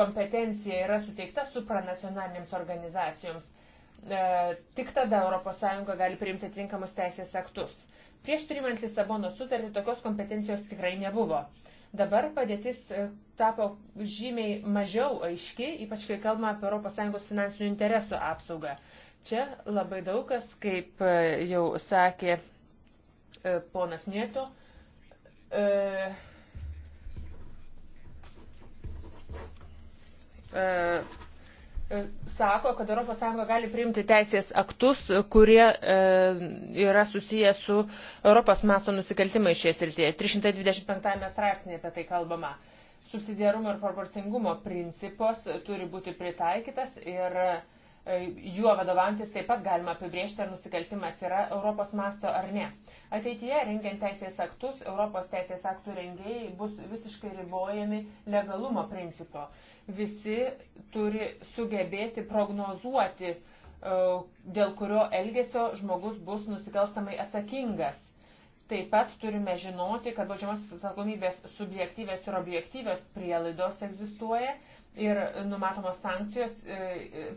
kompetencija yra suteikta supranacionalinėms organizacijoms, uh, tik tada ES gali priimti atitinkamus teisės aktus. Prieš priimant Lisabono sutartį tokios kompetencijos tikrai nebuvo. Uh, Dabar padėtis e, tapo žymiai mažiau aiški, ypač kai kalbama apie ES finansinių interesų apsaugą. Čia labai daug kas, kaip e, jau sakė e, ponas Nieto, sako, kad ES gali priimti teisės aktus, kurie e, yra susiję su Europos masto nusikaltimais šie srityje. 325 straipsnėje apie tai kalbama. Subsidiarumo ir proporcingumo principas turi būti pritaikytas ir e, E, juo vadovantis taip pat galima apibriežti, ar nusikaltimas yra Europos masto ar ne. Ateityje, rengiant teisės aktus, Europos teisės aktų rengėjai bus visiškai ribojami legalumo principo. Visi turi sugebėti prognozuoti, e, dėl kurio elgesio žmogus bus nusikalstamai atsakingas. Taip pat turime žinoti, kad baudžiamosios atsakomybės subjektyvės ir objektyvės prielaidos egzistuoja ir numatomos sankcijos, e,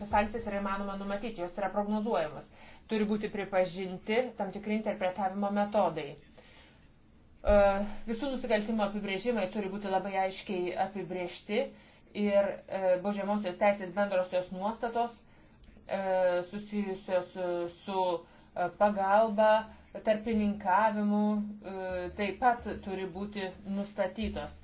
e, sankcijas yra įmanoma numatyti, jos yra prognozuojamos. Turi būti pripažinti tam tikri interpretavimo metodai. E, visų nusikaltimo apibrėžimai turi būti labai aiškiai apibriežti ir baudžiamosios teisės bendrosios nuostatos susijusios su pagalba, tarpininkavimu taip pat turi būti nustatytos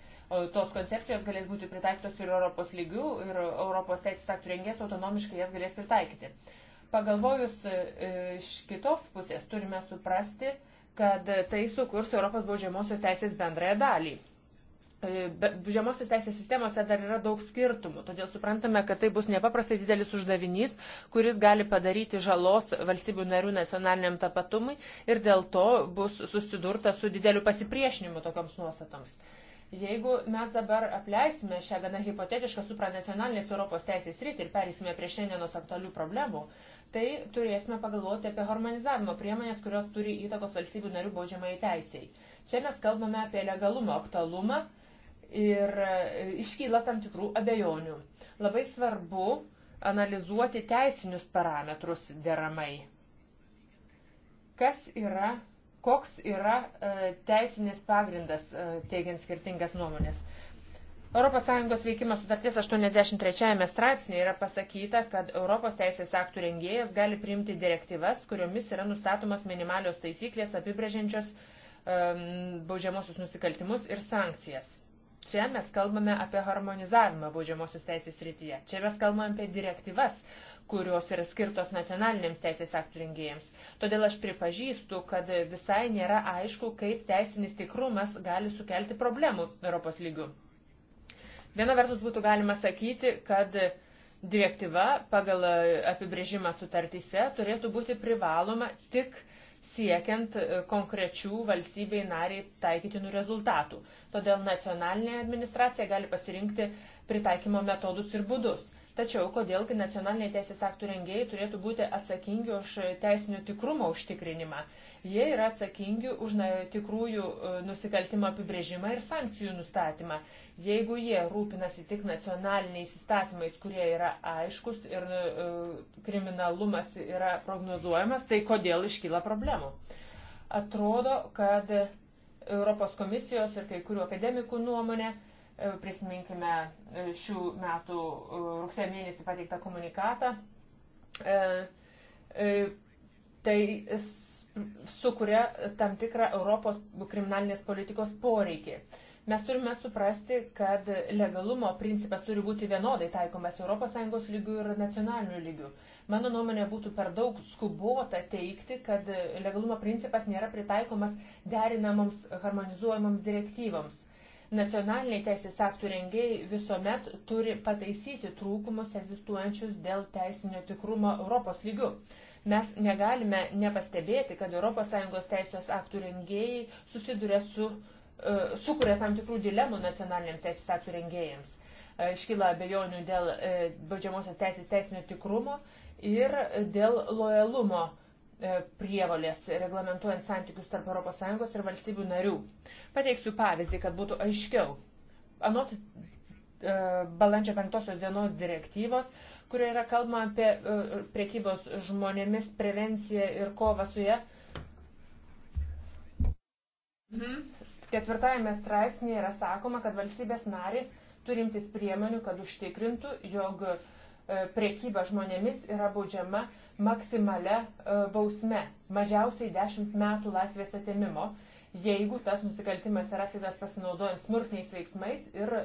tos koncepcijos galės būti pritaikytos ir Europos lygių, ir Europos teisės aktų rengės autonomiškai jas galės pritaikyti. Pagalvojus e, iš kitos pusės, turime suprasti, kad tai sukurs Europos baudžiamosios teisės bendrąją dalį. E, Žemosios teisės sistemose dar yra daug skirtumų, todėl suprantame, kad tai bus nepaprastai didelis uždavinys, kuris gali padaryti žalos valstybių narių nacionaliniam tapatumui ir dėl to bus susidurta su dideliu pasipriešinimu tokiams nuostatoms. Jeigu mes dabar apleisime šią gana hipotetišką supranacionalinės Europos teisės rytį ir perėsime prie šiandienos aktualių problemų, tai turėsime pagalvoti apie harmonizavimo priemonės, kurios turi įtakos valstybių narių baudžiamai teisiai. Čia mes kalbame apie legalumą, aktualumą ir e, iškyla tam tikrų abejonių. Labai svarbu analizuoti teisinius parametrus deramai. Kas yra koks yra e, teisinis pagrindas e, teigiant skirtingas nuomonės. ES veikimo sutarties 83 straipsnėje yra pasakyta, kad Europos teisės aktų rengėjas gali priimti direktyvas, kuriomis yra nustatomos minimalios taisyklės apibrėžiančios um, baudžiamosius nusikaltimus ir sankcijas. Čia mes kalbame apie harmonizavimą baudžiamosios teisės rytyje. Čia mes kalbame apie direktyvas, uh, kurios yra skirtos nacionaliniams teisės aktų rengėjams. Todėl aš pripažįstu, kad visai nėra aišku, kaip teisinis tikrumas gali sukelti problemų Europos lygių. Viena vertus būtų galima sakyti, kad direktyva pagal apibrėžimą sutartyse turėtų būti privaloma tik siekiant konkrečių valstybei nariai taikytinų rezultatų. Todėl nacionalinė administracija gali pasirinkti pritaikymo metodus ir būdus. Tačiau kodėlgi nacionaliniai teisės aktų rengėjai turėtų būti atsakingi už teisinio tikrumo užtikrinimą? Jie yra atsakingi už na, tikrųjų e, nusikaltimo apibrėžimą ir sankcijų nustatymą. Jeigu jie rūpinasi tik nacionaliniais įstatymais, kurie yra aiškus ir uh, kriminalumas yra prognozuojamas, tai kodėl iškyla problemų? Atrodo, kad Europos komisijos ir kai kurių akademikų nuomonė uh, E, prisiminkime e, šių metų e, rugsėjo mėnesį pateiktą komunikatą. Tai sukuria tam tikrą Europos kriminalinės politikos poreikį mes turime suprasti, kad legalumo principas turi būti vienodai taikomas ES lygių ir nacionalinių lygių. Mano nuomonė būtų per daug skubota teikti, kad legalumo principas nėra pritaikomas derinamoms harmonizuojamoms direktyvams. Nacionaliniai teisės aktų rengėjai visuomet turi pataisyti trūkumus egzistuojančius dėl teisinio tikrumo Europos lygių mes negalime nepastebėti, kad ES teisės aktų rengėjai susiduria su, uh, sukuria tam tikrų dilemų nacionaliniams teisės aktų rengėjams. Uh, iškyla abejonių dėl uh, baudžiamosios teisės teisinio tikrumo ir dėl lojalumo E, prievalės reglamentuojant santykius tarp ES ir valstybių narių. Pateiksiu pavyzdį, kad būtų aiškiau. Anot e, balandžio 5 dienos direktyvos, kurioje yra kalbama apie e, priekybos žmonėmis prevenciją ir kovą su ją. Ketvirtajame straipsnėje yra sakoma, kad valstybės narės turintis priemonių, kad užtikrintų, jog uh, E, priekyba žmonėmis yra baudžiama maksimale bausme - mažiausiai 10 metų laisvės atėmimo, jeigu tas nusikaltimas yra atliktas pasinaudojant smurtiniais veiksmais ir e,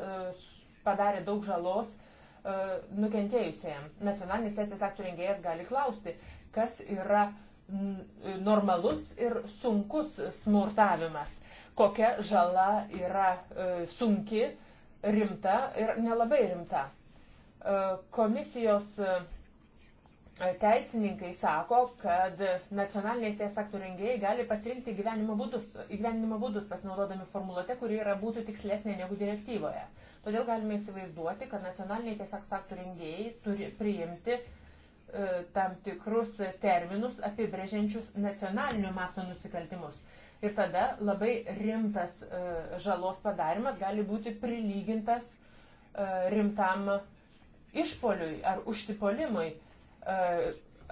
padarė daug žalos e, nukentėjusiajam. Nacionalinis teisės aktų rengėjas gali klausti, kas yra normalus ir sunkus smurtavimas, kokia žala yra sunki, rimta ir nelabai rimta. Komisijos e, teisininkai sako, kad nacionaliniais teisės aktų rengėjai gali pasirinkti gyvenimo būdus, gyvenimo būdus pasinaudodami formuluote, kuri yra būtų tikslesnė negu direktyvoje. Todėl galime įsivaizduoti, kad nacionaliniai teisės aktų rengėjai turi priimti e, tam tikrus terminus apibrėžiančius nacionalinio masto nusikaltimus. Ir tada labai rimtas e, žalos padarimas gali būti prilygintas rimtam išpoliui ar užsipolimui e,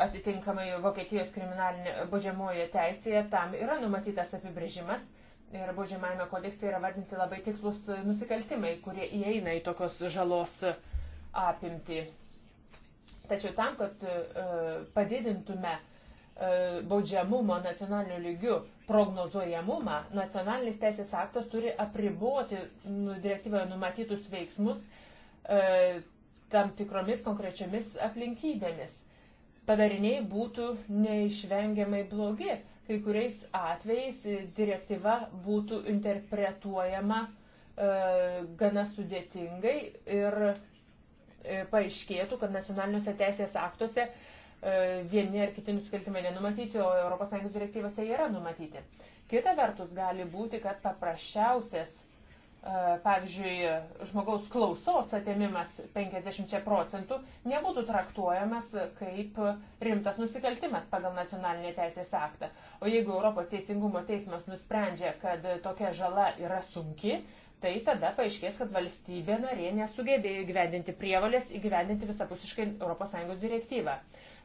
atitinkamai Vokietijos kriminalinė baudžiamoje teisėje tam yra numatytas apibrėžimas ir baudžiamajame kodekse yra vardinti labai tikslus nusikaltimai, kurie įeina į tokios žalos apimti. Tačiau tam, kad e, padidintume e, baudžiamumo nacionaliniu lygiu prognozuojamumą, nacionalinis teisės aktas turi apriboti nu, direktyvoje numatytus veiksmus tam tikromis konkrečiomis aplinkybėmis. Padariniai būtų neišvengiamai blogi. Kai kuriais atvejais direktyva būtų interpretuojama e, gana sudėtingai ir e, paaiškėtų, kad nacionaliniuose teisės aktuose e, vieni ar kiti nusikaltimai nenumatyti, o ES direktyvose yra numatyti. Kita vertus gali būti, kad paprasčiausias E, pavyzdžiui, žmogaus klausos atėmimas 50 procentų nebūtų traktuojamas kaip rimtas nusikaltimas pagal nacionalinę teisės aktą. O jeigu Europos teisingumo teismas nusprendžia, kad tokia žala yra sunki, tai tada paaiškės, kad valstybė narė nesugebėjo įgyvendinti prievalės, įgyvendinti visapusiškai ES direktyvą.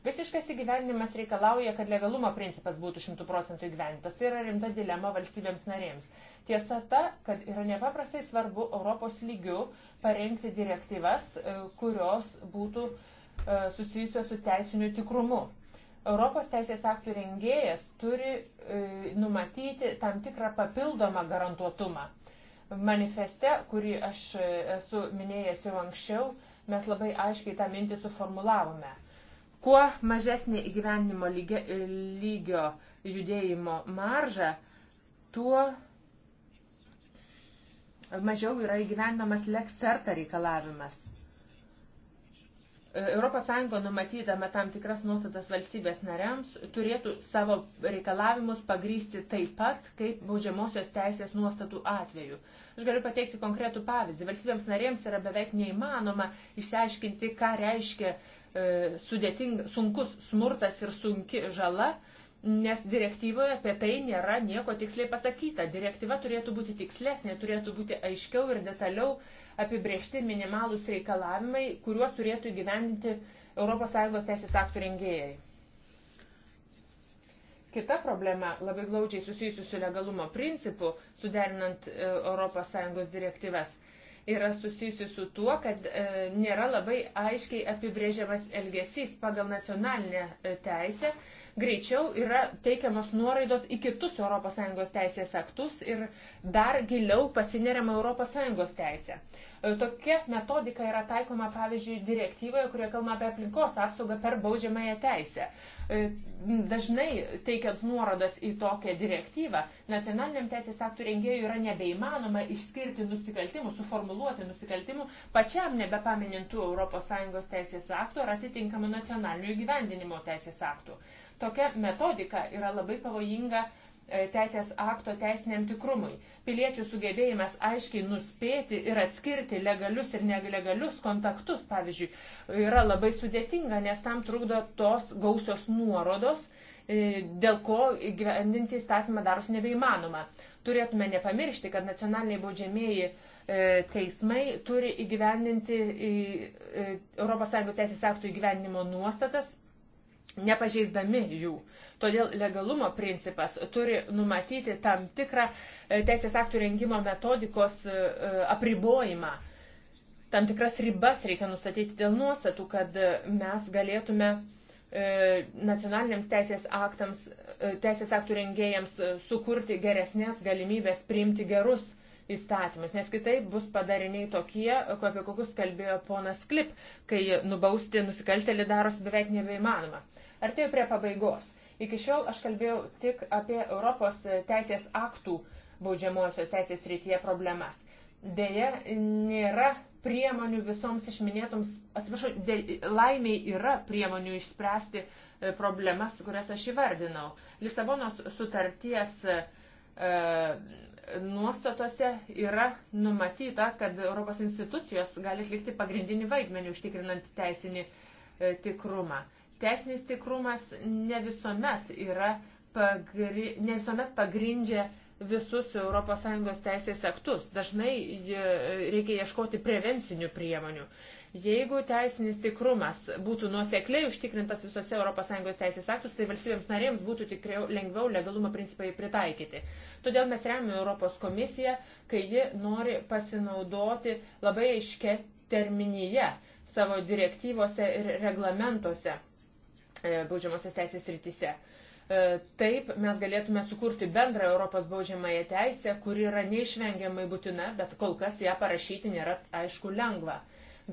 Visiškas įgyvendinimas reikalauja, kad legalumo principas būtų 100 procentų įgyvendintas. Tai yra rimta dilema valstybėms narėms. Tiesa ta, kad yra nepaprastai svarbu Europos lygių parengti direktyvas, e, kurios būtų e, susijusios su teisiniu tikrumu. Europos teisės aktų rengėjas turi e, numatyti tam tikrą papildomą garantuotumą. Manifeste, kurį aš e, esu minėjęs jau anksčiau, mes labai aiškiai tą mintį suformulavome. Kuo mažesnė įgyvenimo lygio judėjimo marža, tuo mažiau yra įgyvendamas lekserta reikalavimas. ES numatydama tam tikras nuostatas valstybės nariams turėtų savo reikalavimus pagrysti taip pat, kaip baudžiamosios teisės nuostatų atveju. Aš galiu pateikti konkretų pavyzdį. Valstybėms narėms yra beveik neįmanoma išsiaiškinti, ką reiškia e, sudėting, sunkus smurtas ir sunki žala, e, nes direktyvoje apie tai nėra nieko tiksliai pasakyta. Direktyva turėtų būti tikslesnė, turėtų būti aiškiau ir detaliau apibriešti minimalūs reikalavimai, kuriuos turėtų įgyvendinti ES teisės aktų rengėjai. Kita problema labai glaudžiai susijusi su legalumo principu, suderinant ES direktyvas, yra susijusi su tuo, kad e, nėra labai aiškiai apibrėžiamas elgesys pagal nacionalinę e, teisę, greičiau yra teikiamos nuoraidos į kitus ES teisės aktus ir dar giliau pasineriama ES teisė. E, tokia metodika yra taikoma, pavyzdžiui, direktyvoje, kurie kalba apie aplinkos apsaugą per baudžiamąją teisę. E, dažnai teikiant nuorodas į tokią direktyvą, nacionaliniam teisės aktų rengėjui yra nebeįmanoma išskirti nusikaltimų, suformuluoti nusikaltimų, pačiam nebepaminint tų ES teisės aktų ar atitinkamų nacionalinių gyvendinimo teisės aktų. Tokia metodika yra labai pavojinga e, teisės akto teisiniam tikrumui. Piliečių sugebėjimas aiškiai nuspėti ir atskirti legalius ir nelegalius kontaktus, pavyzdžiui, yra labai sudėtinga, nes tam trukdo tos gausios nuorodos, e, dėl ko gyvendinti įstatymą darosi nebeįmanoma. Turėtume nepamiršti, kad nacionaliniai baudžiamieji e, teismai turi įgyvendinti ES teisės aktų įgyvendinimo nuostatas nepažeisdami jų. Todėl legalumo principas turi numatyti tam tikrą e, teisės aktų rengimo metodikos e, e, apribojimą. Tam tikras ribas reikia nustatyti dėl nuostatų, kad mes galėtume nacionaliniams teisės, aktams, teisės aktų rengėjams sukurti geresnės galimybės priimti gerus įstatymus, nes kitaip bus padariniai tokie, apie kokius kalbėjo ponas Klip, kai nubausti nusikaltelį darosi beveik nebeįmanoma. Artėjau prie pabaigos. Iki šiol aš kalbėjau tik apie Europos teisės aktų baudžiamosios teisės rytyje problemas. Deja, nėra priemonių visoms išminėtoms, atsiprašau, de, laimiai yra priemonių išspręsti e, problemas, kurias aš įvardinau. Lisabonos sutarties e, nuostatose yra numatyta, kad Europos institucijos gali atlikti pagrindinį vaidmenį užtikrinant teisinį e, tikrumą. Teisinis tikrumas ne visuomet, yra, pagri, ne visuomet pagrindžia uh, visus ES teisės aktus. Dažnai reikia ieškoti prevencinių priemonių. Jeigu teisinis tikrumas būtų nuosekliai užtikrintas visose ES teisės aktus, tai valstybėms narėms būtų tikriau lengviau legalumo principai pritaikyti. Todėl mes remiame Europos komisiją, kai ji nori pasinaudoti labai aiškia terminyje savo direktyvose ir reglamentuose e, baudžiamosios teisės rytise. E, E, taip mes galėtume sukurti bendrą Europos baudžiamąją teisę, kuri yra neišvengiamai būtina, bet kol kas ją parašyti nėra aišku lengva.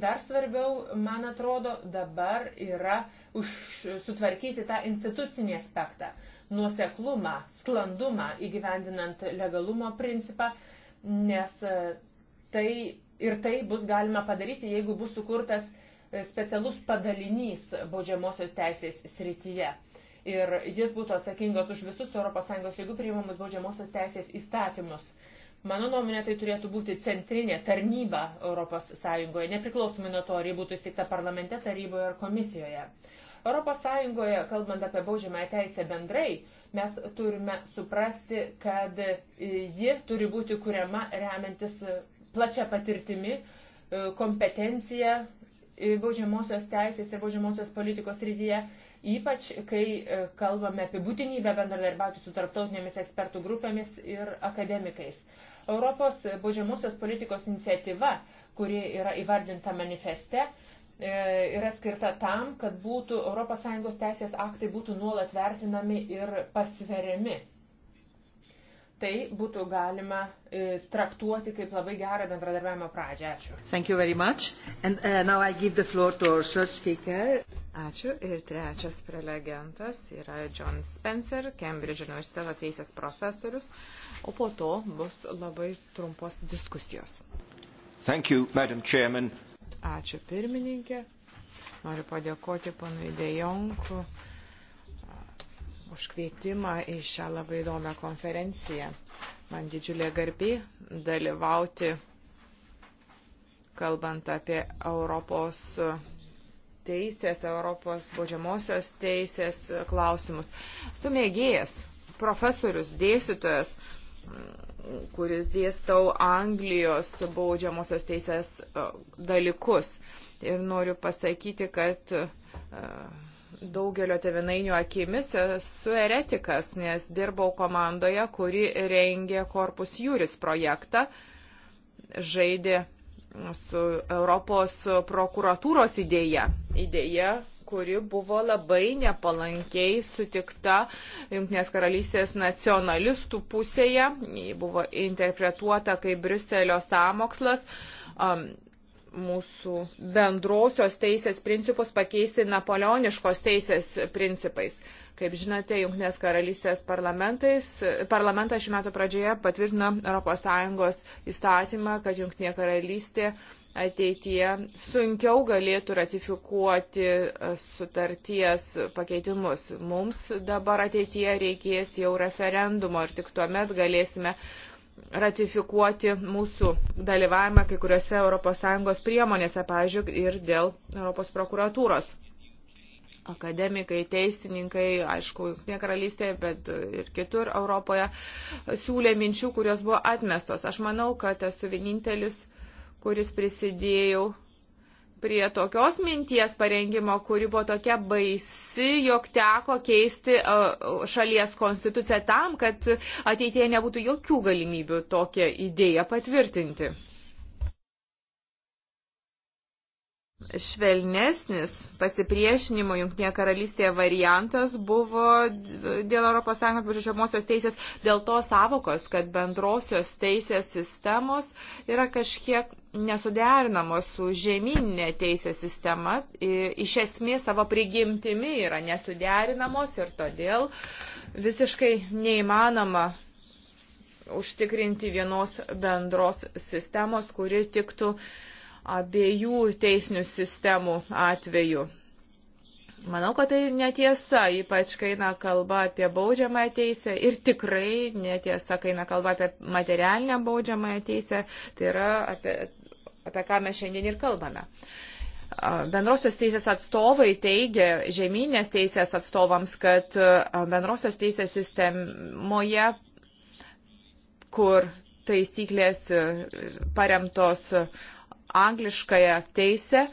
Dar svarbiau, man atrodo, dabar yra už, sutvarkyti tą institucinį aspektą - nuoseklumą, sklandumą įgyvendinant legalumo principą, nes e, tai ir tai bus galima padaryti, jeigu bus sukurtas e, specialus padalinys baudžiamosios teisės srityje ir jis būtų atsakingas už visus ES lygių priimamus baudžiamosios teisės įstatymus. Mano nuomonė, tai turėtų būti centrinė tarnyba ES, nepriklausomai nuo to, ar jį būtų įsteigta parlamente, taryboje ar komisijoje. ES, kalbant apie baudžiamąją teisę bendrai, mes turime suprasti, kad ji turi būti kuriama remiantis plačia patirtimi, kompetencija baudžiamosios teisės ir baudžiamosios politikos rydyje ypač kai e, kalbame apie būtinybę bendradarbiauti su tarptautinėmis ekspertų grupėmis ir akademikais. Europos baudžiamusios politikos iniciatyva, kuri yra įvardinta manifeste, e, yra skirta tam, kad būtų ES teisės aktai būtų nuolat vertinami ir pasveriami tai būtų galima e, traktuoti kaip labai gerą bendradarbiavimo pradžią. Ačiū. Thank you very much. And uh, now I give the floor to our third speaker. Ačiū. Ir trečias prelegentas yra John Spencer, Cambridge universiteto teisės profesorius, o po to bus labai trumpos diskusijos. Thank you, Madam Chairman. Ačiū pirmininkė. Noriu padėkoti panui Dejonku už kvietimą į šią labai įdomią konferenciją. Man didžiulė garbė dalyvauti, kalbant apie Europos teisės, Europos baudžiamosios teisės klausimus. Sumėgėjas, profesorius, dėstytojas, kuris dėstau Anglijos baudžiamosios teisės e, dalykus. Ir noriu pasakyti, kad e, daugelio tevinainių akimis esu eretikas, nes dirbau komandoje, kuri rengė Korpus Juris projektą, žaidė su Europos prokuratūros idėja. Idėja, kuri buvo labai nepalankiai sutikta Junktinės karalystės nacionalistų pusėje, ji buvo interpretuota kaip Briuselio samokslas. Um, mūsų bendrosios teisės principus pakeisti napoleoniškos teisės principais. Kaip žinote, Junktinės karalystės parlamentas šiuo metu pradžioje patvirtino ES įstatymą, kad Junktinė karalystė ateityje sunkiau galėtų ratifikuoti e, sutarties pakeitimus. Mums dabar ateityje reikės jau referendumo ir tik tuomet galėsime uh, ratifikuoti mūsų dalyvavimą kai kuriuose ES priemonėse, pavyzdžiui, ir dėl Europos prokuratūros. Akademikai, teisininkai, aišku, ne karalystėje, bet ir kitur Europoje siūlė minčių, kurios buvo atmestos. Aš manau, kad esu vienintelis, kuris prisidėjau prie tokios minties parengimo, kuri buvo tokia baisi, jog teko keisti šalies konstituciją tam, kad ateitie nebūtų jokių galimybių tokią idėją patvirtinti. švelnesnis pasipriešinimo Junktinėje karalystėje variantas buvo dėl ES pažiūrėjomosios teisės, dėl to savokos, kad bendrosios teisės sistemos yra kažkiek nesuderinamos su žemyninė teisės sistema, iš esmės savo prigimtimi yra nesuderinamos ir todėl visiškai neįmanoma užtikrinti vienos bendros sistemos, kuri tiktų uh, abiejų teisinių sistemų atveju. Manau, kad tai netiesa, ypač kai eina kalba apie baudžiamąją teisę ir tikrai netiesa, kai eina kalba apie materialinę baudžiamąją teisę, tai yra apie, apie ką mes šiandien ir kalbame. Bendrosios teisės atstovai teigia žemynės teisės atstovams, kad bendrosios teisės sistemoje, kur taisyklės paremtos angliškąją teisę,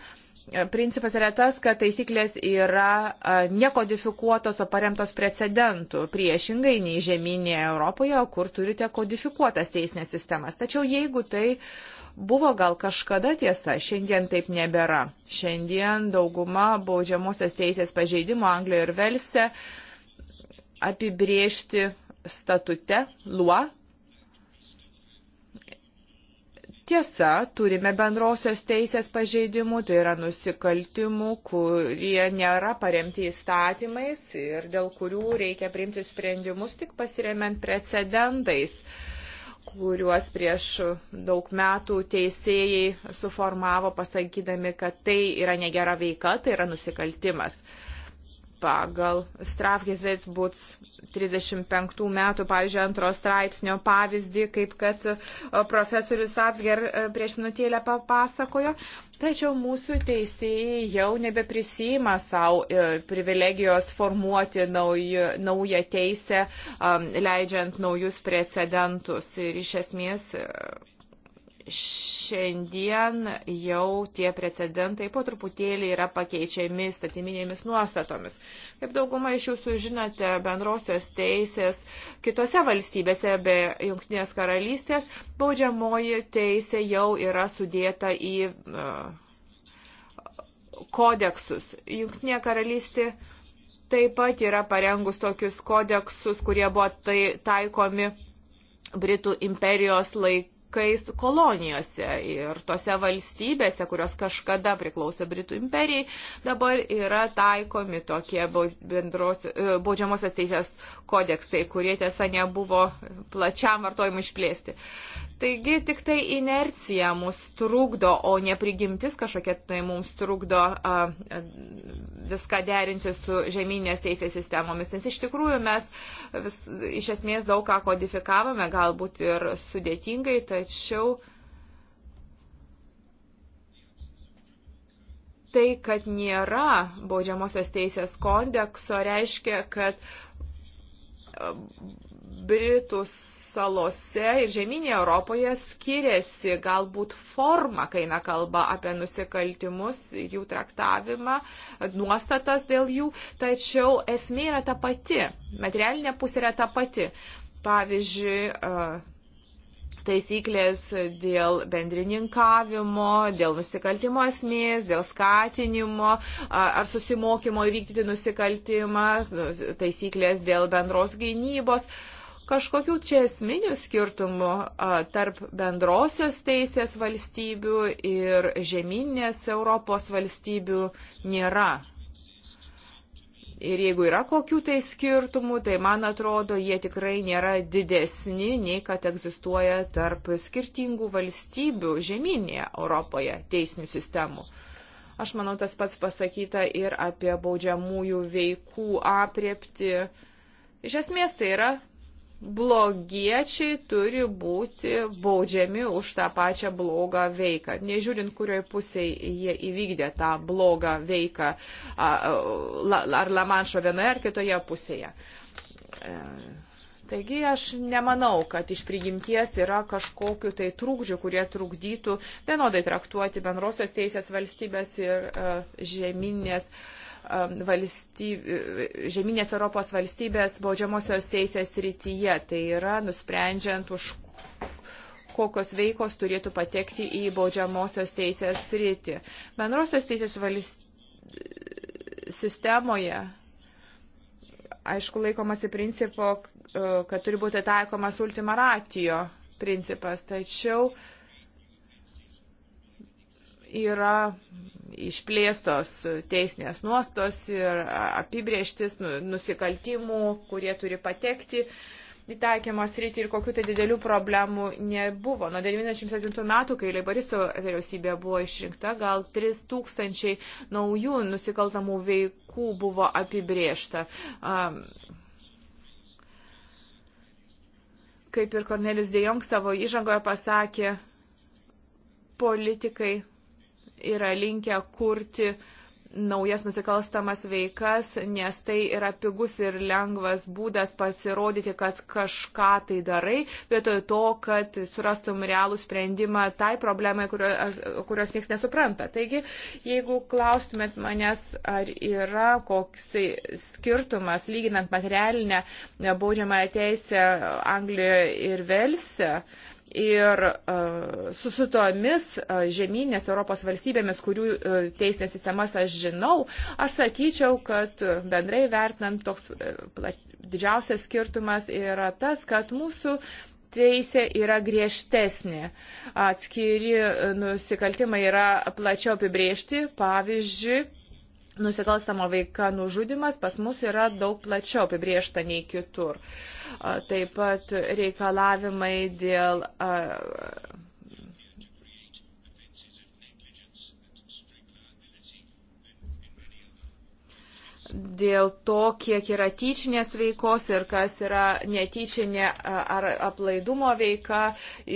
principas yra tas, kad taisyklės yra nekodifikuotos, o paremtos precedentų, priešingai nei žemynėje Europoje, kur turite kodifikuotas teisinės sistemas. Tačiau jeigu tai buvo gal kažkada tiesa, šiandien taip nebėra. Šiandien dauguma baudžiamosios teisės pažeidimo Anglijoje ir Velse apibriežti statute, luo, Tiesa, turime bendrosios teisės pažeidimų, tai yra nusikaltimų, kurie nėra paremti įstatymais ir dėl kurių reikia priimti sprendimus tik pasiremiant precedentais kuriuos prieš daug metų teisėjai suformavo pasakydami, kad tai yra negera veika, tai yra nusikaltimas. Uh, pagal Strafgezets būtų 35 metų, pavyzdžiui, antro straipsnio pavyzdį, kaip kad e, profesorius Atsger e, prieš minutėlę papasakojo. Tačiau mūsų teisėjai jau nebeprisima savo e, privilegijos formuoti naują, naują teisę, leidžiant naujus precedentus. Ir iš esmės šiandien jau tie precedentai po truputėlį yra pakeičiami statiminėmis nuostatomis. Kaip dauguma iš jūsų žinote, bendrosios teisės kitose valstybėse be Junktinės karalystės baudžiamoji teisė jau yra sudėta į uh, kodeksus. Junktinė karalystė taip pat yra parengus tokius kodeksus, kurie buvo tai, taikomi Britų imperijos laik, laikais kolonijose ir tose valstybėse, kurios kažkada priklausė Britų imperijai, dabar yra taikomi tokie bendros, e, baudžiamosios teisės kodeksai, kurie tiesa nebuvo plačiam vartojimui išplėsti. Taigi tik tai inercija mus trukdo, o ne prigimtis kažkokia tai mums trukdo a, a, viską derinti su žemynės teisės sistemomis. Nes iš tikrųjų mes vis, iš esmės daug ką kodifikavome, galbūt ir sudėtingai, tai tačiau tai, kad nėra baudžiamosios teisės kodekso, reiškia, kad e, Britų salose ir žemynėje Europoje skiriasi galbūt forma, kai eina kalba apie nusikaltimus, jų traktavimą, nuostatas dėl jų, tačiau esmė yra ta pati, materialinė pusė yra ta pati. Pavyzdžiui, e, taisyklės dėl bendrininkavimo, dėl nusikaltimo esmės, dėl skatinimo ar susimokymo įvykdyti nusikaltimą, nu, taisyklės dėl bendros gynybos. Kažkokių čia esminių skirtumų tarp bendrosios teisės valstybių ir žemynės Europos valstybių nėra. Ir jeigu yra kokių tai skirtumų, tai man atrodo, jie tikrai nėra didesni, nei kad egzistuoja tarp skirtingų valstybių žemynėje Europoje teisinių sistemų. Aš manau, tas pats pasakyta ir apie baudžiamųjų veikų apriepti. Iš esmės tai yra blogiečiai turi būti baudžiami už tą pačią blogą veiką. Nežiūrint, kurioje pusėje jie įvykdė tą blogą veiką, ar Lamanšo vienoje ar kitoje pusėje. E, taigi aš nemanau, kad iš prigimties yra kažkokiu tai trūkdžiu, kurie trukdytų vienodai traktuoti bendrosios teisės valstybės ir e, žemynės. Uh, Um, valstyb... žemynės Europos valstybės baudžiamosios teisės rytyje. Tai yra nusprendžiant už kokios veikos turėtų patekti į baudžiamosios teisės sritį. Bendrosios teisės valst... sistemoje aišku, laikomasi principo, uh, kad turi būti taikomas ultima ratio principas, tačiau uh, yra išplėstos teisinės nuostos ir apibrieštis nu, nusikaltimų, kurie turi patekti į taikymo sritį ir kokių tai didelių problemų nebuvo. Nuo 1997 metų, kai Leibaristo vyriausybė buvo išrinkta, gal 3000 naujų nusikaltamų veikų buvo apibriešta. Um, kaip ir Kornelius Dejong savo įžangoje pasakė, politikai yra linkę kurti naujas nusikalstamas veikas, nes tai yra pigus ir lengvas būdas pasirodyti, kad kažką tai darai, vietoj to, kad surastum realų sprendimą tai problemai, kurios, kurios niekas nesupranta. Taigi, jeigu klaustumėt manęs, ar yra koks skirtumas, lyginant materialinę baudžiamąją teisę Anglijoje ir Velse, ir e, su, su tomis e, žemynės Europos valstybėmis, kurių e, teisinė sistemas aš žinau, aš sakyčiau, kad bendrai vertinant toks didžiausias skirtumas yra tas, kad mūsų teisė yra griežtesnė. Atskiri nusikaltimai yra plačiau apibriežti, pavyzdžiui, nusikalstama veika nužudimas pas mus yra daug plačiau apibriešta nei kitur. Taip pat reikalavimai dėl dėl to, kiek yra tyčinės veikos ir kas yra netyčinė ar aplaidumo veika,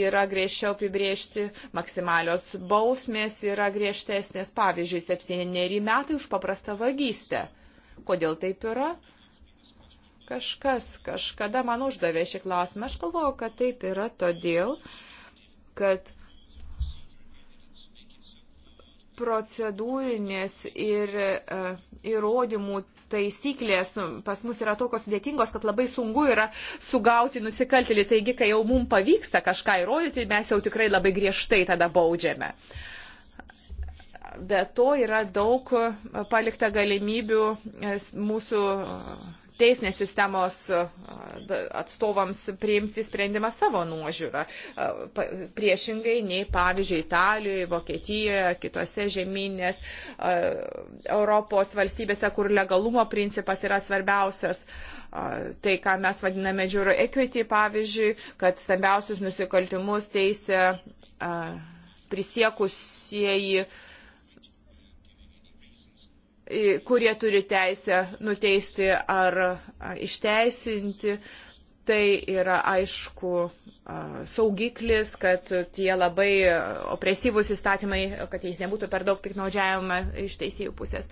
yra griežčiau apibriežti, maksimalios bausmės yra griežtesnės, pavyzdžiui, septyneri metai už paprastą vagystę. Kodėl taip yra? Kažkas kažkada man uždavė šį klausimą. Aš galvoju, kad taip yra todėl, kad procedūrinės ir uh, įrodymų taisyklės pas mus yra tokios sudėtingos, kad labai sunku yra sugauti nusikaltelį. Taigi, kai jau mums pavyksta kažką įrodyti, mes jau tikrai labai griežtai tada baudžiame. Be to yra daug palikta galimybių e, mūsų teisinės sistemos atstovams priimti sprendimą savo nuožiūrą. Priešingai nei, pavyzdžiui, Italijoje, Vokietijoje, kitose žemynės Europos valstybėse, kur legalumo principas yra svarbiausias. Tai, ką mes vadiname žiūro equity, pavyzdžiui, kad stambiausius nusikaltimus teisė prisiekusieji uh, kurie turi teisę nuteisti ar išteisinti. Tai yra aišku saugiklis, kad tie labai opresyvūs įstatymai, kad jais nebūtų per daug piknaudžiavimą iš teisėjų pusės.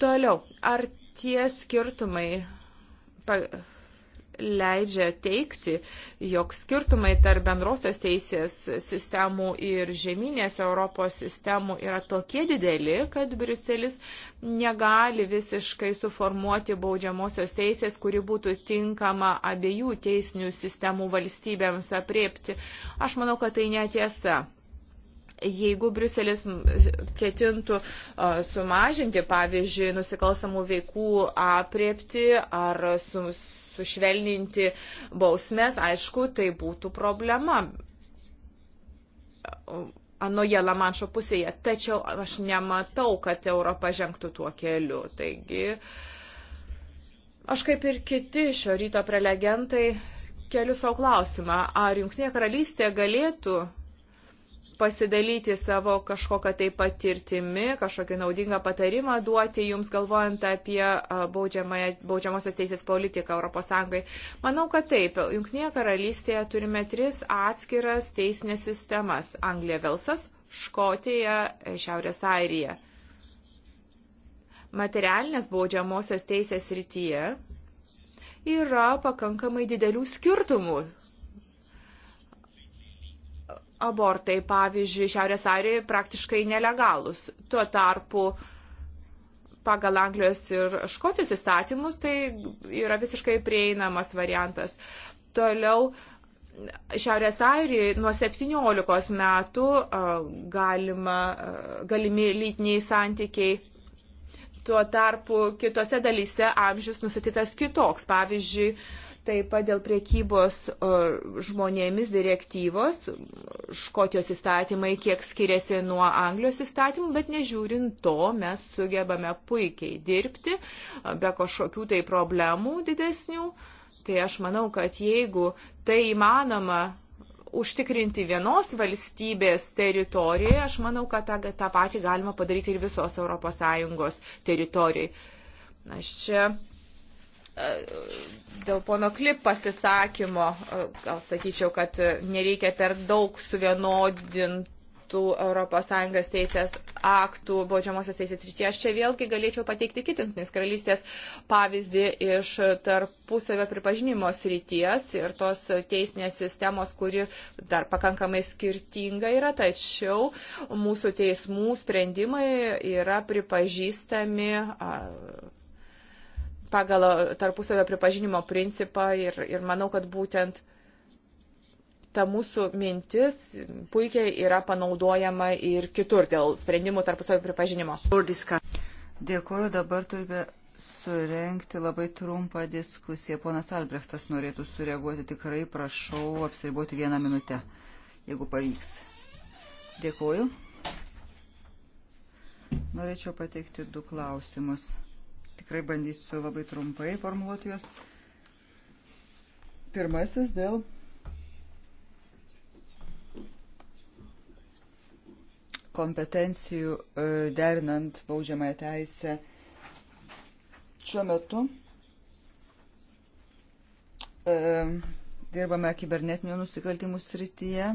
Toliau, ar tie skirtumai leidžia teikti, jog skirtumai tarp bendrosios teisės sistemų ir žemynės Europos sistemų yra tokie dideli, kad Briuselis negali visiškai suformuoti baudžiamosios teisės, kuri būtų tinkama abiejų teisinių sistemų valstybėms apriepti. Aš manau, kad tai netiesa jeigu Briuselis ketintų sumažinti, pavyzdžiui, nusikalstamų veikų apriepti ar su, sušvelninti bausmės, aišku, tai būtų problema anoje Lamanšo pusėje. Tačiau aš nematau, kad Europa žengtų tuo keliu. Taigi, aš kaip ir kiti šio ryto prelegentai keliu savo klausimą, ar Junktinė karalystė galėtų pasidalyti savo kažkokią tai patirtimi, kažkokį naudingą patarimą duoti jums galvojant apie baudžiamosios teisės politiką ES. Manau, kad taip. Junknėje karalystėje turime tris atskiras teisinės sistemas - Anglija, Velsas, Škotija, Šiaurės Airija. Materialinės baudžiamosios teisės rytyje yra pakankamai didelių skirtumų abortai, pavyzdžiui, Šiaurės Airijoje praktiškai nelegalus. Tuo tarpu pagal Anglijos ir Škotijos įstatymus tai yra visiškai prieinamas variantas. Toliau Šiaurės Airijoje nuo 17 metų galima, galimi lytiniai santykiai. Tuo tarpu kitose dalyse amžius nusitytas kitoks. Pavyzdžiui, Taip pat dėl priekybos žmonėmis direktyvos, Škotijos įstatymai kiek skiriasi nuo Anglijos įstatymų, bet nežiūrint to, mes sugebame puikiai dirbti be kažkokių tai problemų didesnių. Tai aš manau, kad jeigu tai įmanoma užtikrinti vienos valstybės teritorijoje, aš manau, kad tą, tą patį galima padaryti ir visos ES teritorijoje. Aš čia E, dėl pono klip pasisakymo, e, gal sakyčiau, kad e, nereikia per daug suvienodinti ES teisės aktų baudžiamosios teisės rytyje. Aš čia vėlgi galėčiau pateikti kitintinis karalystės pavyzdį iš tarpusavio pripažinimo srities ir tos teisinės sistemos, kuri dar pakankamai skirtinga yra, tačiau mūsų teismų sprendimai yra pripažįstami pagal uh, tarpusavio pripažinimo principą ir, ir manau, kad būtent ta mūsų mintis puikiai yra panaudojama ir kitur dėl sprendimų tarpusavio pripažinimo. Dėkuoju, dabar turime surenkti labai trumpą diskusiją. Ponas Albrechtas norėtų sureaguoti, tikrai prašau apsiriboti vieną minutę, jeigu pavyks. Dėkuoju. Norėčiau pateikti du klausimus. Tikrai bandysiu labai trumpai formuluoti juos. Pirmasis dėl kompetencijų e, derinant baudžiamąją teisę šiuo metu e, dirbame kibernetinio nusikaltimų srityje.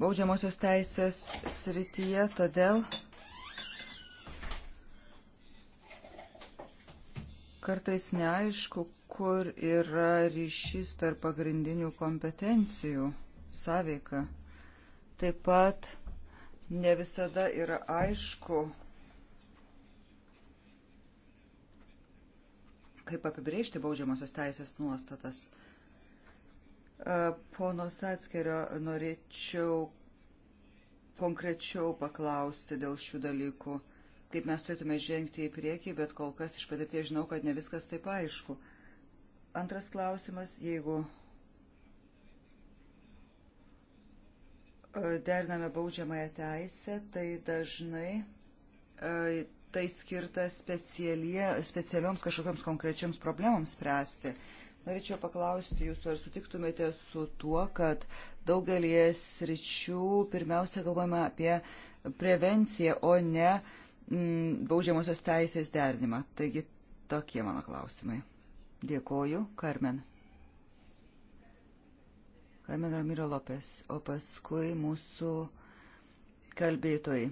Baudžiamosios teisės srityje, todėl kartais neaišku, kur yra ryšys tarp pagrindinių kompetencijų sąveika. Taip pat ne visada yra aišku, kaip apibrėžti baudžiamosios teisės nuostatas. Pono Satskerio norėčiau konkrečiau paklausti dėl šių dalykų kaip mes turėtume žengti į priekį, bet kol kas iš patirties žinau, kad ne viskas taip aišku. Antras klausimas, jeigu e, deriname baudžiamąją teisę, tai dažnai e, tai skirta specialioms kažkokiams konkrečiams problemams spręsti. Norėčiau paklausti jūsų, ar sutiktumėte su tuo, kad daugelie sričių pirmiausia galvojame apie prevenciją, o ne uh, Mm, baudžiamosios teisės derinimą. Taigi tokie mano klausimai. Dėkoju, Karmen. Carmen Ramiro Lopes, o paskui mūsų kalbėtojai.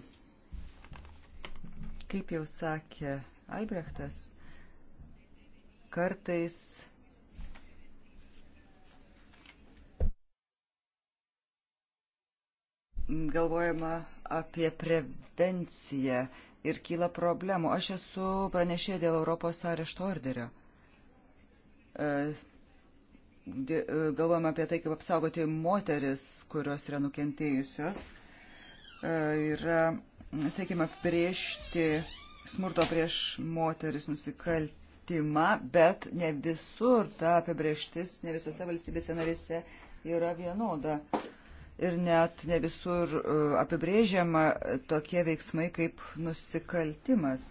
Kaip jau sakė Albrechtas, kartais galvojama apie prevenciją ir kyla problemų. Aš esu pranešė dėl Europos arešto orderio. E, e, Galvojame apie tai, kaip apsaugoti moteris, kurios yra nukentėjusios. E, yra, sakykime, priešti smurto prieš moteris nusikaltimą, bet ne visur ta apibrieštis, ne visose valstybėse narėse yra vienoda ir net ne visur e, apibrėžiama tokie veiksmai kaip nusikaltimas.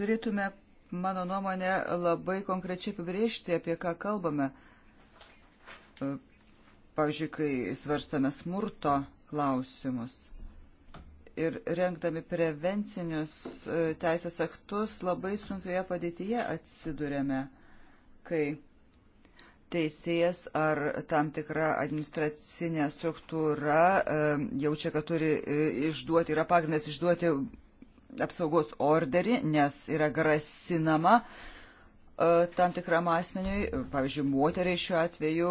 Turėtume, mano nuomonė, labai konkrečiai apibrėžti, apie ką kalbame. E, pavyzdžiui, kai svarstame smurto klausimus ir renkdami prevencinius e, teisės aktus labai sunkioje padėtyje atsidurėme, kai teisėjas ar tam tikra administracinė struktūra e, jaučia, kad turi e, išduoti, yra pagrindas išduoti apsaugos orderį, nes yra grasinama e, tam tikram asmeniui, pavyzdžiui, moteriai šiuo atveju,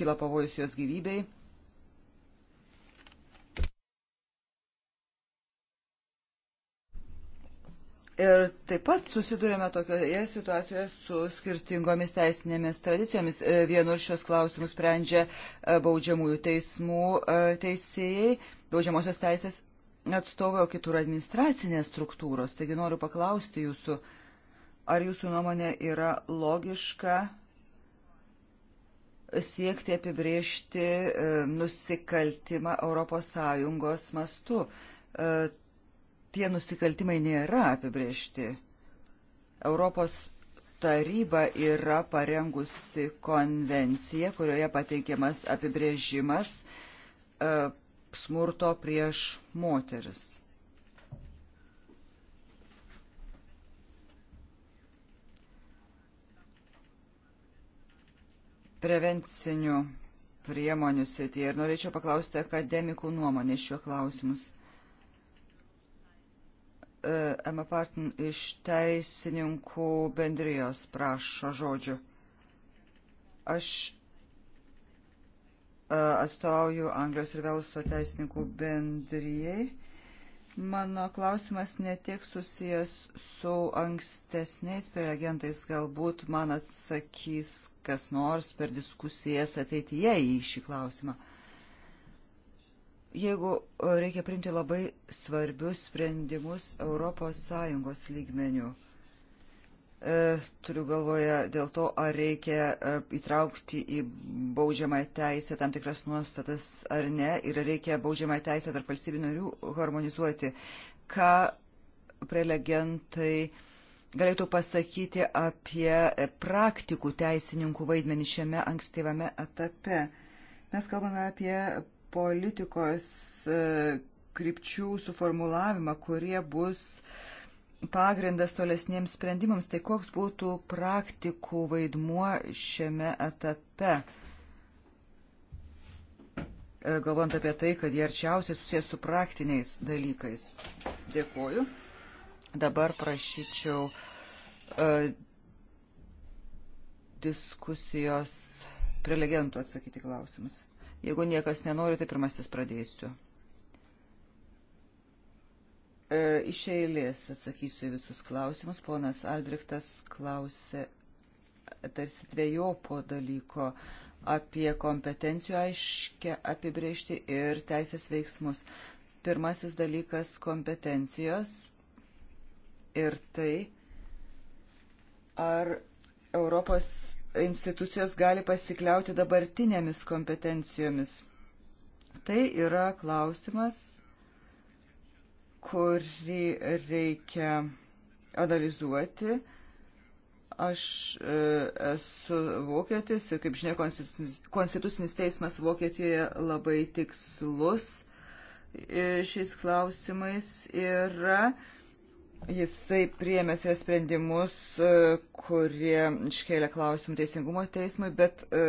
kyla pavojus jos gyvybei. Ir taip pat susidurėme tokioje situacijoje su skirtingomis teisinėmis tradicijomis. E, vienur šios klausimus sprendžia e, baudžiamųjų teismų e, teisėjai, baudžiamosios teisės atstovai, o kitur administracinės struktūros. Taigi noriu paklausti jūsų, ar jūsų nuomonė yra logiška siekti apibriežti nusikaltimą ES mastu tie nusikaltimai nėra apibriežti. Europos taryba yra parengusi konvenciją, kurioje pateikiamas apibrėžimas e, smurto prieš moteris. prevencinių priemonių srityje ir norėčiau paklausti akademikų nuomonės šiuo klausimus. E, Emma Parton iš teisininkų bendrijos prašo žodžių. Aš e, atstovauju Anglijos ir Velso teisininkų bendrijai. Mano klausimas netiek susijęs su ankstesniais prelegentais, galbūt man atsakys kas nors per diskusijas ateityje į šį klausimą. Jeigu e, reikia priimti labai svarbius sprendimus ES lygmenių, e, turiu galvoje dėl to, ar reikia e, įtraukti į baudžiamą teisę tam tikras nuostatas ar ne, ir reikia baudžiamą teisę tarp valstybių narių harmonizuoti. Ką prelegentai galėtų pasakyti apie praktikų teisininkų vaidmenį šiame ankstyvame etape? Mes kalbame apie politikos e, krypčių suformulavimą, kurie bus pagrindas tolesniems sprendimams. Tai koks būtų praktikų vaidmuo šiame etape? E, galvant apie tai, kad jie arčiausiai susijęs su praktiniais dalykais. Dėkuoju. Dabar prašyčiau uh, diskusijos prelegentų atsakyti klausimus. Jeigu niekas nenori, tai pirmasis pradėsiu. E, iš eilės atsakysiu į visus klausimus. Ponas Albrechtas klausė tarsi dviejopo dalyko apie kompetencijų aiškę apibriežti ir teisės veiksmus. Pirmasis dalykas - kompetencijos ir tai, ar Europos institucijos gali pasikliauti dabartinėmis kompetencijomis. Tai yra klausimas, kurį reikia analizuoti. Aš e, esu vokietis ir, kaip žinia, konstitucinis, konstitucinis teismas Vokietijoje labai tikslus e, šiais klausimais yra. E, Jisai priemės ir sprendimus, e, kurie iškėlė klausimų teisingumo teismui, bet e,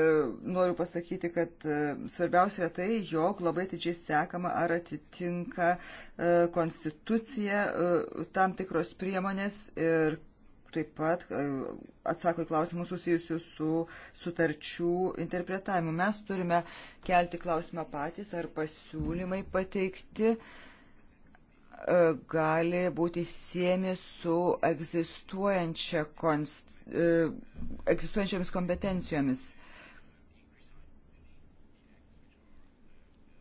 noriu pasakyti, kad e, svarbiausia yra tai, jog labai didžiai sekama, ar atitinka e, konstitucija e, tam tikros priemonės ir taip pat e, atsako į klausimus susijusius su sutarčių interpretavimu. Mes turime kelti klausimą patys, ar pasiūlymai pateikti. E, gali būti siemi su egzistuojančia konst, e, egzistuojančiamis kompetencijomis.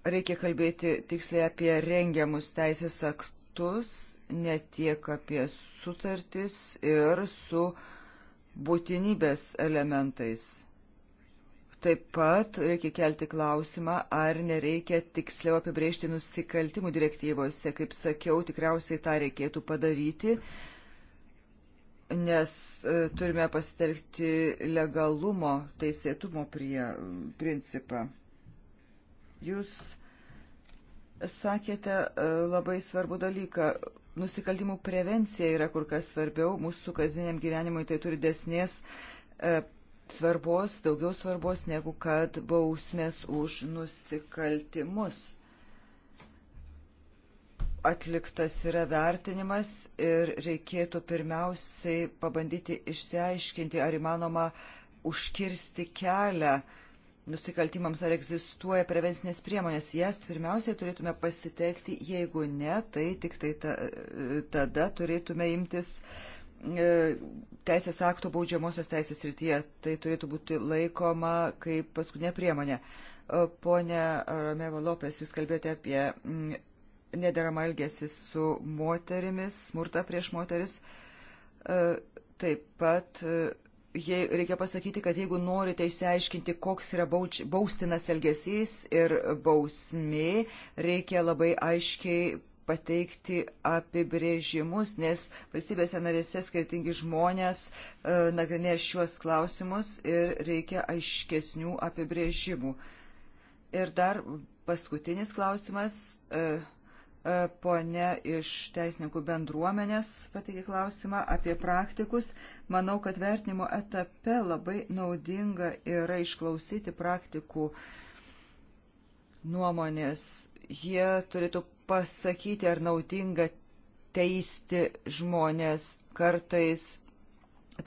Reikia kalbėti tiksliai apie rengiamus teisės aktus, ne tiek apie sutartis ir su būtinybės elementais. Taip pat reikia kelti klausimą, ar nereikia tiksliau apibrėžti nusikaltimų direktyvose. Kaip sakiau, tikriausiai tą reikėtų padaryti, nes e, turime pasitelkti legalumo teisėtumo prie principą. Jūs sakėte e, labai svarbų dalyką. Nusikaltimų prevencija yra kur kas svarbiau. Mūsų kasdieniam gyvenimui tai turi desnės e, svarbos, daugiau svarbos negu kad bausmės už nusikaltimus. Atliktas yra vertinimas ir reikėtų pirmiausiai pabandyti išsiaiškinti, ar įmanoma užkirsti kelią nusikaltimams, ar egzistuoja prevencinės priemonės. Jas pirmiausiai turėtume pasitelkti, jeigu ne, tai tik tai ta, tada turėtume imtis e, teisės aktų baudžiamosios teisės rytyje. Tai turėtų būti laikoma kaip paskutinė priemonė. Pone Romevo Lopes, jūs kalbėjote apie mm, nederamą elgesį su moterimis, smurtą prieš moteris. E, taip pat e, jei, reikia pasakyti, kad jeigu norite išsiaiškinti, koks yra bauč, baustinas elgesys ir bausmė, reikia labai aiškiai pateikti apibrėžimus, nes valstybėse narėse skirtingi žmonės e, nagrinės šiuos klausimus ir reikia aiškesnių apibrėžimų. Ir dar paskutinis klausimas. E, e, Pone iš teisininkų bendruomenės pateikė klausimą apie praktikus. Manau, kad vertinimo etape labai naudinga yra išklausyti praktikų nuomonės jie turėtų pasakyti, ar naudinga teisti žmonės kartais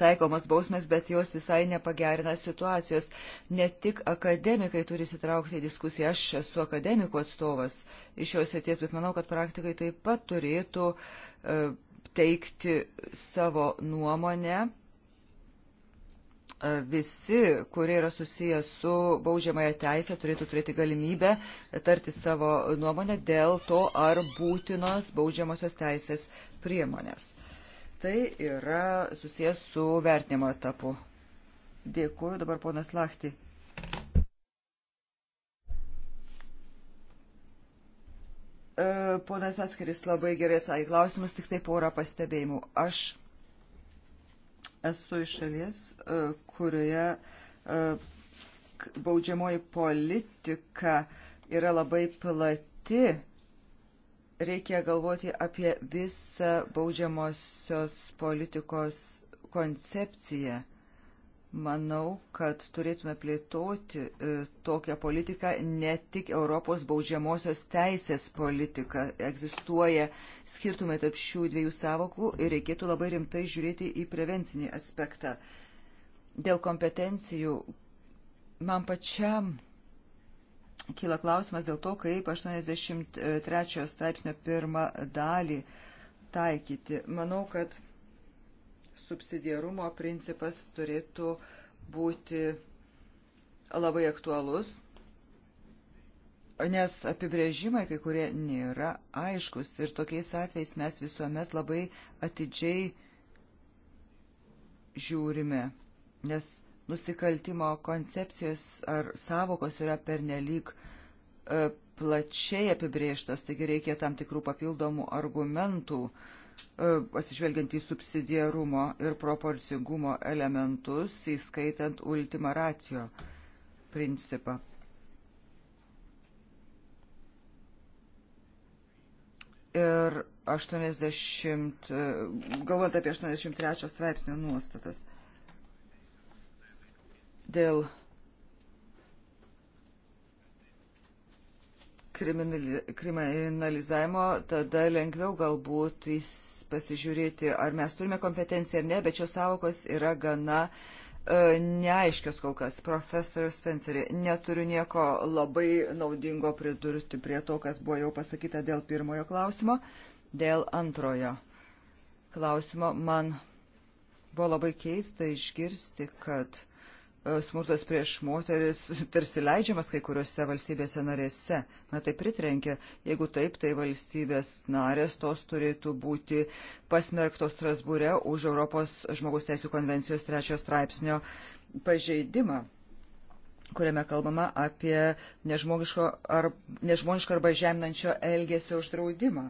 taikomos bausmės, bet jos visai nepagerina situacijos. Ne tik akademikai turi įsitraukti į diskusiją, aš esu akademikų atstovas iš šios sėties, bet manau, kad praktikai taip pat turėtų e, teikti savo nuomonę visi, kurie yra susijęs su baudžiamąją teisę, turėtų turėti galimybę tarti savo nuomonę dėl to, ar būtinos baudžiamosios teisės priemonės. Tai yra susijęs su vertinimo etapu. Dėkuoju dabar ponas Lahti. E, ponas Atskiris labai gerai atsakė klausimus, tik tai porą pastebėjimų. Aš Esu iš šalies, e, kurioje e, baudžiamoji politika yra labai plati. Reikia galvoti apie visą baudžiamosios politikos koncepciją. Manau, kad turėtume plėtoti e, tokią politiką, ne tik Europos baudžiamosios teisės politiką. Egzistuoja skirtumai tarp šių dviejų savokų ir reikėtų labai rimtai žiūrėti į prevencinį aspektą. Dėl kompetencijų man pačiam kyla klausimas dėl to, kaip 83 straipsnio pirmą dalį taikyti. Manau, kad subsidiarumo principas turėtų būti labai aktualus, nes apibrėžimai kai kurie nėra aiškus ir tokiais atvejais mes visuomet labai atidžiai žiūrime, nes nusikaltimo koncepcijos ar savokos yra pernelyg e, plačiai apibrėžtos, taigi reikia tam tikrų papildomų argumentų, uh, E, atsižvelgiant į subsidiarumo ir proporcingumo elementus, įskaitant ultima ratio principą. Ir 80, e, galvojant apie 83 straipsnio nuostatas dėl kriminalizavimo, tada lengviau galbūt pasižiūrėti, ar mes turime kompetenciją ar ne, bet šios savokos yra gana e, neaiškios kol kas. Profesorius Spencerį, neturiu nieko labai naudingo pridurti prie to, kas buvo jau pasakyta dėl pirmojo klausimo. Dėl antrojo klausimo man buvo labai keista išgirsti, kad E, smurtas prieš moteris tarsi leidžiamas kai kuriuose valstybėse narėse. Na tai pritrenkia. Jeigu taip, tai valstybės narės tos turėtų būti pasmerktos Strasbūre už Europos žmogus teisų konvencijos trečio straipsnio pažeidimą kuriame kalbama apie nežmoniško, ar, nežmoniško arba žeminančio elgesio uždraudimą.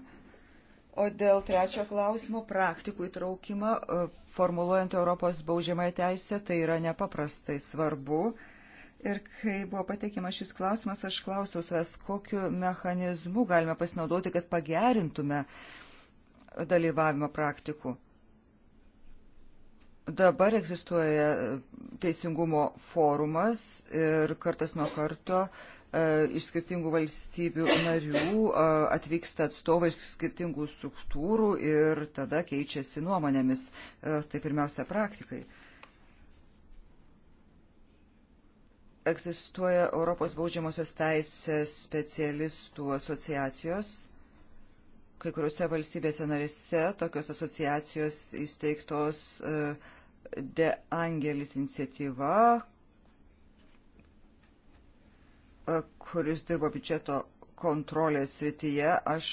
O dėl trečio klausimo praktikų įtraukimą, e, formuluojant Europos baudžiamąją teisę, tai yra nepaprastai svarbu. Ir kai buvo pateikimas šis klausimas, aš klausiau savęs, kokiu mechanizmu galime pasinaudoti, kad pagerintume dalyvavimą praktikų. Dabar egzistuoja teisingumo forumas ir kartas nuo karto uh, E, iš skirtingų valstybių narių e, atvyksta atstovai iš skirtingų struktūrų ir tada keičiasi nuomonėmis. E, tai pirmiausia praktikai. Egzistuoja Europos baudžiamosios teisės specialistų asociacijos. Kai kuriuose valstybėse narėse tokios asociacijos įsteigtos De Angelis iniciatyva, E, kuris dirbo biudžeto kontrolės srityje. Aš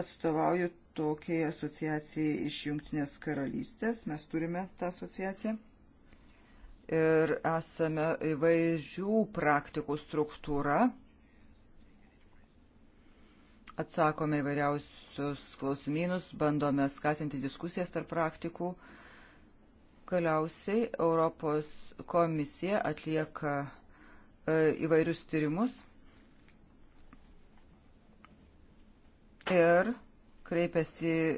atstovauju tokiai asociacijai iš Junktinės karalystės. Mes turime tą asociaciją. Ir esame įvairių praktikų struktūra. Atsakome įvairiausius klausimynus, bandome skatinti diskusijas tarp praktikų. Galiausiai Europos komisija atlieka E, įvairius tyrimus ir kreipiasi e,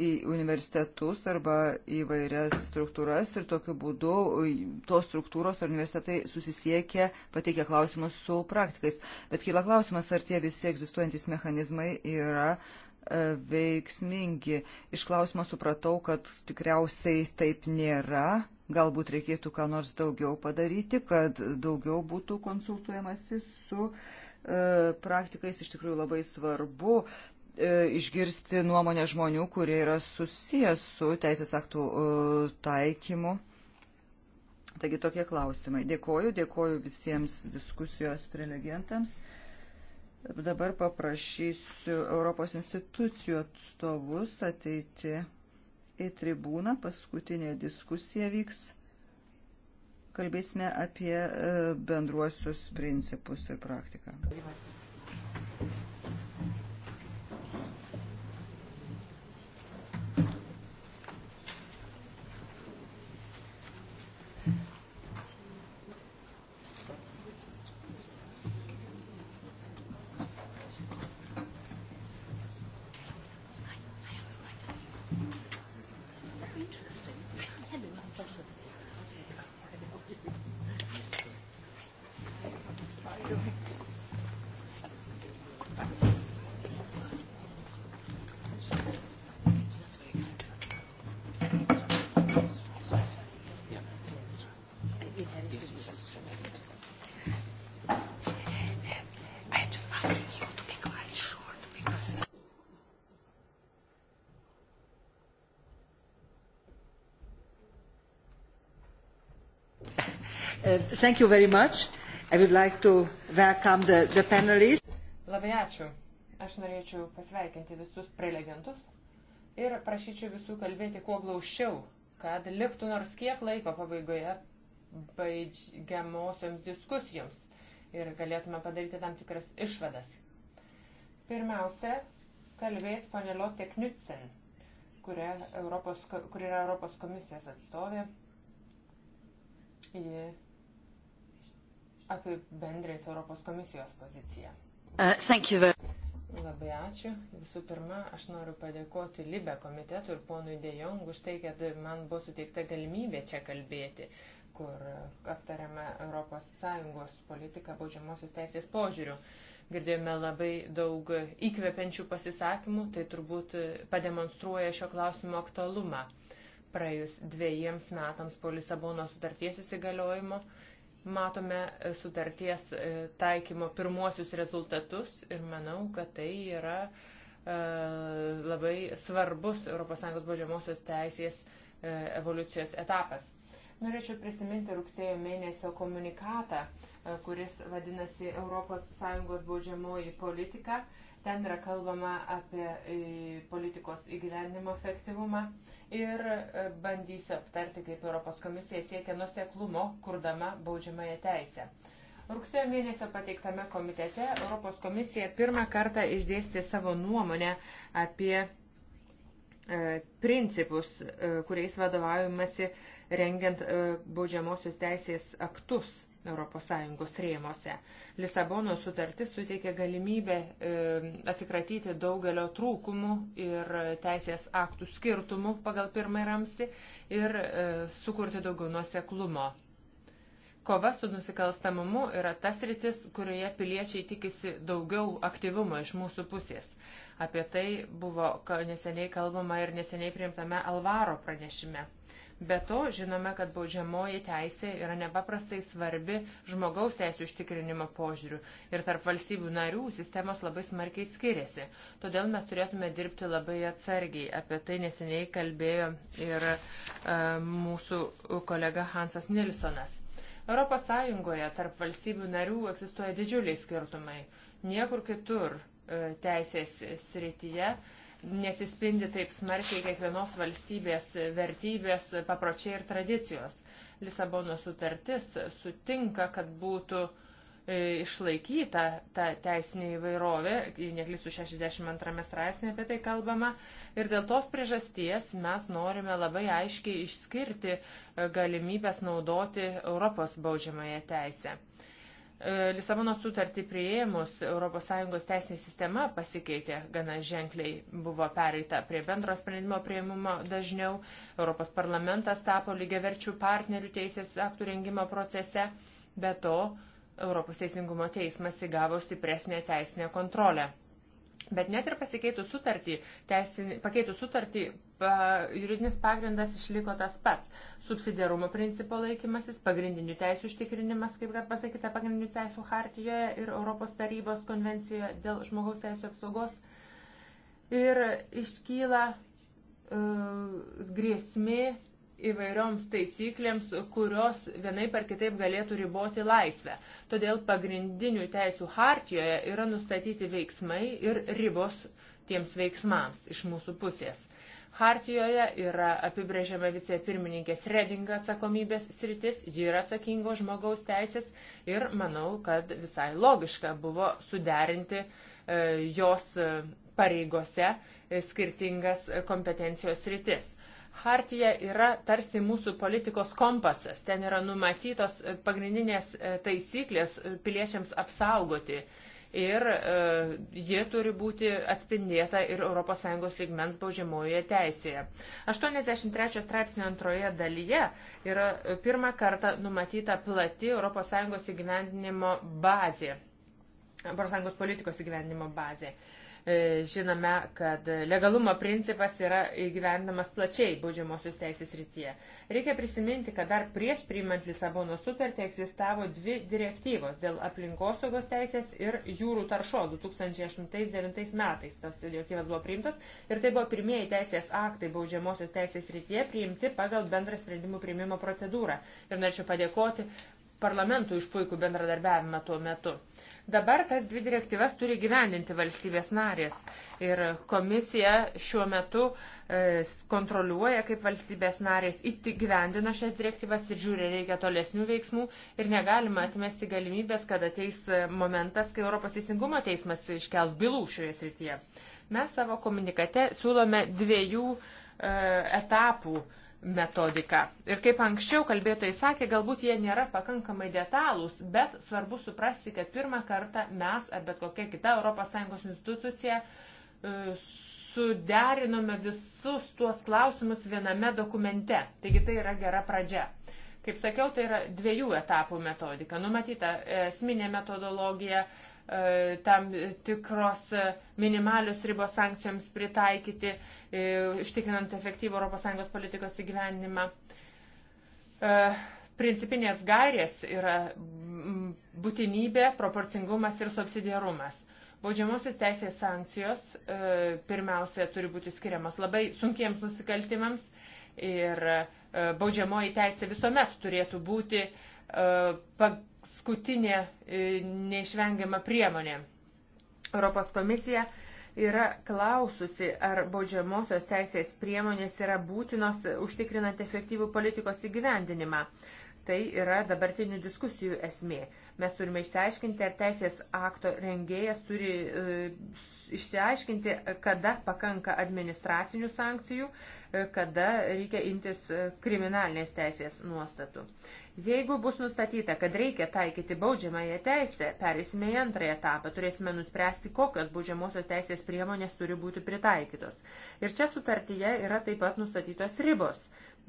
į universitetus arba įvairias struktūras ir tokiu būdu e, tos struktūros ar universitetai susisiekia, pateikia klausimus su praktikais. Bet kyla klausimas, ar tie visi egzistuojantis mechanizmai yra veiksmingi. Iš klausimo supratau, kad tikriausiai taip nėra Galbūt reikėtų ką nors daugiau padaryti, kad daugiau būtų konsultuojamasi su e, praktikais. Iš tikrųjų labai svarbu e, išgirsti nuomonę žmonių, kurie yra susijęs su teisės aktų e, taikymu. Taigi tokie klausimai. Dėkoju, dėkoju visiems diskusijos prelegentams. Dabar paprašysiu Europos institucijų atstovus ateiti į tribūną, paskutinė diskusija vyks. Kalbėsime apie e, bendruosius principus ir praktiką. Gyvats. Uh, thank you very much. I would like to welcome the, the panelists. Labai ačiū. Aš norėčiau pasveikinti visus prelegentus ir prašyčiau visų kalbėti kuo glaušiau, kad liktų nors kiek laiko pabaigoje baigiamosioms diskusijoms ir galėtume padaryti tam tikras išvadas. Pirmiausia, kalbės ponė Lotė Knutsen, kuri, Europos, kuri yra Europos komisijos atstovė. Ji apibendrins Europos komisijos poziciją. Uh, Labai ačiū. Visų pirma, aš noriu padėkoti Libe komitetui ir ponui Dejong už tai, kad man buvo suteikta galimybė čia kalbėti, kur aptariame ES politiką baudžiamosios teisės požiūrių. Girdėjome labai daug įkvepiančių pasisakymų, tai turbūt pademonstruoja šio klausimo aktualumą. Praėjus dviejiems metams po Lisabono sutarties įsigaliojimo matome e, sutarties e, taikymo pirmuosius rezultatus ir manau, kad tai yra e, labai svarbus ES baudžiamosios teisės evoliucijos etapas. Norėčiau prisiminti rugsėjo mėnesio komunikatą, kuris vadinasi ES baudžiamoji politika Ten yra kalbama apie e, politikos įgyvendinimo efektyvumą ir e, bandysiu aptarti, kaip Europos komisija siekia nuseklumo, kurdama baudžiamąją teisę. Rugsėjo mėnesio pateiktame komitete Europos komisija pirmą kartą išdėstė savo nuomonę apie e, principus, kuriais vadovaujamasi rengiant baudžiamosios teisės aktus ES rėmose. Lisabono sutartis suteikia galimybę e, atsikratyti daugelio trūkumų ir teisės aktų skirtumų pagal pirmąjį ramsi ir e, sukurti daugiau nuoseklumo. Kova su nusikalstamumu yra tas rytis, kurioje piliečiai tikisi daugiau aktyvumo iš mūsų pusės. Apie tai buvo neseniai kalbama ir neseniai priimtame Alvaro pranešime. Be to, žinome, kad baudžiamoji teisė yra nepaprastai svarbi žmogaus teisų užtikrinimo požiūrių ir tarp valstybių narių sistemos labai smarkiai skiriasi. Todėl mes turėtume dirbti labai atsargiai. Apie tai neseniai kalbėjo ir e, mūsų kolega Hansas Nilsonas. ES tarp valstybių narių egzistuoja didžiuliai skirtumai. Niekur kitur e, teisės srityje e, nesispindi taip smarkiai kiekvienos valstybės vertybės, papročiai ir tradicijos. Lisabono sutartis sutinka, kad būtų e, išlaikyta ta teisinė įvairovė, neklysiu 62 straipsnė apie tai kalbama, ir dėl tos priežasties mes norime labai aiškiai išskirti e, galimybės naudoti Europos baudžiamąją teisę. E, Lisabono sutartį prieimus ES teisinė sistema pasikeitė gana ženkliai, buvo pereita prie bendro sprendimo prieimimo dažniau, Europos parlamentas tapo lygiaverčių partnerių teisės aktų rengimo procese, be to Europos teisingumo teismas įgavo stipresnę teisinę kontrolę. Bet net ir pasikeitus sutartį, teisinį, pakeitus sutartį E, juridinis pagrindas išliko tas pats. Subsidiarumo principo laikymasis, pagrindinių teisų užtikrinimas, kaip kad pasakyta, pagrindinių teisų hartijoje ir Europos tarybos konvencijoje dėl žmogaus teisų apsaugos. Ir iškyla uh, grėsmė įvairioms taisyklėms, kurios vienai par kitaip galėtų riboti laisvę. Todėl pagrindinių teisų hartijoje yra nustatyti veiksmai ir ribos tiems veiksmams iš mūsų pusės. Hartijoje yra apibrėžiama vicepirmininkės redinga atsakomybės sritis, ji yra atsakingo žmogaus teisės ir manau, kad visai logiška buvo suderinti e, jos e, pareigose e, skirtingas kompetencijos sritis. Hartija yra tarsi mūsų politikos kompasas, ten yra numatytos pagrindinės taisyklės piliečiams apsaugoti ir e, ji turi būti atspindėta ir ES lygmens baudžiamojoje teisėje. 83 straipsnio antroje dalyje yra e, pirmą kartą numatyta plati ES įgyvendinimo bazė. ES politikos įgyvendinimo bazė. Uh, E, žinome, kad legalumo principas yra įgyvendamas plačiai baudžiamosios teisės rytyje. Reikia prisiminti, kad dar prieš priimant Lisabono sutartį egzistavo dvi direktyvos dėl aplinkosaugos teisės ir jūrų taršos 2008-2009 metais. Tas direktyvas buvo priimtas ir tai buvo pirmieji teisės aktai baudžiamosios teisės rytyje priimti pagal bendrą sprendimų priimimo procedūrą. Ir norėčiau padėkoti parlamentui už puikų bendradarbiavimą tuo metu. Dabar tas dvi direktyvas turi gyvendinti valstybės narės ir komisija šiuo metu e, kontroliuoja, kaip valstybės narės įgyvendina šias direktyvas ir žiūri, reikia tolesnių veiksmų ir negalima atmesti galimybės, kad ateis e, momentas, kai Europos teisingumo teismas iškels bylų šioje srityje. Mes savo komunikate siūlome dviejų e, etapų e, metodiką. Ir kaip anksčiau kalbėtojai sakė, galbūt jie nėra pakankamai detalūs, bet svarbu suprasti, kad pirmą kartą mes ar bet kokia kita ES institucija e, suderinome visus tuos klausimus viename dokumente. Taigi tai yra gera pradžia. Kaip sakiau, tai yra dviejų etapų metodika. Numatyta esminė metodologija, E, tam tikros minimalios ribos sankcijoms pritaikyti, ištikrinant e, efektyvų ES politikos įgyvenimą. E, principinės gairės yra būtinybė, proporcingumas ir subsidiarumas. Baudžiamusios teisės sankcijos e, pirmiausia turi būti skiriamas labai sunkiems nusikaltimams ir e, baudžiamoji teisė visuomet turėtų būti e, pag, paskutinė e, neišvengiama priemonė. Europos komisija yra klaususi, ar baudžiamosios teisės priemonės yra būtinos e, užtikrinant efektyvų politikos įgyvendinimą. Tai yra dabartinių diskusijų esmė. Mes turime išsiaiškinti, ar teisės akto rengėjas turi e, išsiaiškinti, kada pakanka administracinių sankcijų, e, kada reikia imtis e, kriminalinės teisės nuostatų. Jeigu bus nustatyta, kad reikia taikyti baudžiamąją teisę, perėsime į antrąją etapą, turėsime nuspręsti, kokios baudžiamosios teisės priemonės turi būti pritaikytos. Ir čia sutartyje yra taip pat nustatytos ribos,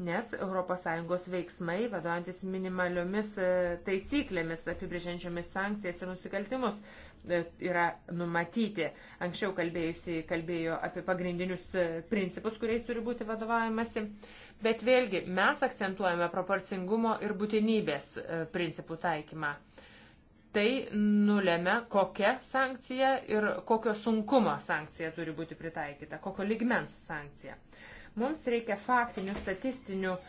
nes ES veiksmai, vadovantis minimaliomis e, taisyklėmis apibrėžiančiomis sankcijas ir nusikaltimus, e, yra numatyti. Anksčiau kalbėjusiai kalbėjo apie pagrindinius e, principus, kuriais turi būti vadovaujamasi. Bet vėlgi mes akcentuojame proporcingumo ir būtinybės e, principų taikymą. Tai nulėmė, kokia sankcija ir kokio sunkumo sankcija turi būti pritaikyta, kokio ligmens sankcija. Mums reikia faktinių statistinių e,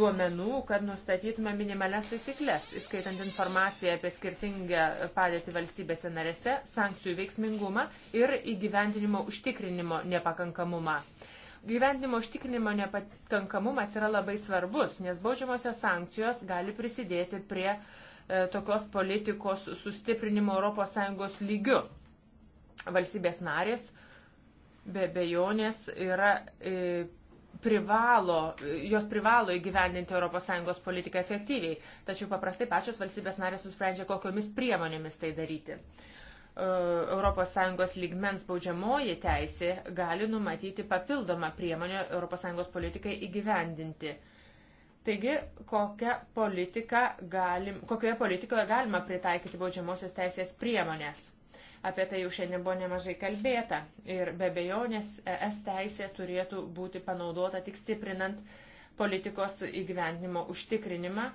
duomenų, kad nustatytume minimalias taisyklės, įskaitant informaciją apie skirtingą padėtį valstybėse narėse, sankcijų veiksmingumą ir įgyvendinimo užtikrinimo nepakankamumą. Gyvendimo užtikrinimo nepakankamumas yra labai svarbus, nes baudžiamosios sankcijos gali prisidėti prie e, tokios politikos sustiprinimo ES lygiu. Valstybės narės be bejonės yra. E, privalo, jos privalo įgyvendinti ES politiką efektyviai, tačiau paprastai pačios valstybės narės nusprendžia, kokiomis priemonėmis tai daryti. Uh, ES lygmens baudžiamoji teisė gali numatyti papildomą priemonę ES politikai įgyvendinti. Taigi, kokia politika galim, kokioje politikoje galima pritaikyti baudžiamosios teisės priemonės? Apie tai jau šiandien buvo nemažai kalbėta ir be bejonės ES teisė turėtų būti panaudota tik stiprinant politikos įgyvendinimo užtikrinimą e,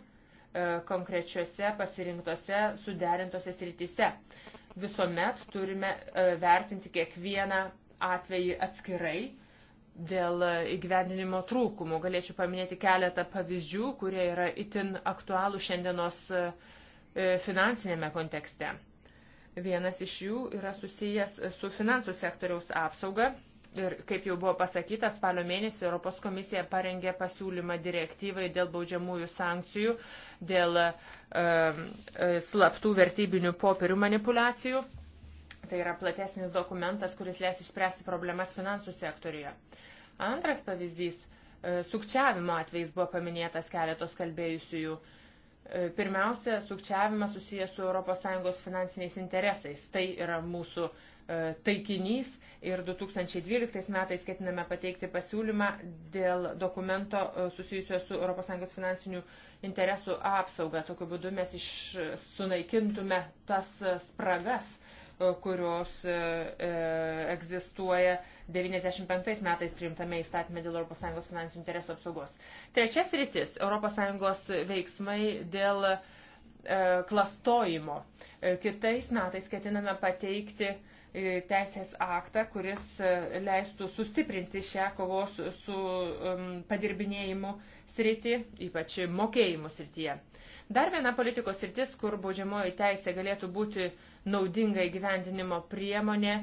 konkrečiose pasirinktose suderintose srityse visuomet turime e, vertinti kiekvieną atvejį atskirai dėl e, įgyvendinimo trūkumų. Galėčiau paminėti keletą pavyzdžių, kurie yra itin aktualų šiandienos e, finansinėme kontekste. Vienas iš jų yra susijęs su finansų sektoriaus apsauga Ir kaip jau buvo pasakyta, spalio mėnesį Europos komisija parengė pasiūlymą direktyvai dėl baudžiamųjų sankcijų, dėl e, slaptų vertybinių popierių manipulacijų. Tai yra platesnis dokumentas, kuris leis išspręsti problemas finansų sektoriuje. Antras pavyzdys e, - sukčiavimo atvejs buvo paminėtas keletos kalbėjusiųjų. E, pirmiausia, sukčiavimas susijęs su ES finansiniais interesais. Tai yra mūsų E, taikinys ir 2012 metais ketiname pateikti pasiūlymą dėl dokumento e, susijusio su ES finansinių interesų apsauga. Tokiu būdu mes iš, sunaikintume tas spragas, e, kurios e, egzistuoja 95 metais priimtame įstatymė dėl ES finansinių interesų apsaugos. Trečias rytis - ES veiksmai dėl e, klastojimo. Kitais metais ketiname pateikti e, E, teisės aktą, kuris e, leistų sustiprinti šią kovos su padirbinėjimu sritį, ypač mokėjimų srityje. Dar viena politikos sritis, kur baudžiamoji teisė galėtų būti naudinga įgyvendinimo priemonė,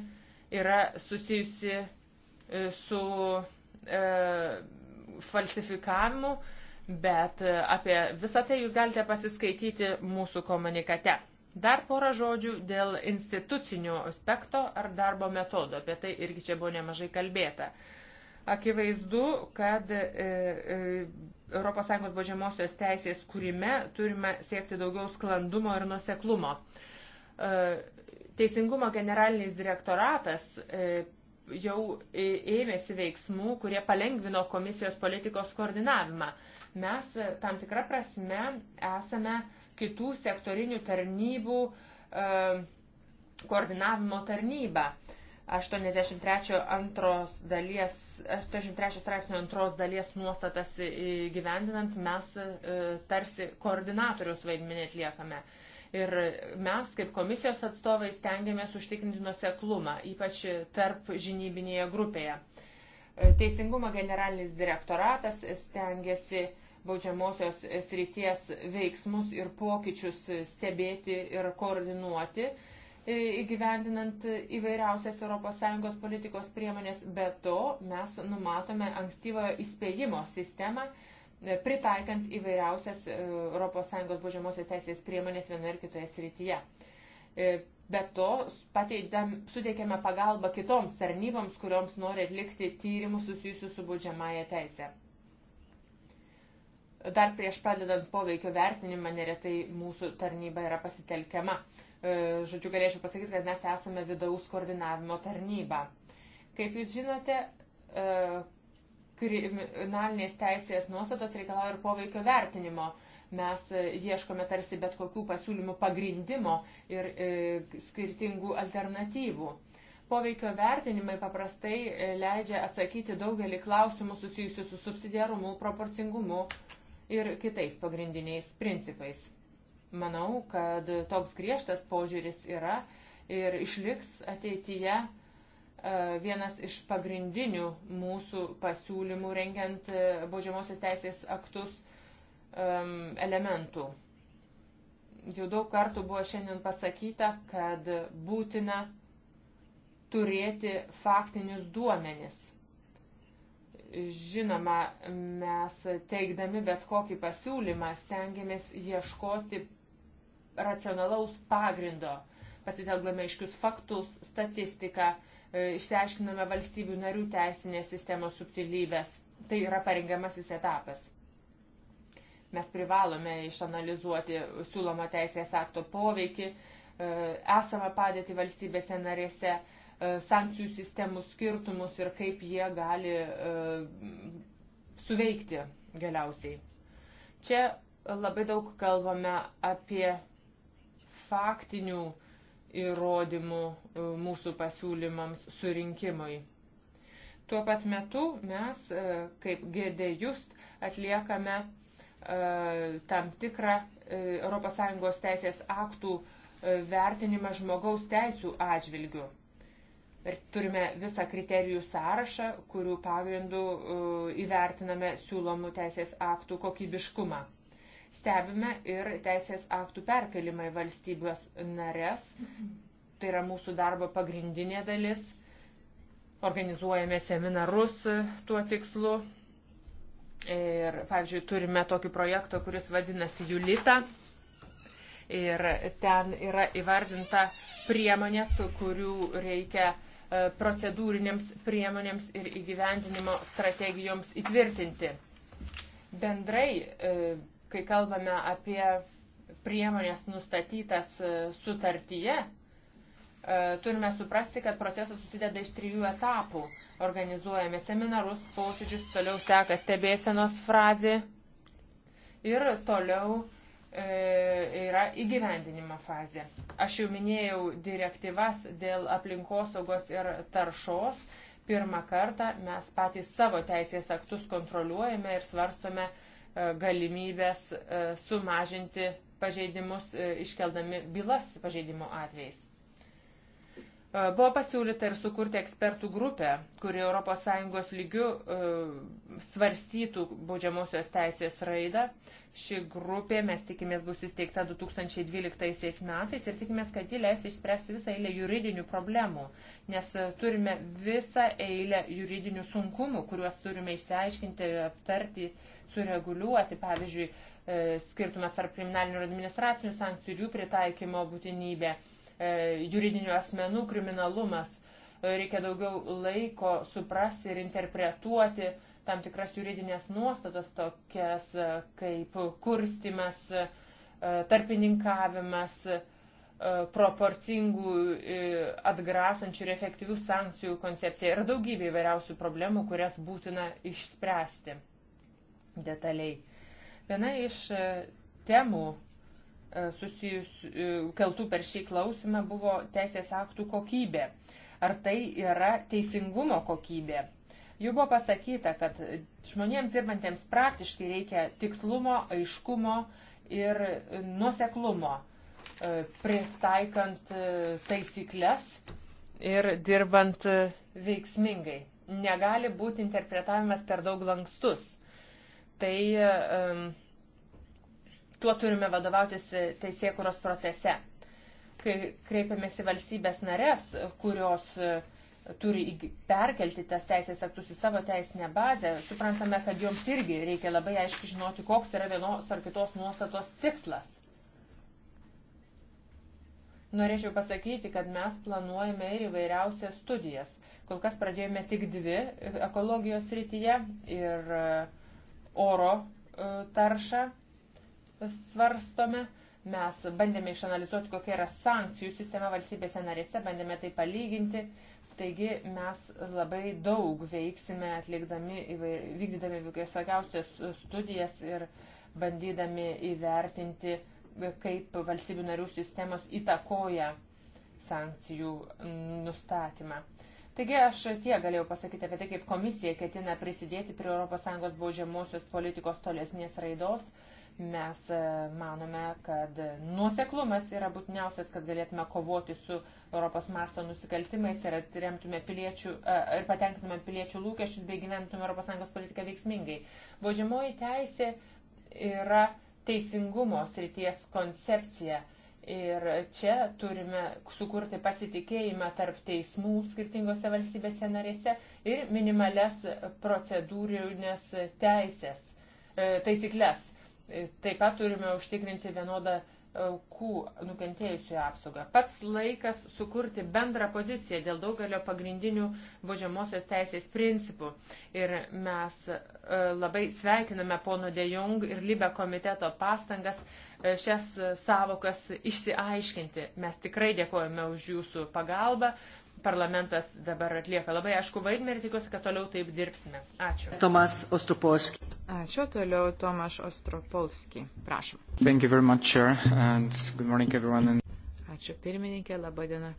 yra susijusi e, su e, falsifikavimu, bet apie visą tai jūs galite pasiskaityti mūsų komunikate. Dar porą žodžių dėl institucinio aspekto ar darbo metodo. Apie tai irgi čia buvo nemažai kalbėta. Akivaizdu, kad ES e, baudžiamosios teisės kūrime turime siekti daugiau sklandumo ir nuseklumo. E, Teisingumo generalinis direktoratas e, jau ėmėsi veiksmų, kurie palengvino komisijos politikos koordinavimą. Mes tam tikrą prasme esame uh, kitų sektorinių tarnybų e, koordinavimo tarnybą. 83 antros dalies, 83 straipsnio antros dalies nuostatas gyvendinant mes e, tarsi koordinatorius vaidmenį atliekame. Ir mes kaip komisijos atstovai stengiamės užtikrinti nuseklumą, ypač tarp žinybinėje grupėje. E, Teisingumo generalinis direktoratas stengiasi uh, baudžiamosios srities veiksmus ir pokyčius stebėti ir koordinuoti, e, įgyvendinant įvairiausias ES politikos priemonės. Be to, mes numatome ankstyvojo įspėjimo sistemą, e, pritaikant įvairiausias e, ES baudžiamosios teisės priemonės vienoje ir kitoje srityje. Be to, pateidam, suteikėme pagalbą kitoms tarnyboms, kurioms nori atlikti tyrimus susijusius su baudžiamąją teisę. Dar prieš pradedant poveikio vertinimą neretai mūsų tarnyba yra pasitelkiama. E, žodžiu, galėčiau pasakyti, kad mes esame vidaus koordinavimo tarnyba. Kaip jūs žinote, e, kriminalinės teisės nuostatos reikalauja ir poveikio vertinimo. Mes e, ieškome tarsi bet kokių pasiūlymų pagrindimo ir skirtingų alternatyvų. Poveikio vertinimai paprastai leidžia atsakyti daugelį klausimų susijusių su subsidiarumu, proporcingumu, ir kitais pagrindiniais principais. Manau, kad toks griežtas požiūris yra ir išliks ateityje e, vienas iš pagrindinių mūsų pasiūlymų rengiant e, baudžiamosios teisės aktus elementų. Jau daug kartų buvo šiandien pasakyta, kad būtina turėti faktinius duomenis Žinoma, mes teikdami bet kokį pasiūlymą stengiamės ieškoti racionalaus pagrindo. Pasitelkdami aiškius faktus, statistiką, e, išsiaiškiname valstybių narių teisinės sistemos subtilybės. Tai yra parengiamasis etapas. Mes privalome išanalizuoti siūlomo teisės akto poveikį, e, esamą padėtį valstybėse narėse E, sankcijų sistemų skirtumus ir kaip jie gali e, suveikti galiausiai. Čia labai daug kalbame apie faktinių įrodymų e, mūsų pasiūlymams surinkimui. Tuo pat metu mes kaip GDJust atliekame tam tikrą ES teisės aktų vertinimą žmogaus teisų atžvilgiu. Ir turime visą kriterijų sąrašą, kurių pagrindų e, įvertiname siūlomų teisės aktų kokybiškumą. Stebime ir teisės aktų perkelimą į valstybės narės. Tai yra mūsų darbo pagrindinė dalis. Organizuojame seminarus e, tuo tikslu. Ir, pavyzdžiui, turime tokį projektą, kuris vadinasi Julita. Ir ten yra įvardinta priemonės, kurių reikia uh, E, procedūrinėms priemonėms ir įgyvendinimo strategijoms įtvirtinti. Bendrai, e, kai kalbame apie priemonės nustatytas e, sutartyje, turime suprasti, kad procesas susideda iš trijų etapų. Organizuojame seminarus, posėdžius, toliau seka stebėsenos frazė ir toliau uh, E, yra įgyvendinimo fazė. Aš jau minėjau direktyvas dėl aplinkosaugos ir taršos. Pirmą kartą mes patys savo teisės aktus kontroliuojame ir svarstome e, galimybės e, sumažinti pažeidimus iškeldami bylas pažeidimo atvejais. E, buvo pasiūlyta ir sukurti ekspertų grupę, kuri ES lygių e, svarstytų baudžiamosios teisės raidą. Ši grupė, mes tikimės, bus įsteigta 2012 metais ir tikimės, kad ji leis išspręsti visą eilę juridinių problemų, nes e, turime visą eilę juridinių sunkumų, kuriuos turime išsiaiškinti, aptarti, sureguliuoti, pavyzdžiui, skirtumas tarp kriminalinių ir administracinių sankcijų ir jų pritaikymo būtinybė E, juridinių asmenų kriminalumas. E, reikia daugiau laiko suprasti ir interpretuoti tam tikras juridinės nuostatas, tokias e, kaip kurstimas, tarpininkavimas, proporcingų, atgrasančių ir efektyvių sankcijų koncepcija. Yra daugybė įvairiausių problemų, kurias būtina išspręsti detaliai. Viena iš temų, E, susijus, e, keltų per šį klausimą buvo teisės aktų kokybė. Ar tai yra teisingumo kokybė? Jau buvo pasakyta, kad žmonėms dirbantiems praktiškai reikia tikslumo, aiškumo ir nuoseklumo, e, pristaikant taisyklės ir dirbant veiksmingai. Negali būti interpretavimas per daug lankstus. Tai um, tuo turime vadovautis teisėkuros procese. Kai kreipiamės į valstybės narės, kurios e, turi perkelti tas teisės aktus į savo teisinę bazę, suprantame, kad joms irgi reikia labai aiškiai žinoti, koks yra vienos ar kitos nuostatos tikslas. Norėčiau pasakyti, kad mes planuojame ir įvairiausias studijas. Kol kas pradėjome tik dvi e, ekologijos rytyje ir e, oro taršą svarstome. Mes bandėme išanalizuoti, kokia yra sankcijų sistema valstybėse narėse, bandėme tai palyginti. Taigi mes labai daug veiksime, atlikdami, vykdydami visokiausias studijas ir bandydami įvertinti, kaip valstybių narių sistemos įtakoja sankcijų nustatymą. Taigi aš tie galėjau pasakyti apie tai, kaip komisija ketina prisidėti prie ES baudžiamosios politikos tolesnės raidos. Uh, Mes e, manome, kad nuoseklumas yra būtiniausias, kad galėtume kovoti su Europos masto nusikaltimais ir, piliečių, e, ir patenkintume piliečių lūkesčius bei gyventume ES politiką veiksmingai. Baudžiamoji teisė yra teisingumo srities koncepcija. Ir čia turime sukurti pasitikėjimą tarp teismų skirtingose valstybėse narėse ir minimales procedūrinės teisės, e, taisyklės. Taip pat turime užtikrinti vienodą aukų nukentėjusių apsaugą. Pats laikas sukurti bendrą poziciją dėl daugelio pagrindinių baudžiamosios teisės principų. Ir mes e, labai sveikiname pono Dejung ir Libe komiteto pastangas e, šias e, savokas išsiaiškinti. Mes tikrai dėkojame už jūsų pagalbą parlamentas dabar atlieka labai aišku vaidmenį ir tikiuosi, kad toliau taip dirbsime. Ačiū. Tomas Ostropolski. Ačiū toliau Tomas Ostropolski. Prašom. Thank you very much, Chair, and good morning everyone. And... Ačiū pirmininkė, laba diena.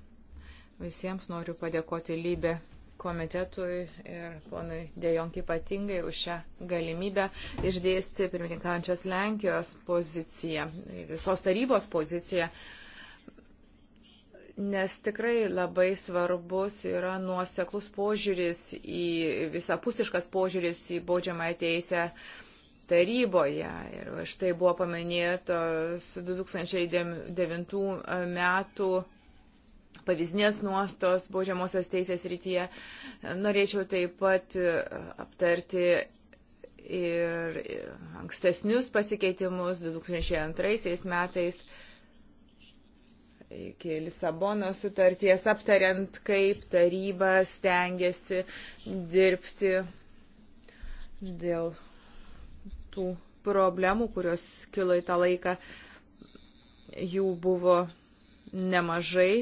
Visiems noriu padėkoti lybę komitetui ir ponui Dejonk ypatingai už šią galimybę išdėsti pirmininkaujančios Lenkijos poziciją, visos tarybos poziciją. Uh, nes tikrai labai svarbus yra nuoseklus požiūris į visapusiškas požiūris į baudžiamąją teisę taryboje. Ir štai buvo paminėtos 2009 metų pavyzdinės nuostos baudžiamosios teisės rytyje. Norėčiau taip pat aptarti ir ankstesnius pasikeitimus 2002 metais iki Lisabono sutarties, aptariant, kaip taryba stengiasi dirbti dėl tų problemų, kurios kilo į tą laiką. Jų buvo nemažai.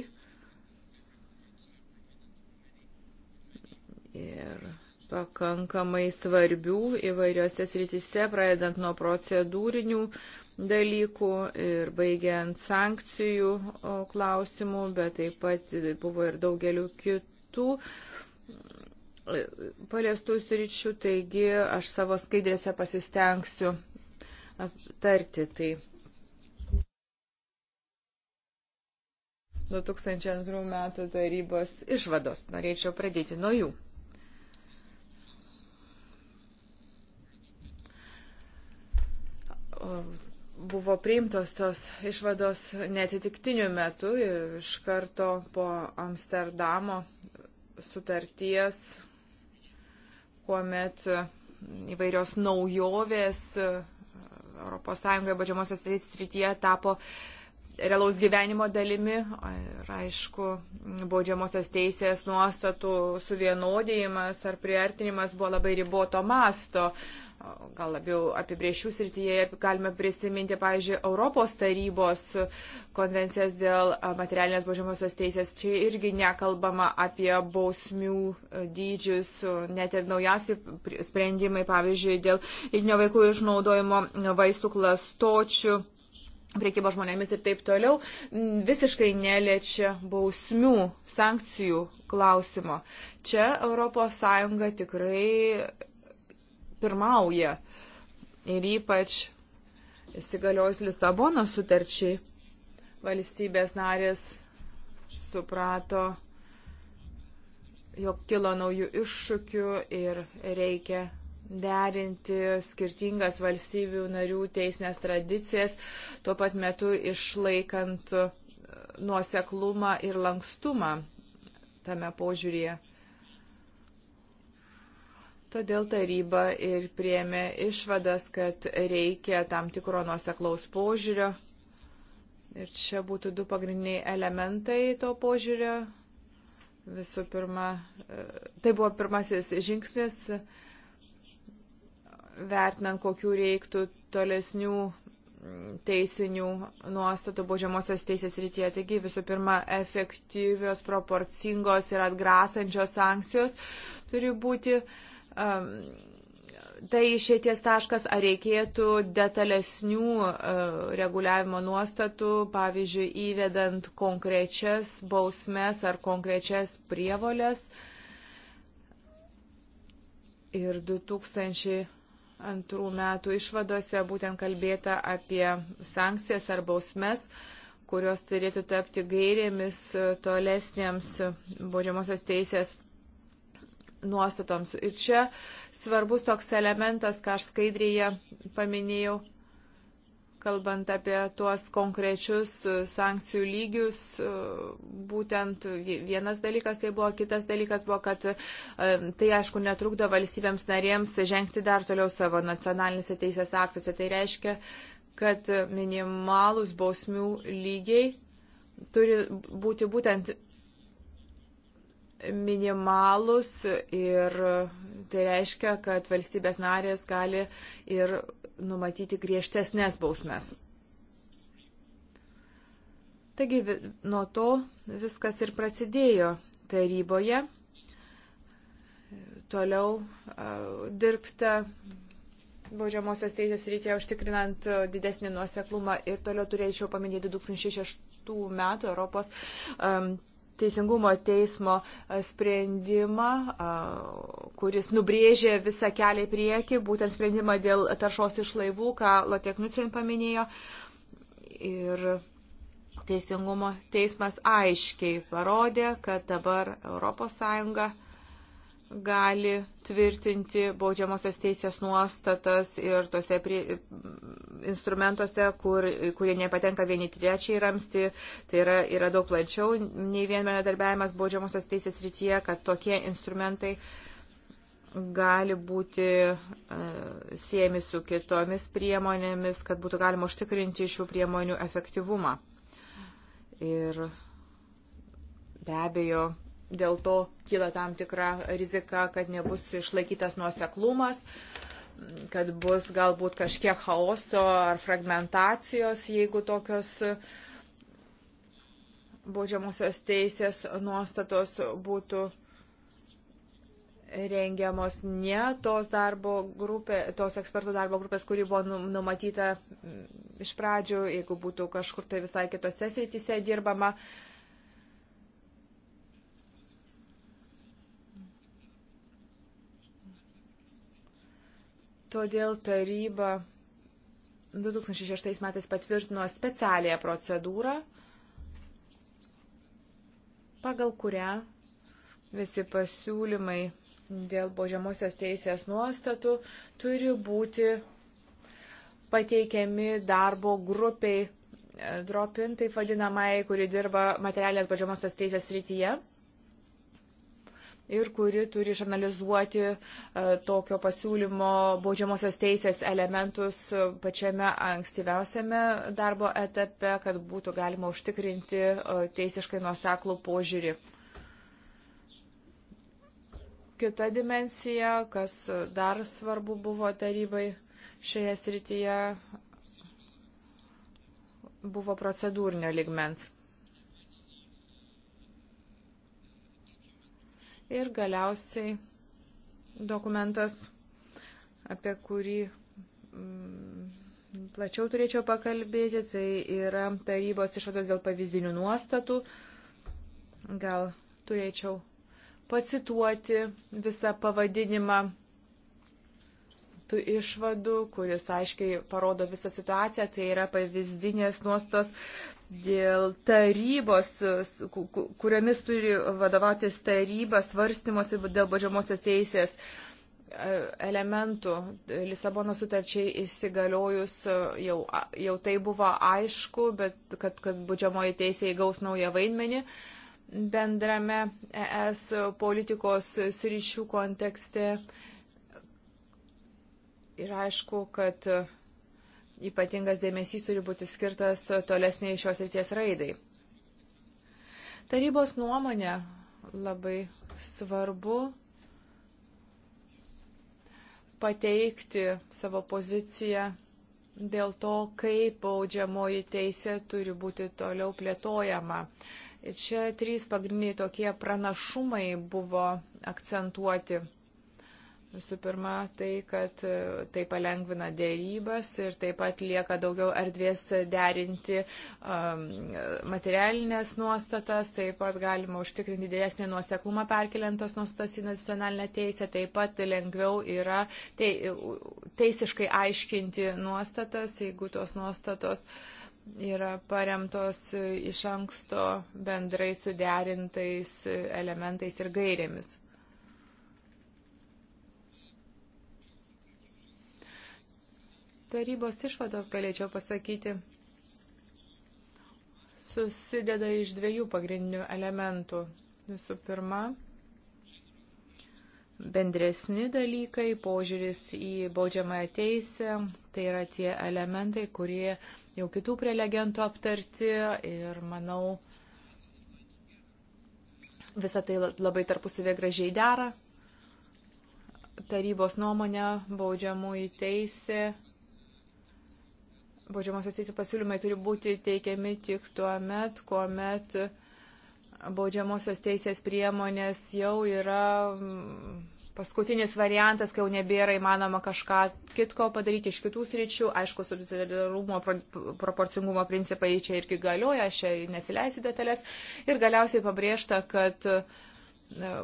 Ir pakankamai svarbių įvairiose sritise, pradedant nuo procedūrinių uh, dalykų ir baigiant sankcijų klausimų, bet taip pat buvo ir daugeliu kitų paliestų sričių, taigi aš savo skaidrėse pasistengsiu aptarti tai. 2002 metų tarybos išvados. Norėčiau pradėti nuo jų. O buvo priimtos tos išvados netitiktiniu metu iš karto po Amsterdamo sutarties, kuomet įvairios naujovės ES baudžiamosios teisės srityje tapo uh, realaus gyvenimo dalimi ir aišku, baudžiamosios teisės nuostatų suvienodėjimas ar priartinimas buvo labai riboto masto. Gal labiau apibriešių srityje galime prisiminti, pavyzdžiui, Europos tarybos konvencijas dėl materialinės baudžiamosios teisės. Čia irgi nekalbama apie bausmių dydžius, net ir naujausi sprendimai, pavyzdžiui, dėl lytinio vaikų išnaudojimo vaistų klastočių priekybo žmonėmis ir taip toliau, visiškai neliečia bausmių, sankcijų klausimo. Čia ES tikrai pirmauja ir ypač įsigaliojus Lisabono sutarčiai valstybės narės suprato, jog kilo naujų iššūkių ir reikia derinti skirtingas valstybių narių teisinės tradicijas, tuo pat metu išlaikant e, nuoseklumą ir lankstumą tame požiūrėje. Todėl taryba ir priemė išvadas, kad reikia tam tikro nuoseklaus požiūrio. Ir čia būtų du pagrindiniai elementai to požiūrio. Visų pirma, e, tai buvo pirmasis žingsnis vertinant, kokiu reiktų tolesnių teisinių nuostatų baudžiamosios teisės rytyje. Taigi visų pirma, efektyvios, proporcingos ir atgrasančios sankcijos turi būti. Um, tai išėties taškas, ar reikėtų detalesnių uh, reguliavimo nuostatų, pavyzdžiui, įvedant konkrečias bausmes ar konkrečias prievolės. Ir 2000 antrų metų išvadose būtent kalbėta apie sankcijas ar bausmes, kurios turėtų tapti gairėmis tolesniems baudžiamosios teisės nuostatoms. Ir čia svarbus toks elementas, ką aš skaidrėje paminėjau, kalbant apie tuos konkrečius e, sankcijų lygius, e, būtent vienas dalykas tai buvo, kitas dalykas buvo, kad e, tai aišku netrukdo valstybėms narėms žengti dar toliau savo nacionalinėse teisės aktuose. Tai reiškia, kad minimalūs bausmių lygiai turi būti būtent minimalus ir tai reiškia, kad valstybės narės gali ir numatyti griežtesnės bausmes. Taigi nuo to viskas ir prasidėjo taryboje. Toliau uh, dirbta baudžiamosios teisės rytėje užtikrinant didesnį nuoseklumą ir toliau turėčiau paminėti 2006 metų Europos um, Teisingumo teismo sprendimą, kuris nubrėžė visą kelią į priekį, būtent sprendimą dėl taršos iš laivų, ką Lateknucin paminėjo. Ir Teisingumo teismas aiškiai parodė, kad dabar ES gali tvirtinti baudžiamosios teisės nuostatas ir tose prie, instrumentuose, kur, kurie nepatenka vieni trečiai ramsti, tai yra, yra daug plačiau nei vien bendradarbiavimas baudžiamosios teisės rytyje, kad tokie instrumentai gali būti e, siejami su kitomis priemonėmis, kad būtų galima užtikrinti šių priemonių efektyvumą. Ir be abejo, dėl to kyla tam tikra rizika, kad nebus išlaikytas nuoseklumas kad bus galbūt kažkiek chaoso ar fragmentacijos, jeigu tokios baudžiamusios teisės nuostatos būtų rengiamos ne tos darbo grupė, tos ekspertų darbo grupės, kuri buvo nu, numatyta iš pradžių, jeigu būtų kažkur tai visai kitose srityse dirbama, Todėl taryba 2006 metais patvirtino specialią procedūrą, pagal kurią visi pasiūlymai dėl baudžiamosios teisės nuostatų turi būti pateikiami darbo grupiai e, dropin, taip vadinamai, kuri dirba materialinės baudžiamosios teisės srityje ir kuri turi išanalizuoti e, tokio pasiūlymo baudžiamosios teisės elementus pačiame ankstyviausiame darbo etape, kad būtų galima užtikrinti e, teisiškai nuoseklų požiūrį. Kita dimensija, kas dar svarbu buvo tarybai šioje srityje, buvo procedūrinio ligmens Ir galiausiai dokumentas, apie kurį mm, plačiau turėčiau pakalbėti, tai yra tarybos išvados dėl pavyzdinių nuostatų. Gal turėčiau pacituoti visą pavadinimą tų išvadų, kuris aiškiai parodo visą situaciją, tai yra pavyzdinės nuostos dėl tarybos, kuriomis turi vadovautis taryba svarstymosi dėl baudžiamosios teisės e, elementų Lisabono sutarčiai įsigaliojus e, jau, jau tai buvo aišku, bet kad, kad būdžiamoji teisė įgaus naują vaidmenį bendrame ES politikos ryšių kontekste. Ir aišku, kad ypatingas dėmesys turi būti skirtas tolesniai šios ryties raidai. Tarybos nuomonė labai svarbu pateikti savo poziciją dėl to, kaip baudžiamoji teisė turi būti toliau plėtojama. Čia trys pagrindiniai tokie pranašumai buvo akcentuoti Visų pirma, tai, kad e, tai palengvina dėrybas ir taip pat lieka daugiau erdvės derinti um, materialinės nuostatas, taip pat galima užtikrinti didesnį nuoseklumą perkeliantas nuostatas į nacionalinę teisę, taip pat lengviau yra te, teisiškai aiškinti nuostatas, jeigu tos nuostatos yra paremtos e, iš anksto bendrai suderintais e, elementais ir gairėmis. tarybos išvados galėčiau pasakyti susideda iš dviejų pagrindinių elementų. Visų pirma, bendresni dalykai, požiūris į baudžiamąją teisę, tai yra tie elementai, kurie jau kitų prelegentų aptarti ir manau, visą tai labai tarpusavė gražiai dera. Tarybos nuomonė, baudžiamųjų teisė baudžiamosios teisės pasiūlymai turi būti teikiami tik tuo met, kuomet baudžiamosios teisės priemonės jau yra mm, paskutinis variantas, kai jau nebėra įmanoma kažką kitko padaryti iš kitų sričių. Aišku, subsidiarumo proporcingumo principai čia irgi galioja, aš čia nesileisiu detalės. Ir galiausiai pabrėžta, kad uh,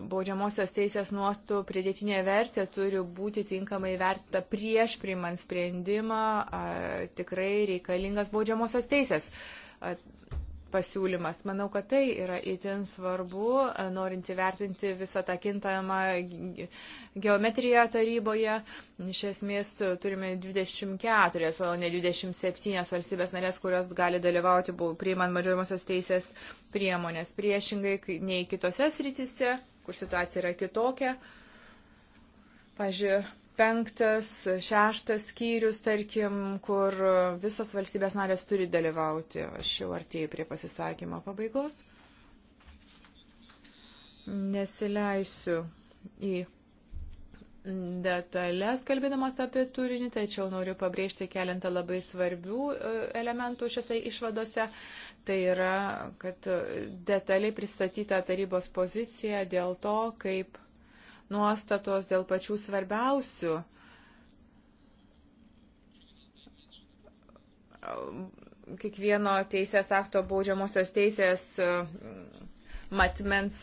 baudžiamosios teisės nuostų pridėtinė vertė turi būti tinkamai vertinta prieš priimant sprendimą, ar tikrai reikalingas baudžiamosios teisės pasiūlymas. Manau, kad tai yra itin svarbu, e, norint įvertinti visą tą kintamą geometriją taryboje. Iš esmės e, turime 24, o ne 27 valstybės narės, kurios gali dalyvauti priimant mažiojamosios teisės priemonės. Priešingai nei kitose sritise, kur situacija yra kitokia. Pavyzdžiui, penktas, šeštas skyrius, tarkim, kur visos valstybės narės turi dalyvauti. Aš jau artėjau prie pasisakymo pabaigos. Nesileisiu į detalės, kalbėdamas apie turinį, tačiau noriu pabrėžti keletą labai svarbių e, elementų šiose išvadose. Tai yra, kad detaliai pristatyta tarybos pozicija dėl to, kaip nuostatos dėl pačių svarbiausių kiekvieno teisės akto baudžiamosios teisės mm, matmens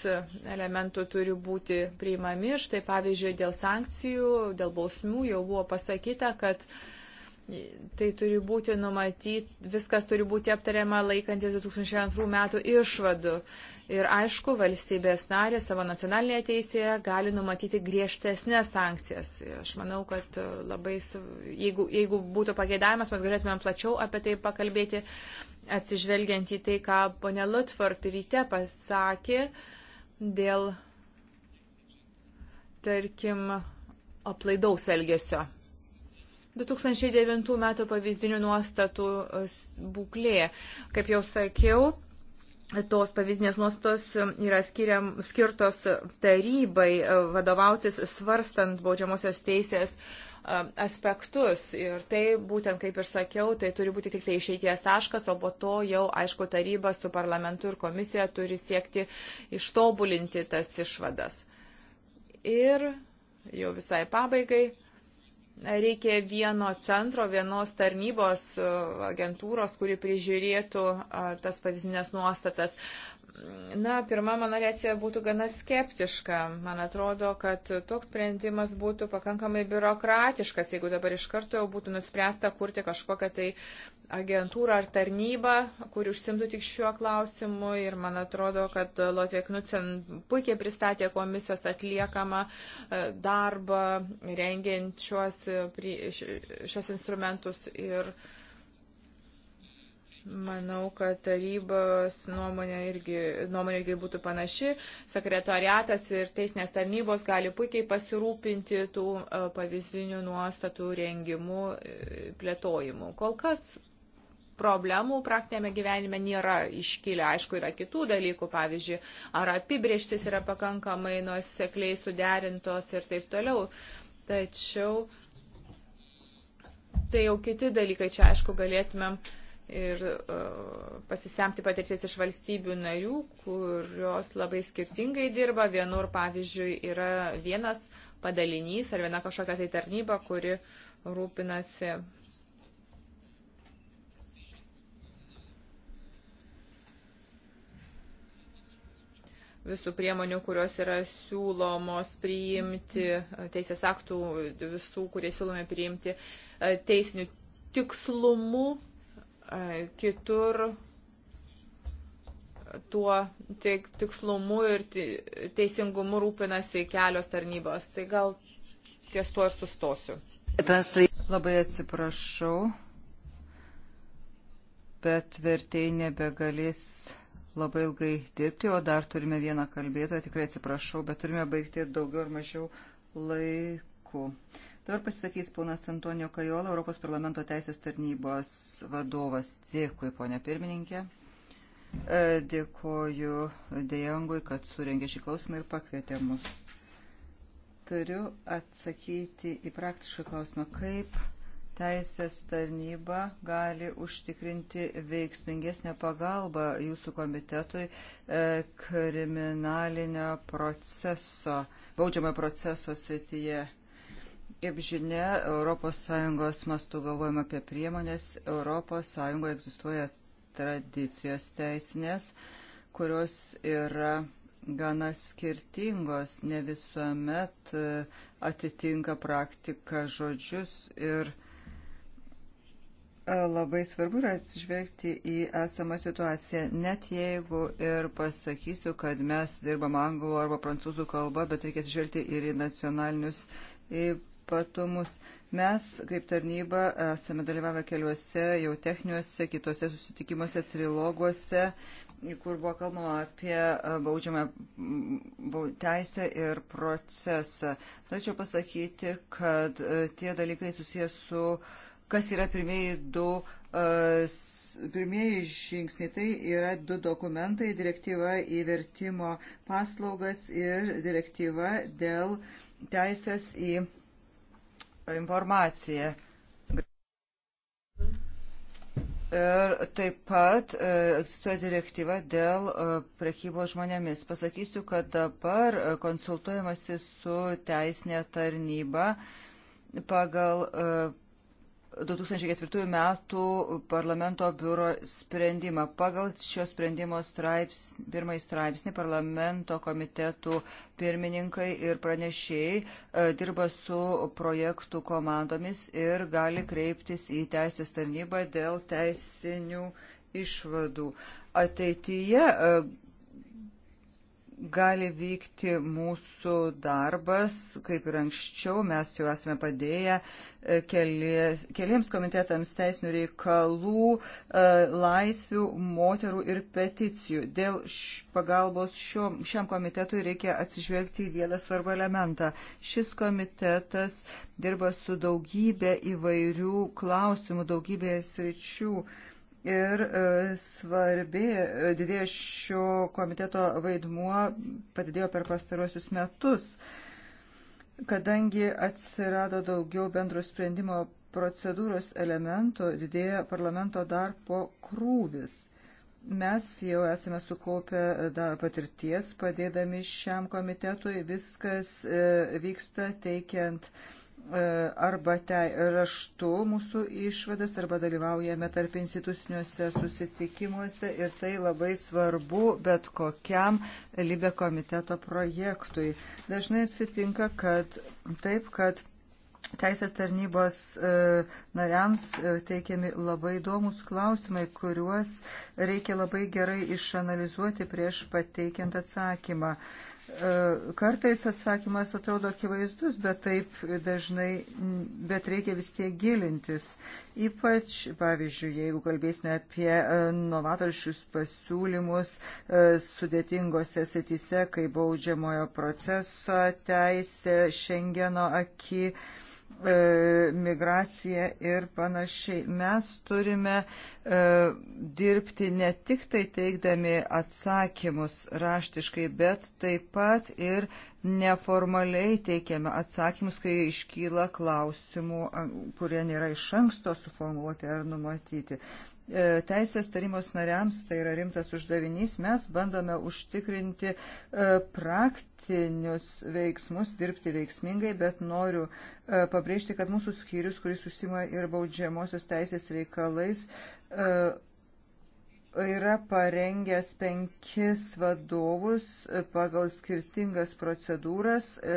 elementų turi būti priimami. Štai pavyzdžiui, dėl sankcijų, dėl bausmių jau buvo pasakyta, kad uh, Tai turi būti numatyti, viskas turi būti aptariama laikantis 2002 metų išvadų. Ir aišku, valstybės narė savo nacionalinėje teisėje gali numatyti griežtesnės sankcijas. Aš manau, kad labai, jeigu, jeigu būtų pageidavimas, mes galėtumėm plačiau apie tai pakalbėti, atsižvelgiant į tai, ką ponė Lutford ryte pasakė dėl, tarkim, aplaidaus elgesio. 2009 metų pavyzdinių nuostatų e, būklė. Kaip jau sakiau, tos pavyzdinės nuostatos e, yra skiriam, skirtos tarybai e, vadovautis svarstant baudžiamosios teisės aspektus. Ir tai būtent, kaip ir sakiau, tai turi būti tik tai išeities taškas, o po to jau, aišku, taryba su parlamentu ir komisija turi siekti ištobulinti tas išvadas. Ir jau visai pabaigai reikia vieno centro, vienos tarnybos uh, agentūros, kuri prižiūrėtų uh, tas pavyzdinės nuostatas. Na, pirma mano reakcija būtų gana skeptiška. Man atrodo, kad toks sprendimas būtų pakankamai biurokratiškas, jeigu dabar iš karto jau būtų nuspręsta kurti kažkokią tai agentūrą ar tarnybą, kuri užsimtų tik šiuo klausimu. Ir man atrodo, kad Lotė Knudsen puikiai pristatė komisijos atliekamą e, darbą, rengiant šios, šios instrumentus. Ir, uh, Manau, kad tarybos nuomonė irgi, nuomonė irgi būtų panaši. Sekretariatas ir teisinės tarnybos gali puikiai pasirūpinti tų e, pavyzdinių nuostatų rengimų e, plėtojimų. Kol kas problemų praktinėme gyvenime nėra iškilę. Aišku, yra kitų dalykų, pavyzdžiui, ar apibrieštis yra pakankamai nuosekliai suderintos ir taip toliau. Tačiau tai jau kiti dalykai, čia aišku galėtumėm uh, ir e, pasisemti patirties iš valstybių narių, kurios labai skirtingai dirba. Vienur, pavyzdžiui, yra vienas padalinys ar viena kažkokia tai tarnyba, kuri rūpinasi visų priemonių, kurios yra siūlomos priimti, teisės aktų visų, kurie siūlomi priimti e, teisinių tikslumų E, kitur tuo tik, tikslumu ir teisingumu rūpinasi kelios tarnybos. Tai gal ties tuo ir sustosiu. Labai atsiprašau, bet vertėjai nebegalės labai ilgai dirbti, o dar turime vieną kalbėtoją. Tikrai atsiprašau, bet turime baigti daugiau ar mažiau laikų. Dabar pasisakys ponas Antonijo Kajola, Europos parlamento teisės tarnybos vadovas. Dėkui, ponė pirmininkė. E, dėkoju Dejangui, kad surengė šį klausimą ir pakvietė mus. Turiu atsakyti į praktišką klausimą, kaip teisės tarnyba gali užtikrinti veiksmingesnę pagalbą jūsų komitetui e, kriminalinio proceso, baudžiamojo proceso srityje. Kaip žinia, ES mastų galvojama apie priemonės. ES egzistuoja tradicijos teisinės, kurios yra gana skirtingos, ne visuomet e, atitinka praktiką žodžius ir e, labai svarbu yra atsižvelgti į esamą situaciją. Net jeigu ir pasakysiu, kad mes dirbam anglų arba prancūzų kalba, bet reikia atsižvelgti ir į nacionalinius į ypatumus. Mes, kaip tarnyba, esame dalyvavę keliuose, jau techniuose, kitose susitikimuose, triloguose, kur buvo kalbama apie e, baudžiamą teisę ir procesą. Norėčiau pasakyti, kad e, tie dalykai susijęs su, kas yra pirmieji du, e, pirmieji žingsniai, tai yra du dokumentai, direktyva įvertimo paslaugas ir direktyva dėl teisės į informaciją. Ir taip pat e, egzistuoja direktyva dėl e, prekybos žmonėmis. Pasakysiu, kad dabar e, konsultuojamasi su teisinė tarnyba pagal 2004 metų parlamento biuro sprendimą. Pagal šio sprendimo straips, pirmąjį straipsnį parlamento komitetų pirmininkai ir pranešėjai e, dirba su projektų komandomis ir gali kreiptis į teisės tarnybą dėl teisinių išvadų. Ateityje e, gali vykti mūsų darbas, kaip ir anksčiau mes jau esame padėję e, kelies, keliems komitetams teisinių reikalų, e, laisvių, moterų ir peticijų. Dėl pagalbos šio, šiam komitetui reikia atsižvelgti į vieną svarbą elementą. Šis komitetas dirba su daugybė įvairių klausimų, daugybė sričių. Uh, ir e, svarbi e, didėjo šio komiteto vaidmuo padidėjo per pastarosius metus, kadangi atsirado daugiau bendro sprendimo procedūros elementų, didėjo parlamento darbo krūvis. Mes jau esame sukaupę e, patirties, padėdami šiam komitetui, viskas vyksta teikiant uh, E, arba te raštu mūsų išvadas, arba dalyvaujame tarp instituciniuose susitikimuose ir tai labai svarbu bet kokiam Libė komiteto projektui. Dažnai atsitinka, kad taip, kad Teisės tarnybos e, nariams e, teikiami labai įdomus klausimai, kuriuos reikia labai gerai išanalizuoti prieš pateikiant atsakymą. E, kartais atsakymas atrodo akivaizdus, bet taip dažnai, bet reikia vis tiek gilintis. Ypač, pavyzdžiui, jeigu kalbėsime apie e, novatoriškus pasiūlymus e, sudėtingose sėtise, kaip baudžiamojo proceso teisė, Šengeno aki, E, migracija ir panašiai. Mes turime e, dirbti ne tik tai teikdami atsakymus raštiškai, bet taip pat ir neformaliai teikiame atsakymus, kai iškyla klausimų, kurie nėra iš anksto suformuoluoti ar numatyti. E, teisės tarybos nariams tai yra rimtas uždavinys. Mes bandome užtikrinti e, praktinius veiksmus, dirbti veiksmingai, bet noriu e, pabrėžti, kad mūsų skyrius, kuris užsima ir baudžiamosios teisės reikalais, yra parengęs penkis vadovus pagal skirtingas procedūras e,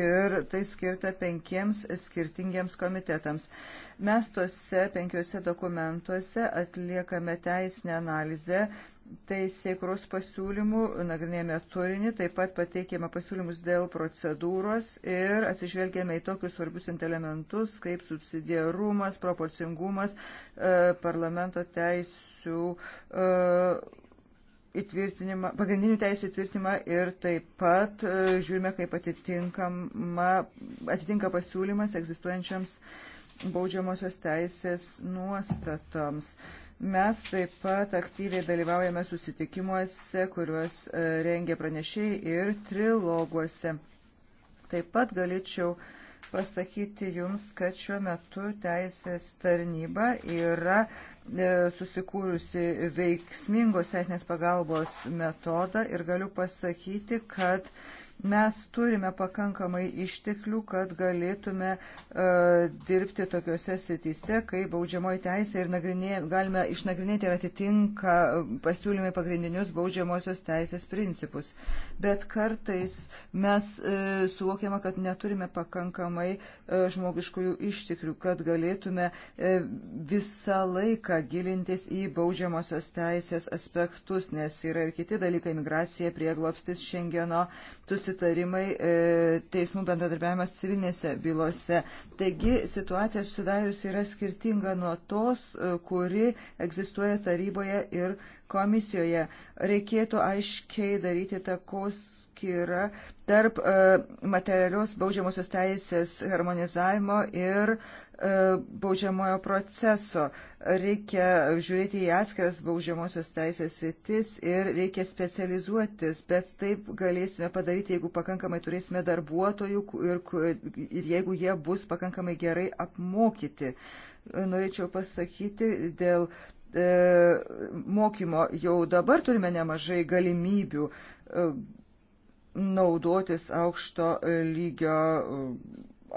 ir tai skirta penkiems skirtingiems komitetams. Mes tose penkiuose dokumentuose atliekame teisinę analizę teisėkros pasiūlymų, nagrinėjame turinį, taip pat pateikėme pasiūlymus dėl procedūros ir atsižvelgėme į tokius svarbius elementus kaip subsidiarumas, proporcingumas, e, parlamento teisų teisių e, įtvirtinimą, pagrindinių teisų įtvirtinimą ir taip pat e, žiūrime, kaip atitinka pasiūlymas egzistuojančiams baudžiamosios teisės nuostatoms. Mes taip pat aktyviai dalyvaujame susitikimuose, kuriuos e, rengia pranešiai ir triloguose. Taip pat galėčiau pasakyti Jums, kad šiuo metu teisės tarnyba yra E, susikūrusi veiksmingos teisinės pagalbos metodą ir galiu pasakyti, kad e, Mes turime pakankamai išteklių, kad galėtume e, dirbti tokiuose srityse, kai baudžiamoji teisė ir nagrinė, galime išnagrinėti ir atitinka e, pasiūlymai pagrindinius baudžiamosios teisės principus. Bet kartais mes e, suvokiame, kad neturime pakankamai e, žmogiškųjų išteklių, kad galėtume e, visą laiką gilintis į baudžiamosios teisės aspektus, nes yra ir kiti dalykai - migracija, prieglopstis, šengeno, susitikimai susitarimai, e, teismų bendradarbiavimas civilinėse bylose. Taigi situacija susidarius yra skirtinga nuo tos, e, kuri egzistuoja taryboje ir komisijoje. Reikėtų aiškiai daryti takos atskira tarp e, materialios baudžiamosios teisės harmonizavimo ir e, baudžiamojo proceso. Reikia žiūrėti į atskiras baudžiamosios teisės rytis ir reikia specializuotis, bet taip galėsime padaryti, jeigu pakankamai turėsime darbuotojų ir, ir jeigu jie bus pakankamai gerai apmokyti. Norėčiau pasakyti dėl e, mokymo jau dabar turime nemažai galimybių e, naudotis aukšto lygio e,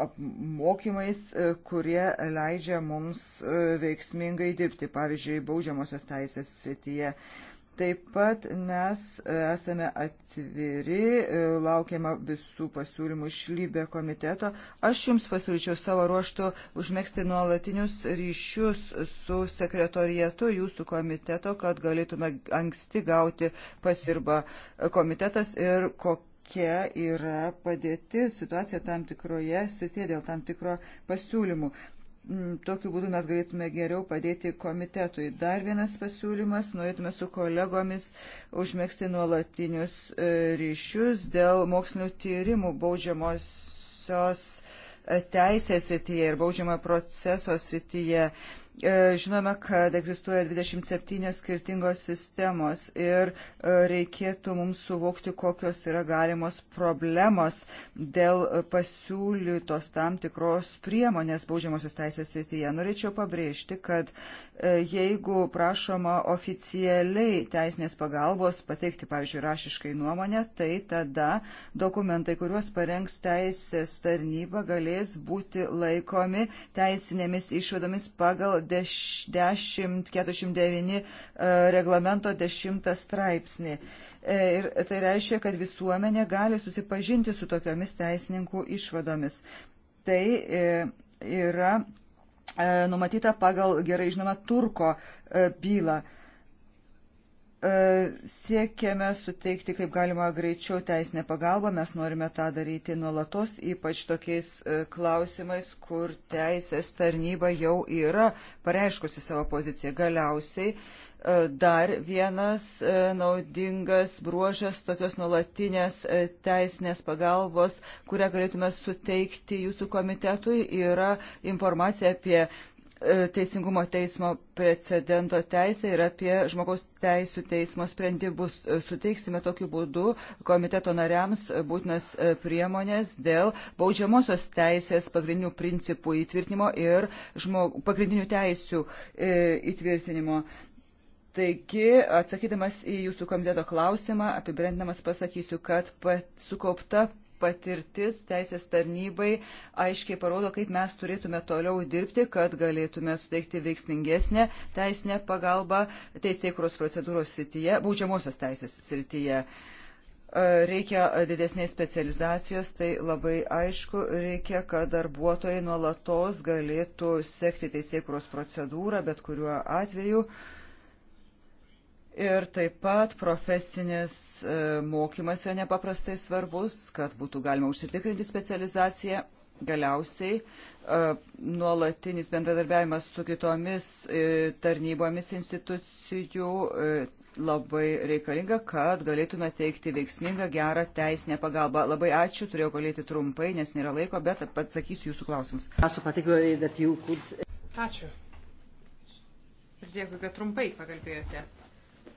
apmokymais, e, kurie leidžia mums e, veiksmingai dirbti, pavyzdžiui, baudžiamosios teisės srityje. Taip pat mes esame atviri, laukiama visų pasiūlymų iš Lybė komiteto. Aš Jums pasiūlyčiau savo ruoštų užmėgsti nuolatinius ryšius su sekretorijatu Jūsų komiteto, kad galėtume anksti gauti pasirba komitetas ir kokią kokia yra padėti situacija tam tikroje srityje dėl tam tikro pasiūlymų. Mm, tokiu būdu mes galėtume geriau padėti komitetui. Dar vienas pasiūlymas, norėtume su kolegomis užmėgsti nuolatinius e, ryšius dėl mokslinių tyrimų baudžiamosios e, teisės srityje ir baudžiamojo proceso srityje. E, žinome, kad egzistuoja 27 skirtingos sistemos ir e, reikėtų mums suvokti, kokios yra galimos problemos dėl pasiūlytos tam tikros priemonės baudžiamosios teisės srityje. Norėčiau pabrėžti, kad e, jeigu prašoma oficialiai teisinės pagalbos pateikti, pavyzdžiui, rašiškai nuomonę, tai tada dokumentai, kuriuos parengs teisės tarnyba, galės būti laikomi teisinėmis išvadomis pagal pagal 1049 e, reglamento 10 straipsnį. E, ir tai reiškia, kad visuomenė gali susipažinti su tokiomis teisininkų išvadomis. Tai e, yra numatyta pagal gerai žinoma Turko bylą. E, siekiame suteikti kaip galima greičiau teisinę pagalbą, mes norime tą daryti nuolatos, ypač tokiais e, klausimais, kur teisės tarnyba jau yra pareiškusi savo poziciją. Galiausiai e, dar vienas naudingas bruožas tokios nuolatinės teisinės pagalbos, kurią galėtume suteikti jūsų komitetui, yra informacija apie E, Teisingumo teismo precedento teisę ir apie žmogaus teisų teismo sprendimus. E, suteiksime tokiu būdu komiteto nariams būtinas e, priemonės dėl baudžiamosios teisės pagrindinių principų įtvirtinimo ir žmog... pagrindinių teisių įtvirtinimo. Taigi, atsakydamas į jūsų komiteto klausimą, apibrendamas pasakysiu, kad sukaupta patirtis teisės tarnybai aiškiai parodo, kaip mes turėtume toliau dirbti, kad galėtume suteikti veiksmingesnę teisinę pagalbą teisėkuros procedūros srityje, baudžiamosios teisės srityje. E, reikia didesnės specializacijos, tai labai aišku, reikia, kad darbuotojai nuolatos galėtų sekti teisėkuros procedūrą, bet kuriuo atveju. Uh, Ir taip pat profesinis e, mokymas yra nepaprastai svarbus, kad būtų galima užsitikrinti specializaciją. Galiausiai e, nuolatinis bendradarbiavimas su kitomis e, tarnybomis institucijų labai reikalinga, kad galėtume teikti veiksmingą, gerą teisinę pagalbą. Labai ačiū, turėjau kalėti trumpai, nes nėra laiko, bet atsakysiu jūsų klausimus. Ačiū. Ir dėkui, kad trumpai pakalbėjote.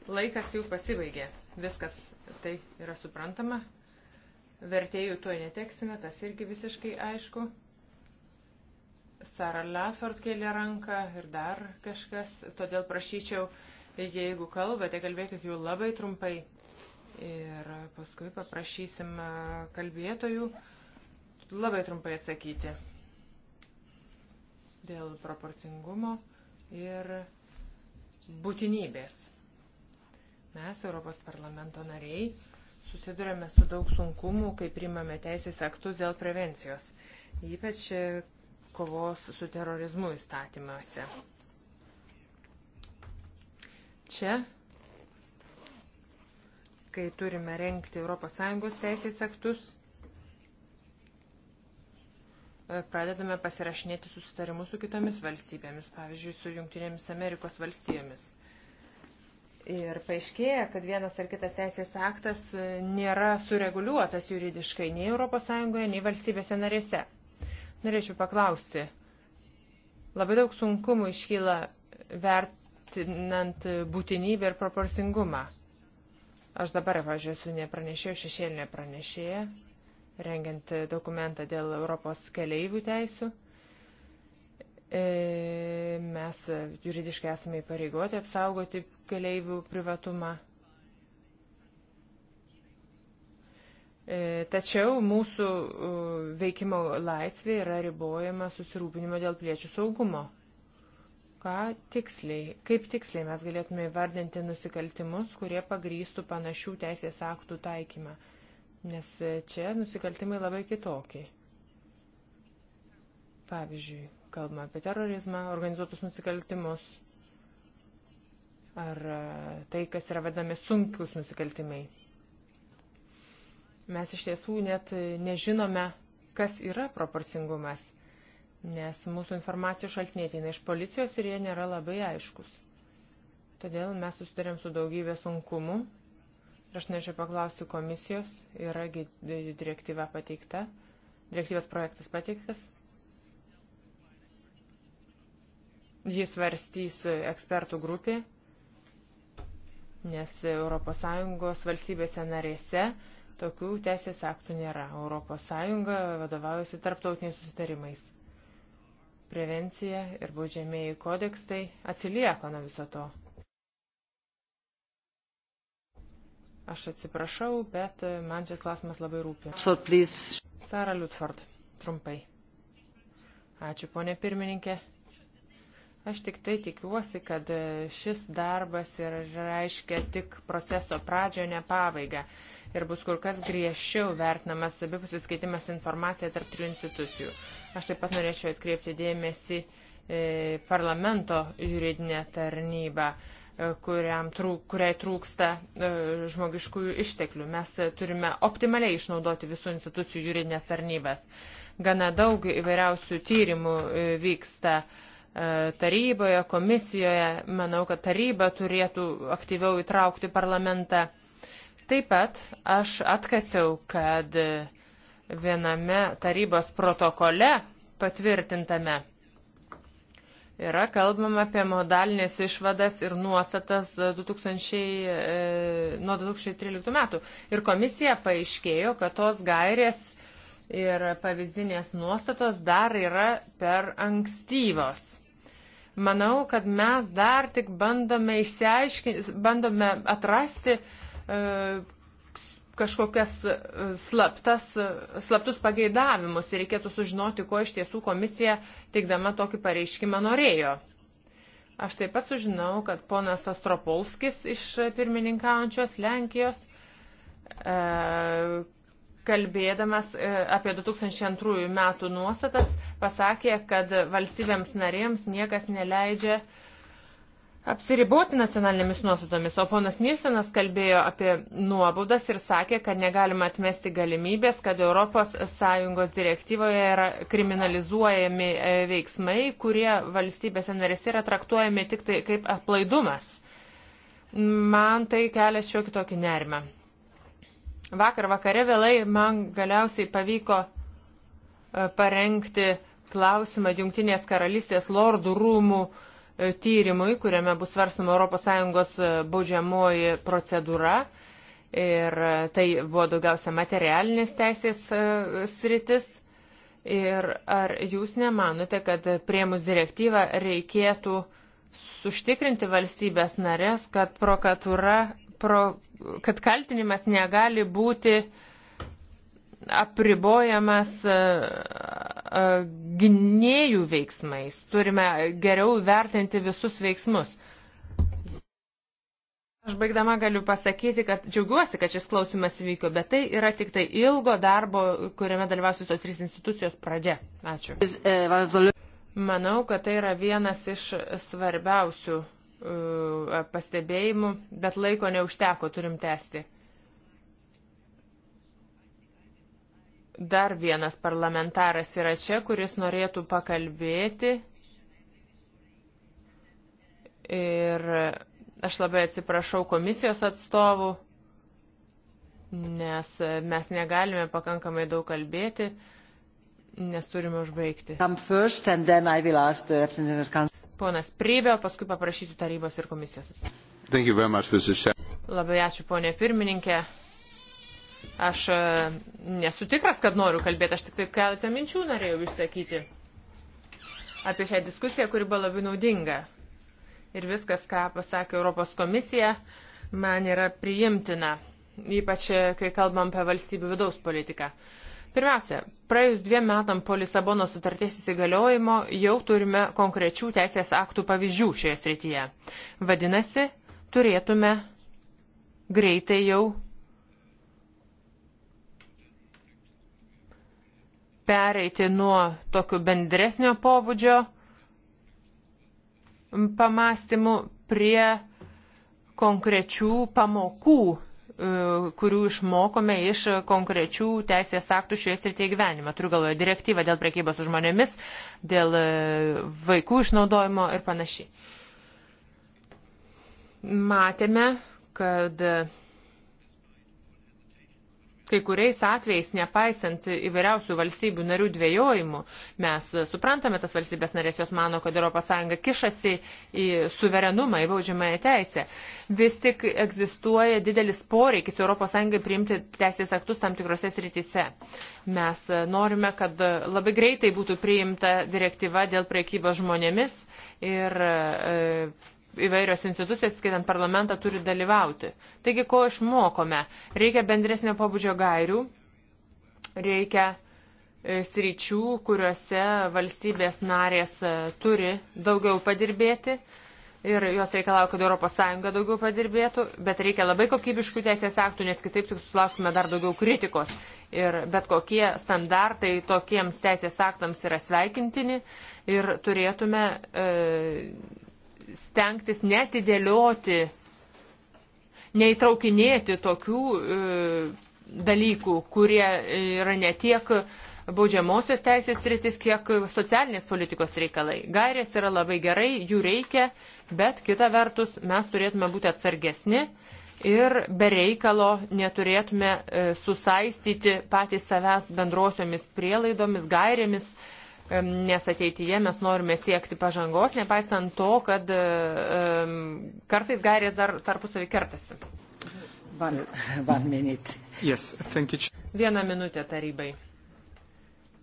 Laikas jau pasibaigė. Viskas tai yra suprantama. Vertėjų tuo neteksime, tas irgi visiškai aišku. Sara Lafford kėlė ranką ir dar kažkas. Todėl prašyčiau, jeigu kalbate, kalbėkit jau labai trumpai. Ir paskui paprašysim kalbėtojų labai trumpai atsakyti dėl proporcingumo ir būtinybės. Mes, Europos parlamento nariai, susidurėme su daug sunkumų, kai primame teisės aktus dėl prevencijos, ypač kovos su terorizmu įstatymuose. Čia, kai turime renkti ES teisės aktus, pradedame pasirašinėti susitarimus su kitomis valstybėmis, pavyzdžiui, su Junktinėmis Amerikos valstybėmis. Ir paaiškėja, kad vienas ar kitas teisės aktas e, nėra sureguliuotas juridiškai nei ES, nei valstybėse narėse. Norėčiau paklausti, labai daug sunkumų iškyla vertinant būtinybę ir proporcingumą. Aš dabar, važiuoju, esu nepranešėjau šešėlinė pranešėja, rengiant dokumentą dėl Europos keleivių teisų. E, mes juridiškai esame įpareigoti apsaugoti keleivių privatumą. E, tačiau mūsų veikimo laisvė yra ribojama susirūpinimo dėl piliečių saugumo. Ką tiksliai, kaip tiksliai mes galėtume įvardinti nusikaltimus, kurie pagrystų panašių teisės aktų taikymą, nes e, čia nusikaltimai labai kitokie. Pavyzdžiui, Kalbame apie terorizmą, organizuotus nusikaltimus ar e, tai, kas yra vadinami sunkius nusikaltimai. Mes iš tiesų net nežinome, kas yra proporcingumas, nes mūsų informacijos šaltiniai ateina iš policijos ir jie nėra labai aiškus. Todėl mes susidarėm su daugybė sunkumų ir aš nežinau paklausti komisijos, yra direktyva pateikta, direktyvas projektas pateiktas, Jis varstys ekspertų grupė, nes ES valstybėse narėse tokių teisės aktų nėra. ES vadovaujasi tarptautiniais susitarimais. Prevencija ir baudžiamieji kodeksai atsilieka nuo viso to. Aš atsiprašau, bet man šis klausimas labai rūpi. Sara Liutford, trumpai. Ačiū, ponė pirmininkė. Aš tik tai tikiuosi, kad e, šis darbas ir reiškia tik proceso pradžią, ne pabaigą. Ir bus kur kas griežčiau vertinamas abipusis keitimas informacija tarp trijų institucijų. Aš taip pat norėčiau atkreipti dėmesį e, parlamento juridinę tarnybą e, trūk, kuriai trūksta e, žmogiškųjų išteklių. Mes turime optimaliai išnaudoti visų institucijų juridinės tarnybas. Gana daug įvairiausių tyrimų e, vyksta e, taryboje, komisijoje. Manau, kad taryba turėtų aktyviau įtraukti parlamentą. Taip pat aš atkasiau, kad viename tarybos protokole patvirtintame yra kalbama apie modalinės išvadas ir nuostatas 2000, e, nuo 2013 metų. Ir komisija paaiškėjo, kad tos gairės ir pavyzdinės nuostatos dar yra per ankstyvos. Manau, kad mes dar tik bandome išsiaiškinti, bandome atrasti e, kažkokias e, slaptas, e, slaptus pageidavimus ir reikėtų sužinoti, ko iš tiesų komisija teikdama tokį pareiškimą norėjo. Aš taip pat sužinau, kad ponas Ostropolskis iš pirmininkaujančios Lenkijos e, kalbėdamas e, apie 2002 metų nuostatas, pasakė, kad valstybėms narėms niekas neleidžia apsiriboti nacionalinėmis nuostatomis, o ponas Nilsenas kalbėjo apie nuobaudas ir sakė, kad negalima atmesti galimybės, kad ES direktyvoje yra kriminalizuojami e, veiksmai, kurie valstybėse narėse yra traktuojami tik tai kaip aplaidumas. Man tai kelia šiokį tokį nerimą. Vakar vakare vėlai man galiausiai pavyko e, parengti klausimą Junktinės karalystės lordų rūmų e, tyrimui, kuriame bus svarstama ES e, baudžiamoji procedūra. Ir tai buvo daugiausia materialinės teisės sritis. Ir ar jūs nemanote, kad priemus direktyvą reikėtų suštikrinti valstybės narės, kad prokatūra pro, kad kaltinimas negali būti apribojamas e, e, gynėjų veiksmais. Turime geriau vertinti visus veiksmus. Aš baigdama galiu pasakyti, kad džiaugiuosi, kad šis klausimas vyko, bet tai yra tik tai ilgo darbo, kuriame dalyvaus visos trys institucijos pradžia. Ačiū. E, Manau, kad tai yra vienas iš svarbiausių E, pastebėjimų, bet laiko neužteko, turim tęsti. Dar vienas parlamentaras yra čia, kuris norėtų pakalbėti. Ir aš labai atsiprašau komisijos atstovų, nes mes negalime pakankamai daug kalbėti, nes turime užbaigti. Ponas Prybė, paskui paprašysiu tarybos ir komisijos. Much, Labai ačiū, ponė pirmininkė. Aš e, nesu tikras, kad noriu kalbėti, aš tik taip keletą minčių norėjau išsakyti apie šią diskusiją, kuri buvo labai naudinga. Ir viskas, ką pasakė Europos komisija, man yra priimtina, ypač e, kai kalbam apie valstybių vidaus politiką. Pirmiausia, praėjus dviem metam po Lisabono sutarties įsigaliojimo jau turime konkrečių teisės aktų pavyzdžių šioje srityje. Vadinasi, turėtume greitai jau pereiti nuo tokių bendresnio pobūdžio pamastymų prie konkrečių pamokų E, kurių išmokome iš konkrečių teisės aktų šioje srityje gyvenime. Turiu galvoje direktyvą dėl prekybos su žmonėmis, dėl e, vaikų išnaudojimo ir panašiai. Matėme, kad kai kuriais atvejais, nepaisant įvairiausių valstybių narių dvėjojimų, mes suprantame tas valstybės narės, jos mano, kad ES kišasi į suverenumą, į baudžiamąją teisę. Vis tik egzistuoja didelis poreikis ES priimti teisės aktus tam tikrose srityse. Mes norime, kad labai greitai būtų priimta direktyva dėl priekybos žmonėmis ir e, įvairios institucijos, skaitant parlamentą, turi dalyvauti. Taigi, ko išmokome? Reikia bendresnio pabudžio gairių, reikia e, sričių, kuriuose valstybės narės e, turi daugiau padirbėti ir jos reikalauja, kad ES daugiau padirbėtų, bet reikia labai kokybiškų teisės aktų, nes kitaip tik sulauksime dar daugiau kritikos. Ir bet kokie standartai tokiems teisės aktams yra sveikintini ir turėtume e, stengtis netidėlioti, neįtraukinėti tokių e, dalykų, kurie yra ne tiek baudžiamosios teisės rytis, kiek socialinės politikos reikalai. Gairės yra labai gerai, jų reikia, bet kita vertus mes turėtume būti atsargesni ir be reikalo neturėtume e, susaistyti patys savęs bendrosiomis prielaidomis, gairėmis, nes ateityje mes norime siekti pažangos, nepaisant to, kad kartais gairės dar tarpusavį kertasi. One, one yes, Vieną minutę tarybai.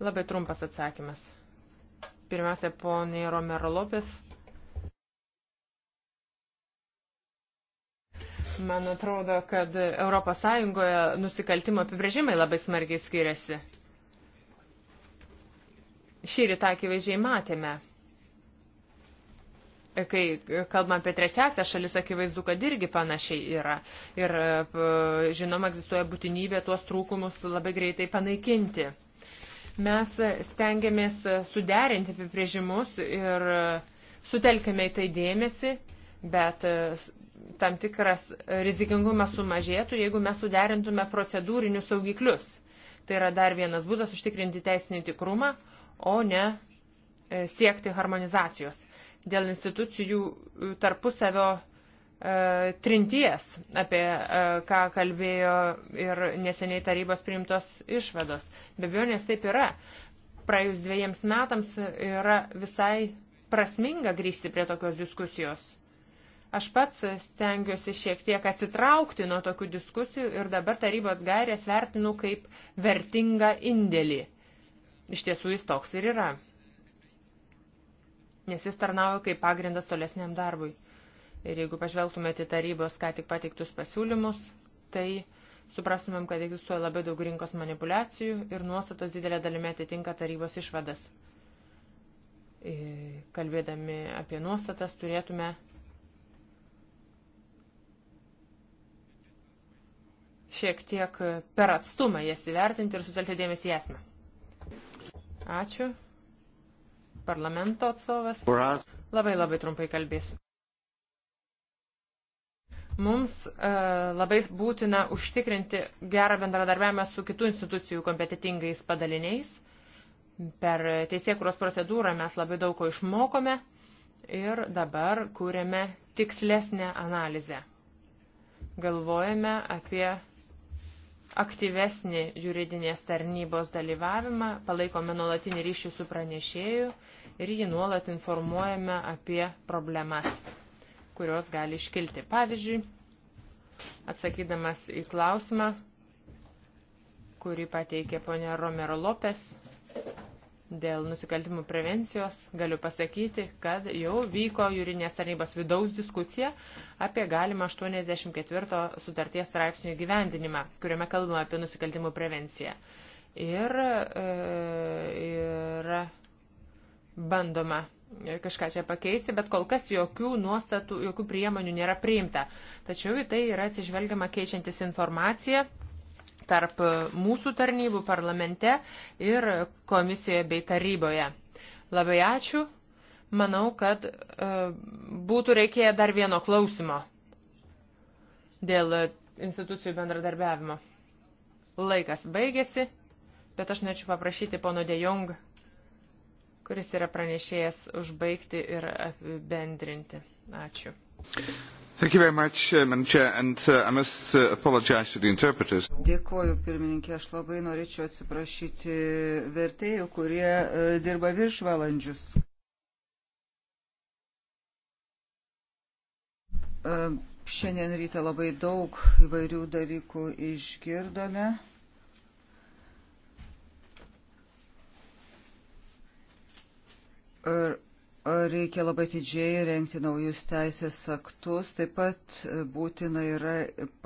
Labai trumpas atsakymas. Pirmiausia, ponė Romero Lopes. Man atrodo, kad ES nusikaltimo apibrėžimai labai smarkiai skiriasi šį rytą akivaizdžiai matėme. Kai kalbam apie trečiasią šalis, akivaizdu, kad irgi panašiai yra. Ir e, žinoma, egzistuoja būtinybė tuos trūkumus labai greitai panaikinti. Mes stengiamės suderinti apibrėžimus ir sutelkime į tai dėmesį, bet e, tam tikras rizikingumas sumažėtų, jeigu mes suderintume procedūrinius saugiklius. Tai yra dar vienas būdas užtikrinti teisinį tikrumą, o ne e, siekti harmonizacijos. Dėl institucijų e, tarpusavio e, trinties, apie ką kalbėjo ir neseniai tarybos priimtos išvados. Be abejo, nes taip yra. Praėjus dviejiems metams yra visai prasminga grįžti prie tokios diskusijos. Aš pats stengiuosi šiek tiek atsitraukti nuo tokių diskusijų ir dabar tarybos gairės vertinu kaip vertingą indėlį. Iš tiesų jis toks ir yra. Nes jis tarnauja kaip pagrindas tolesniam darbui. Ir jeigu pažvelgtumėte į tarybos ką tik pateiktus pasiūlymus, tai suprastumėm, kad egzistuoja labai daug rinkos manipulacijų ir nuostatos didelė dalimi atitinka tarybos išvadas. E, kalbėdami apie nuostatas turėtume šiek tiek per atstumą jas įvertinti ir sutelkti dėmesį į esmę. Ačiū. Parlamento atstovas. Labai labai trumpai kalbėsiu. Mums e, labai būtina užtikrinti gerą bendradarbiavimą su kitų institucijų kompetitingais padaliniais. Per teisėkuros procedūrą mes labai daug ko išmokome ir dabar kūrėme tikslesnę analizę. Galvojame apie aktyvesnį juridinės tarnybos dalyvavimą, palaikome nuolatinį ryšį su pranešėju ir jį nuolat informuojame apie problemas, kurios gali iškilti. Pavyzdžiui, atsakydamas į klausimą, kurį pateikė ponia Romero Lopes, dėl nusikaltimų prevencijos galiu pasakyti, kad jau vyko jūrinės tarnybos vidaus diskusija apie galimą 84 sutarties straipsnių įgyvendinimą, kuriame kalbama apie nusikaltimų prevenciją. Ir yra e, bandoma kažką čia pakeisti, bet kol kas jokių nuostatų, jokių priemonių nėra priimta. Tačiau į tai yra atsižvelgiama keičiantis informacija tarp mūsų tarnybų parlamente ir komisijoje bei taryboje. Labai ačiū. Manau, kad e, būtų reikėję dar vieno klausimo dėl institucijų bendradarbiavimo. Laikas baigėsi, bet aš norėčiau paprašyti pono Dejong, kuris yra pranešėjęs, užbaigti ir apibendrinti. Ačiū. Thank you very much, uh, Madam Chair, and uh, I must uh, apologize to the interpreters. Dėkuoju, pirmininkė, aš labai norėčiau atsiprašyti vertėjų, kurie uh, dirba virš valandžius. Uh, šiandien ryte labai daug įvairių dalykų išgirdome. Ir reikia labai didžiai renkti naujus teisės aktus, taip pat būtina yra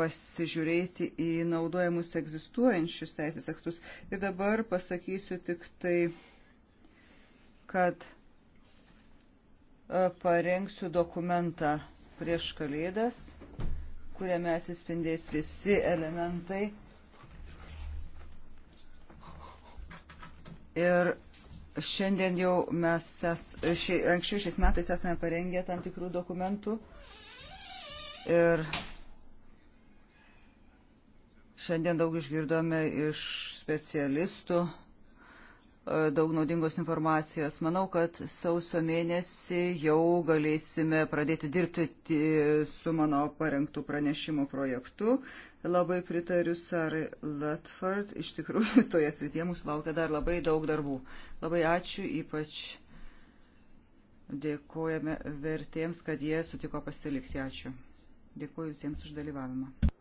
pasižiūrėti į naudojimus egzistuojančius teisės aktus. Ir dabar pasakysiu tik tai, kad e, parengsiu dokumentą prieš kalėdas, kuriame atsispindės visi elementai. Ir Šiandien jau mes es, ši, anksčiau šiais metais esame parengę tam tikrų dokumentų ir šiandien daug išgirdome iš specialistų daug naudingos informacijos. Manau, kad sausio mėnesį jau galėsime pradėti dirbti su mano parengtų pranešimų projektu. Labai pritariu Sarai Latford. Iš tikrųjų, toje srityje mūsų laukia dar labai daug darbų. Labai ačiū, ypač dėkojame vertėms, kad jie sutiko pasilikti. Ačiū. Dėkuoju visiems už dalyvavimą.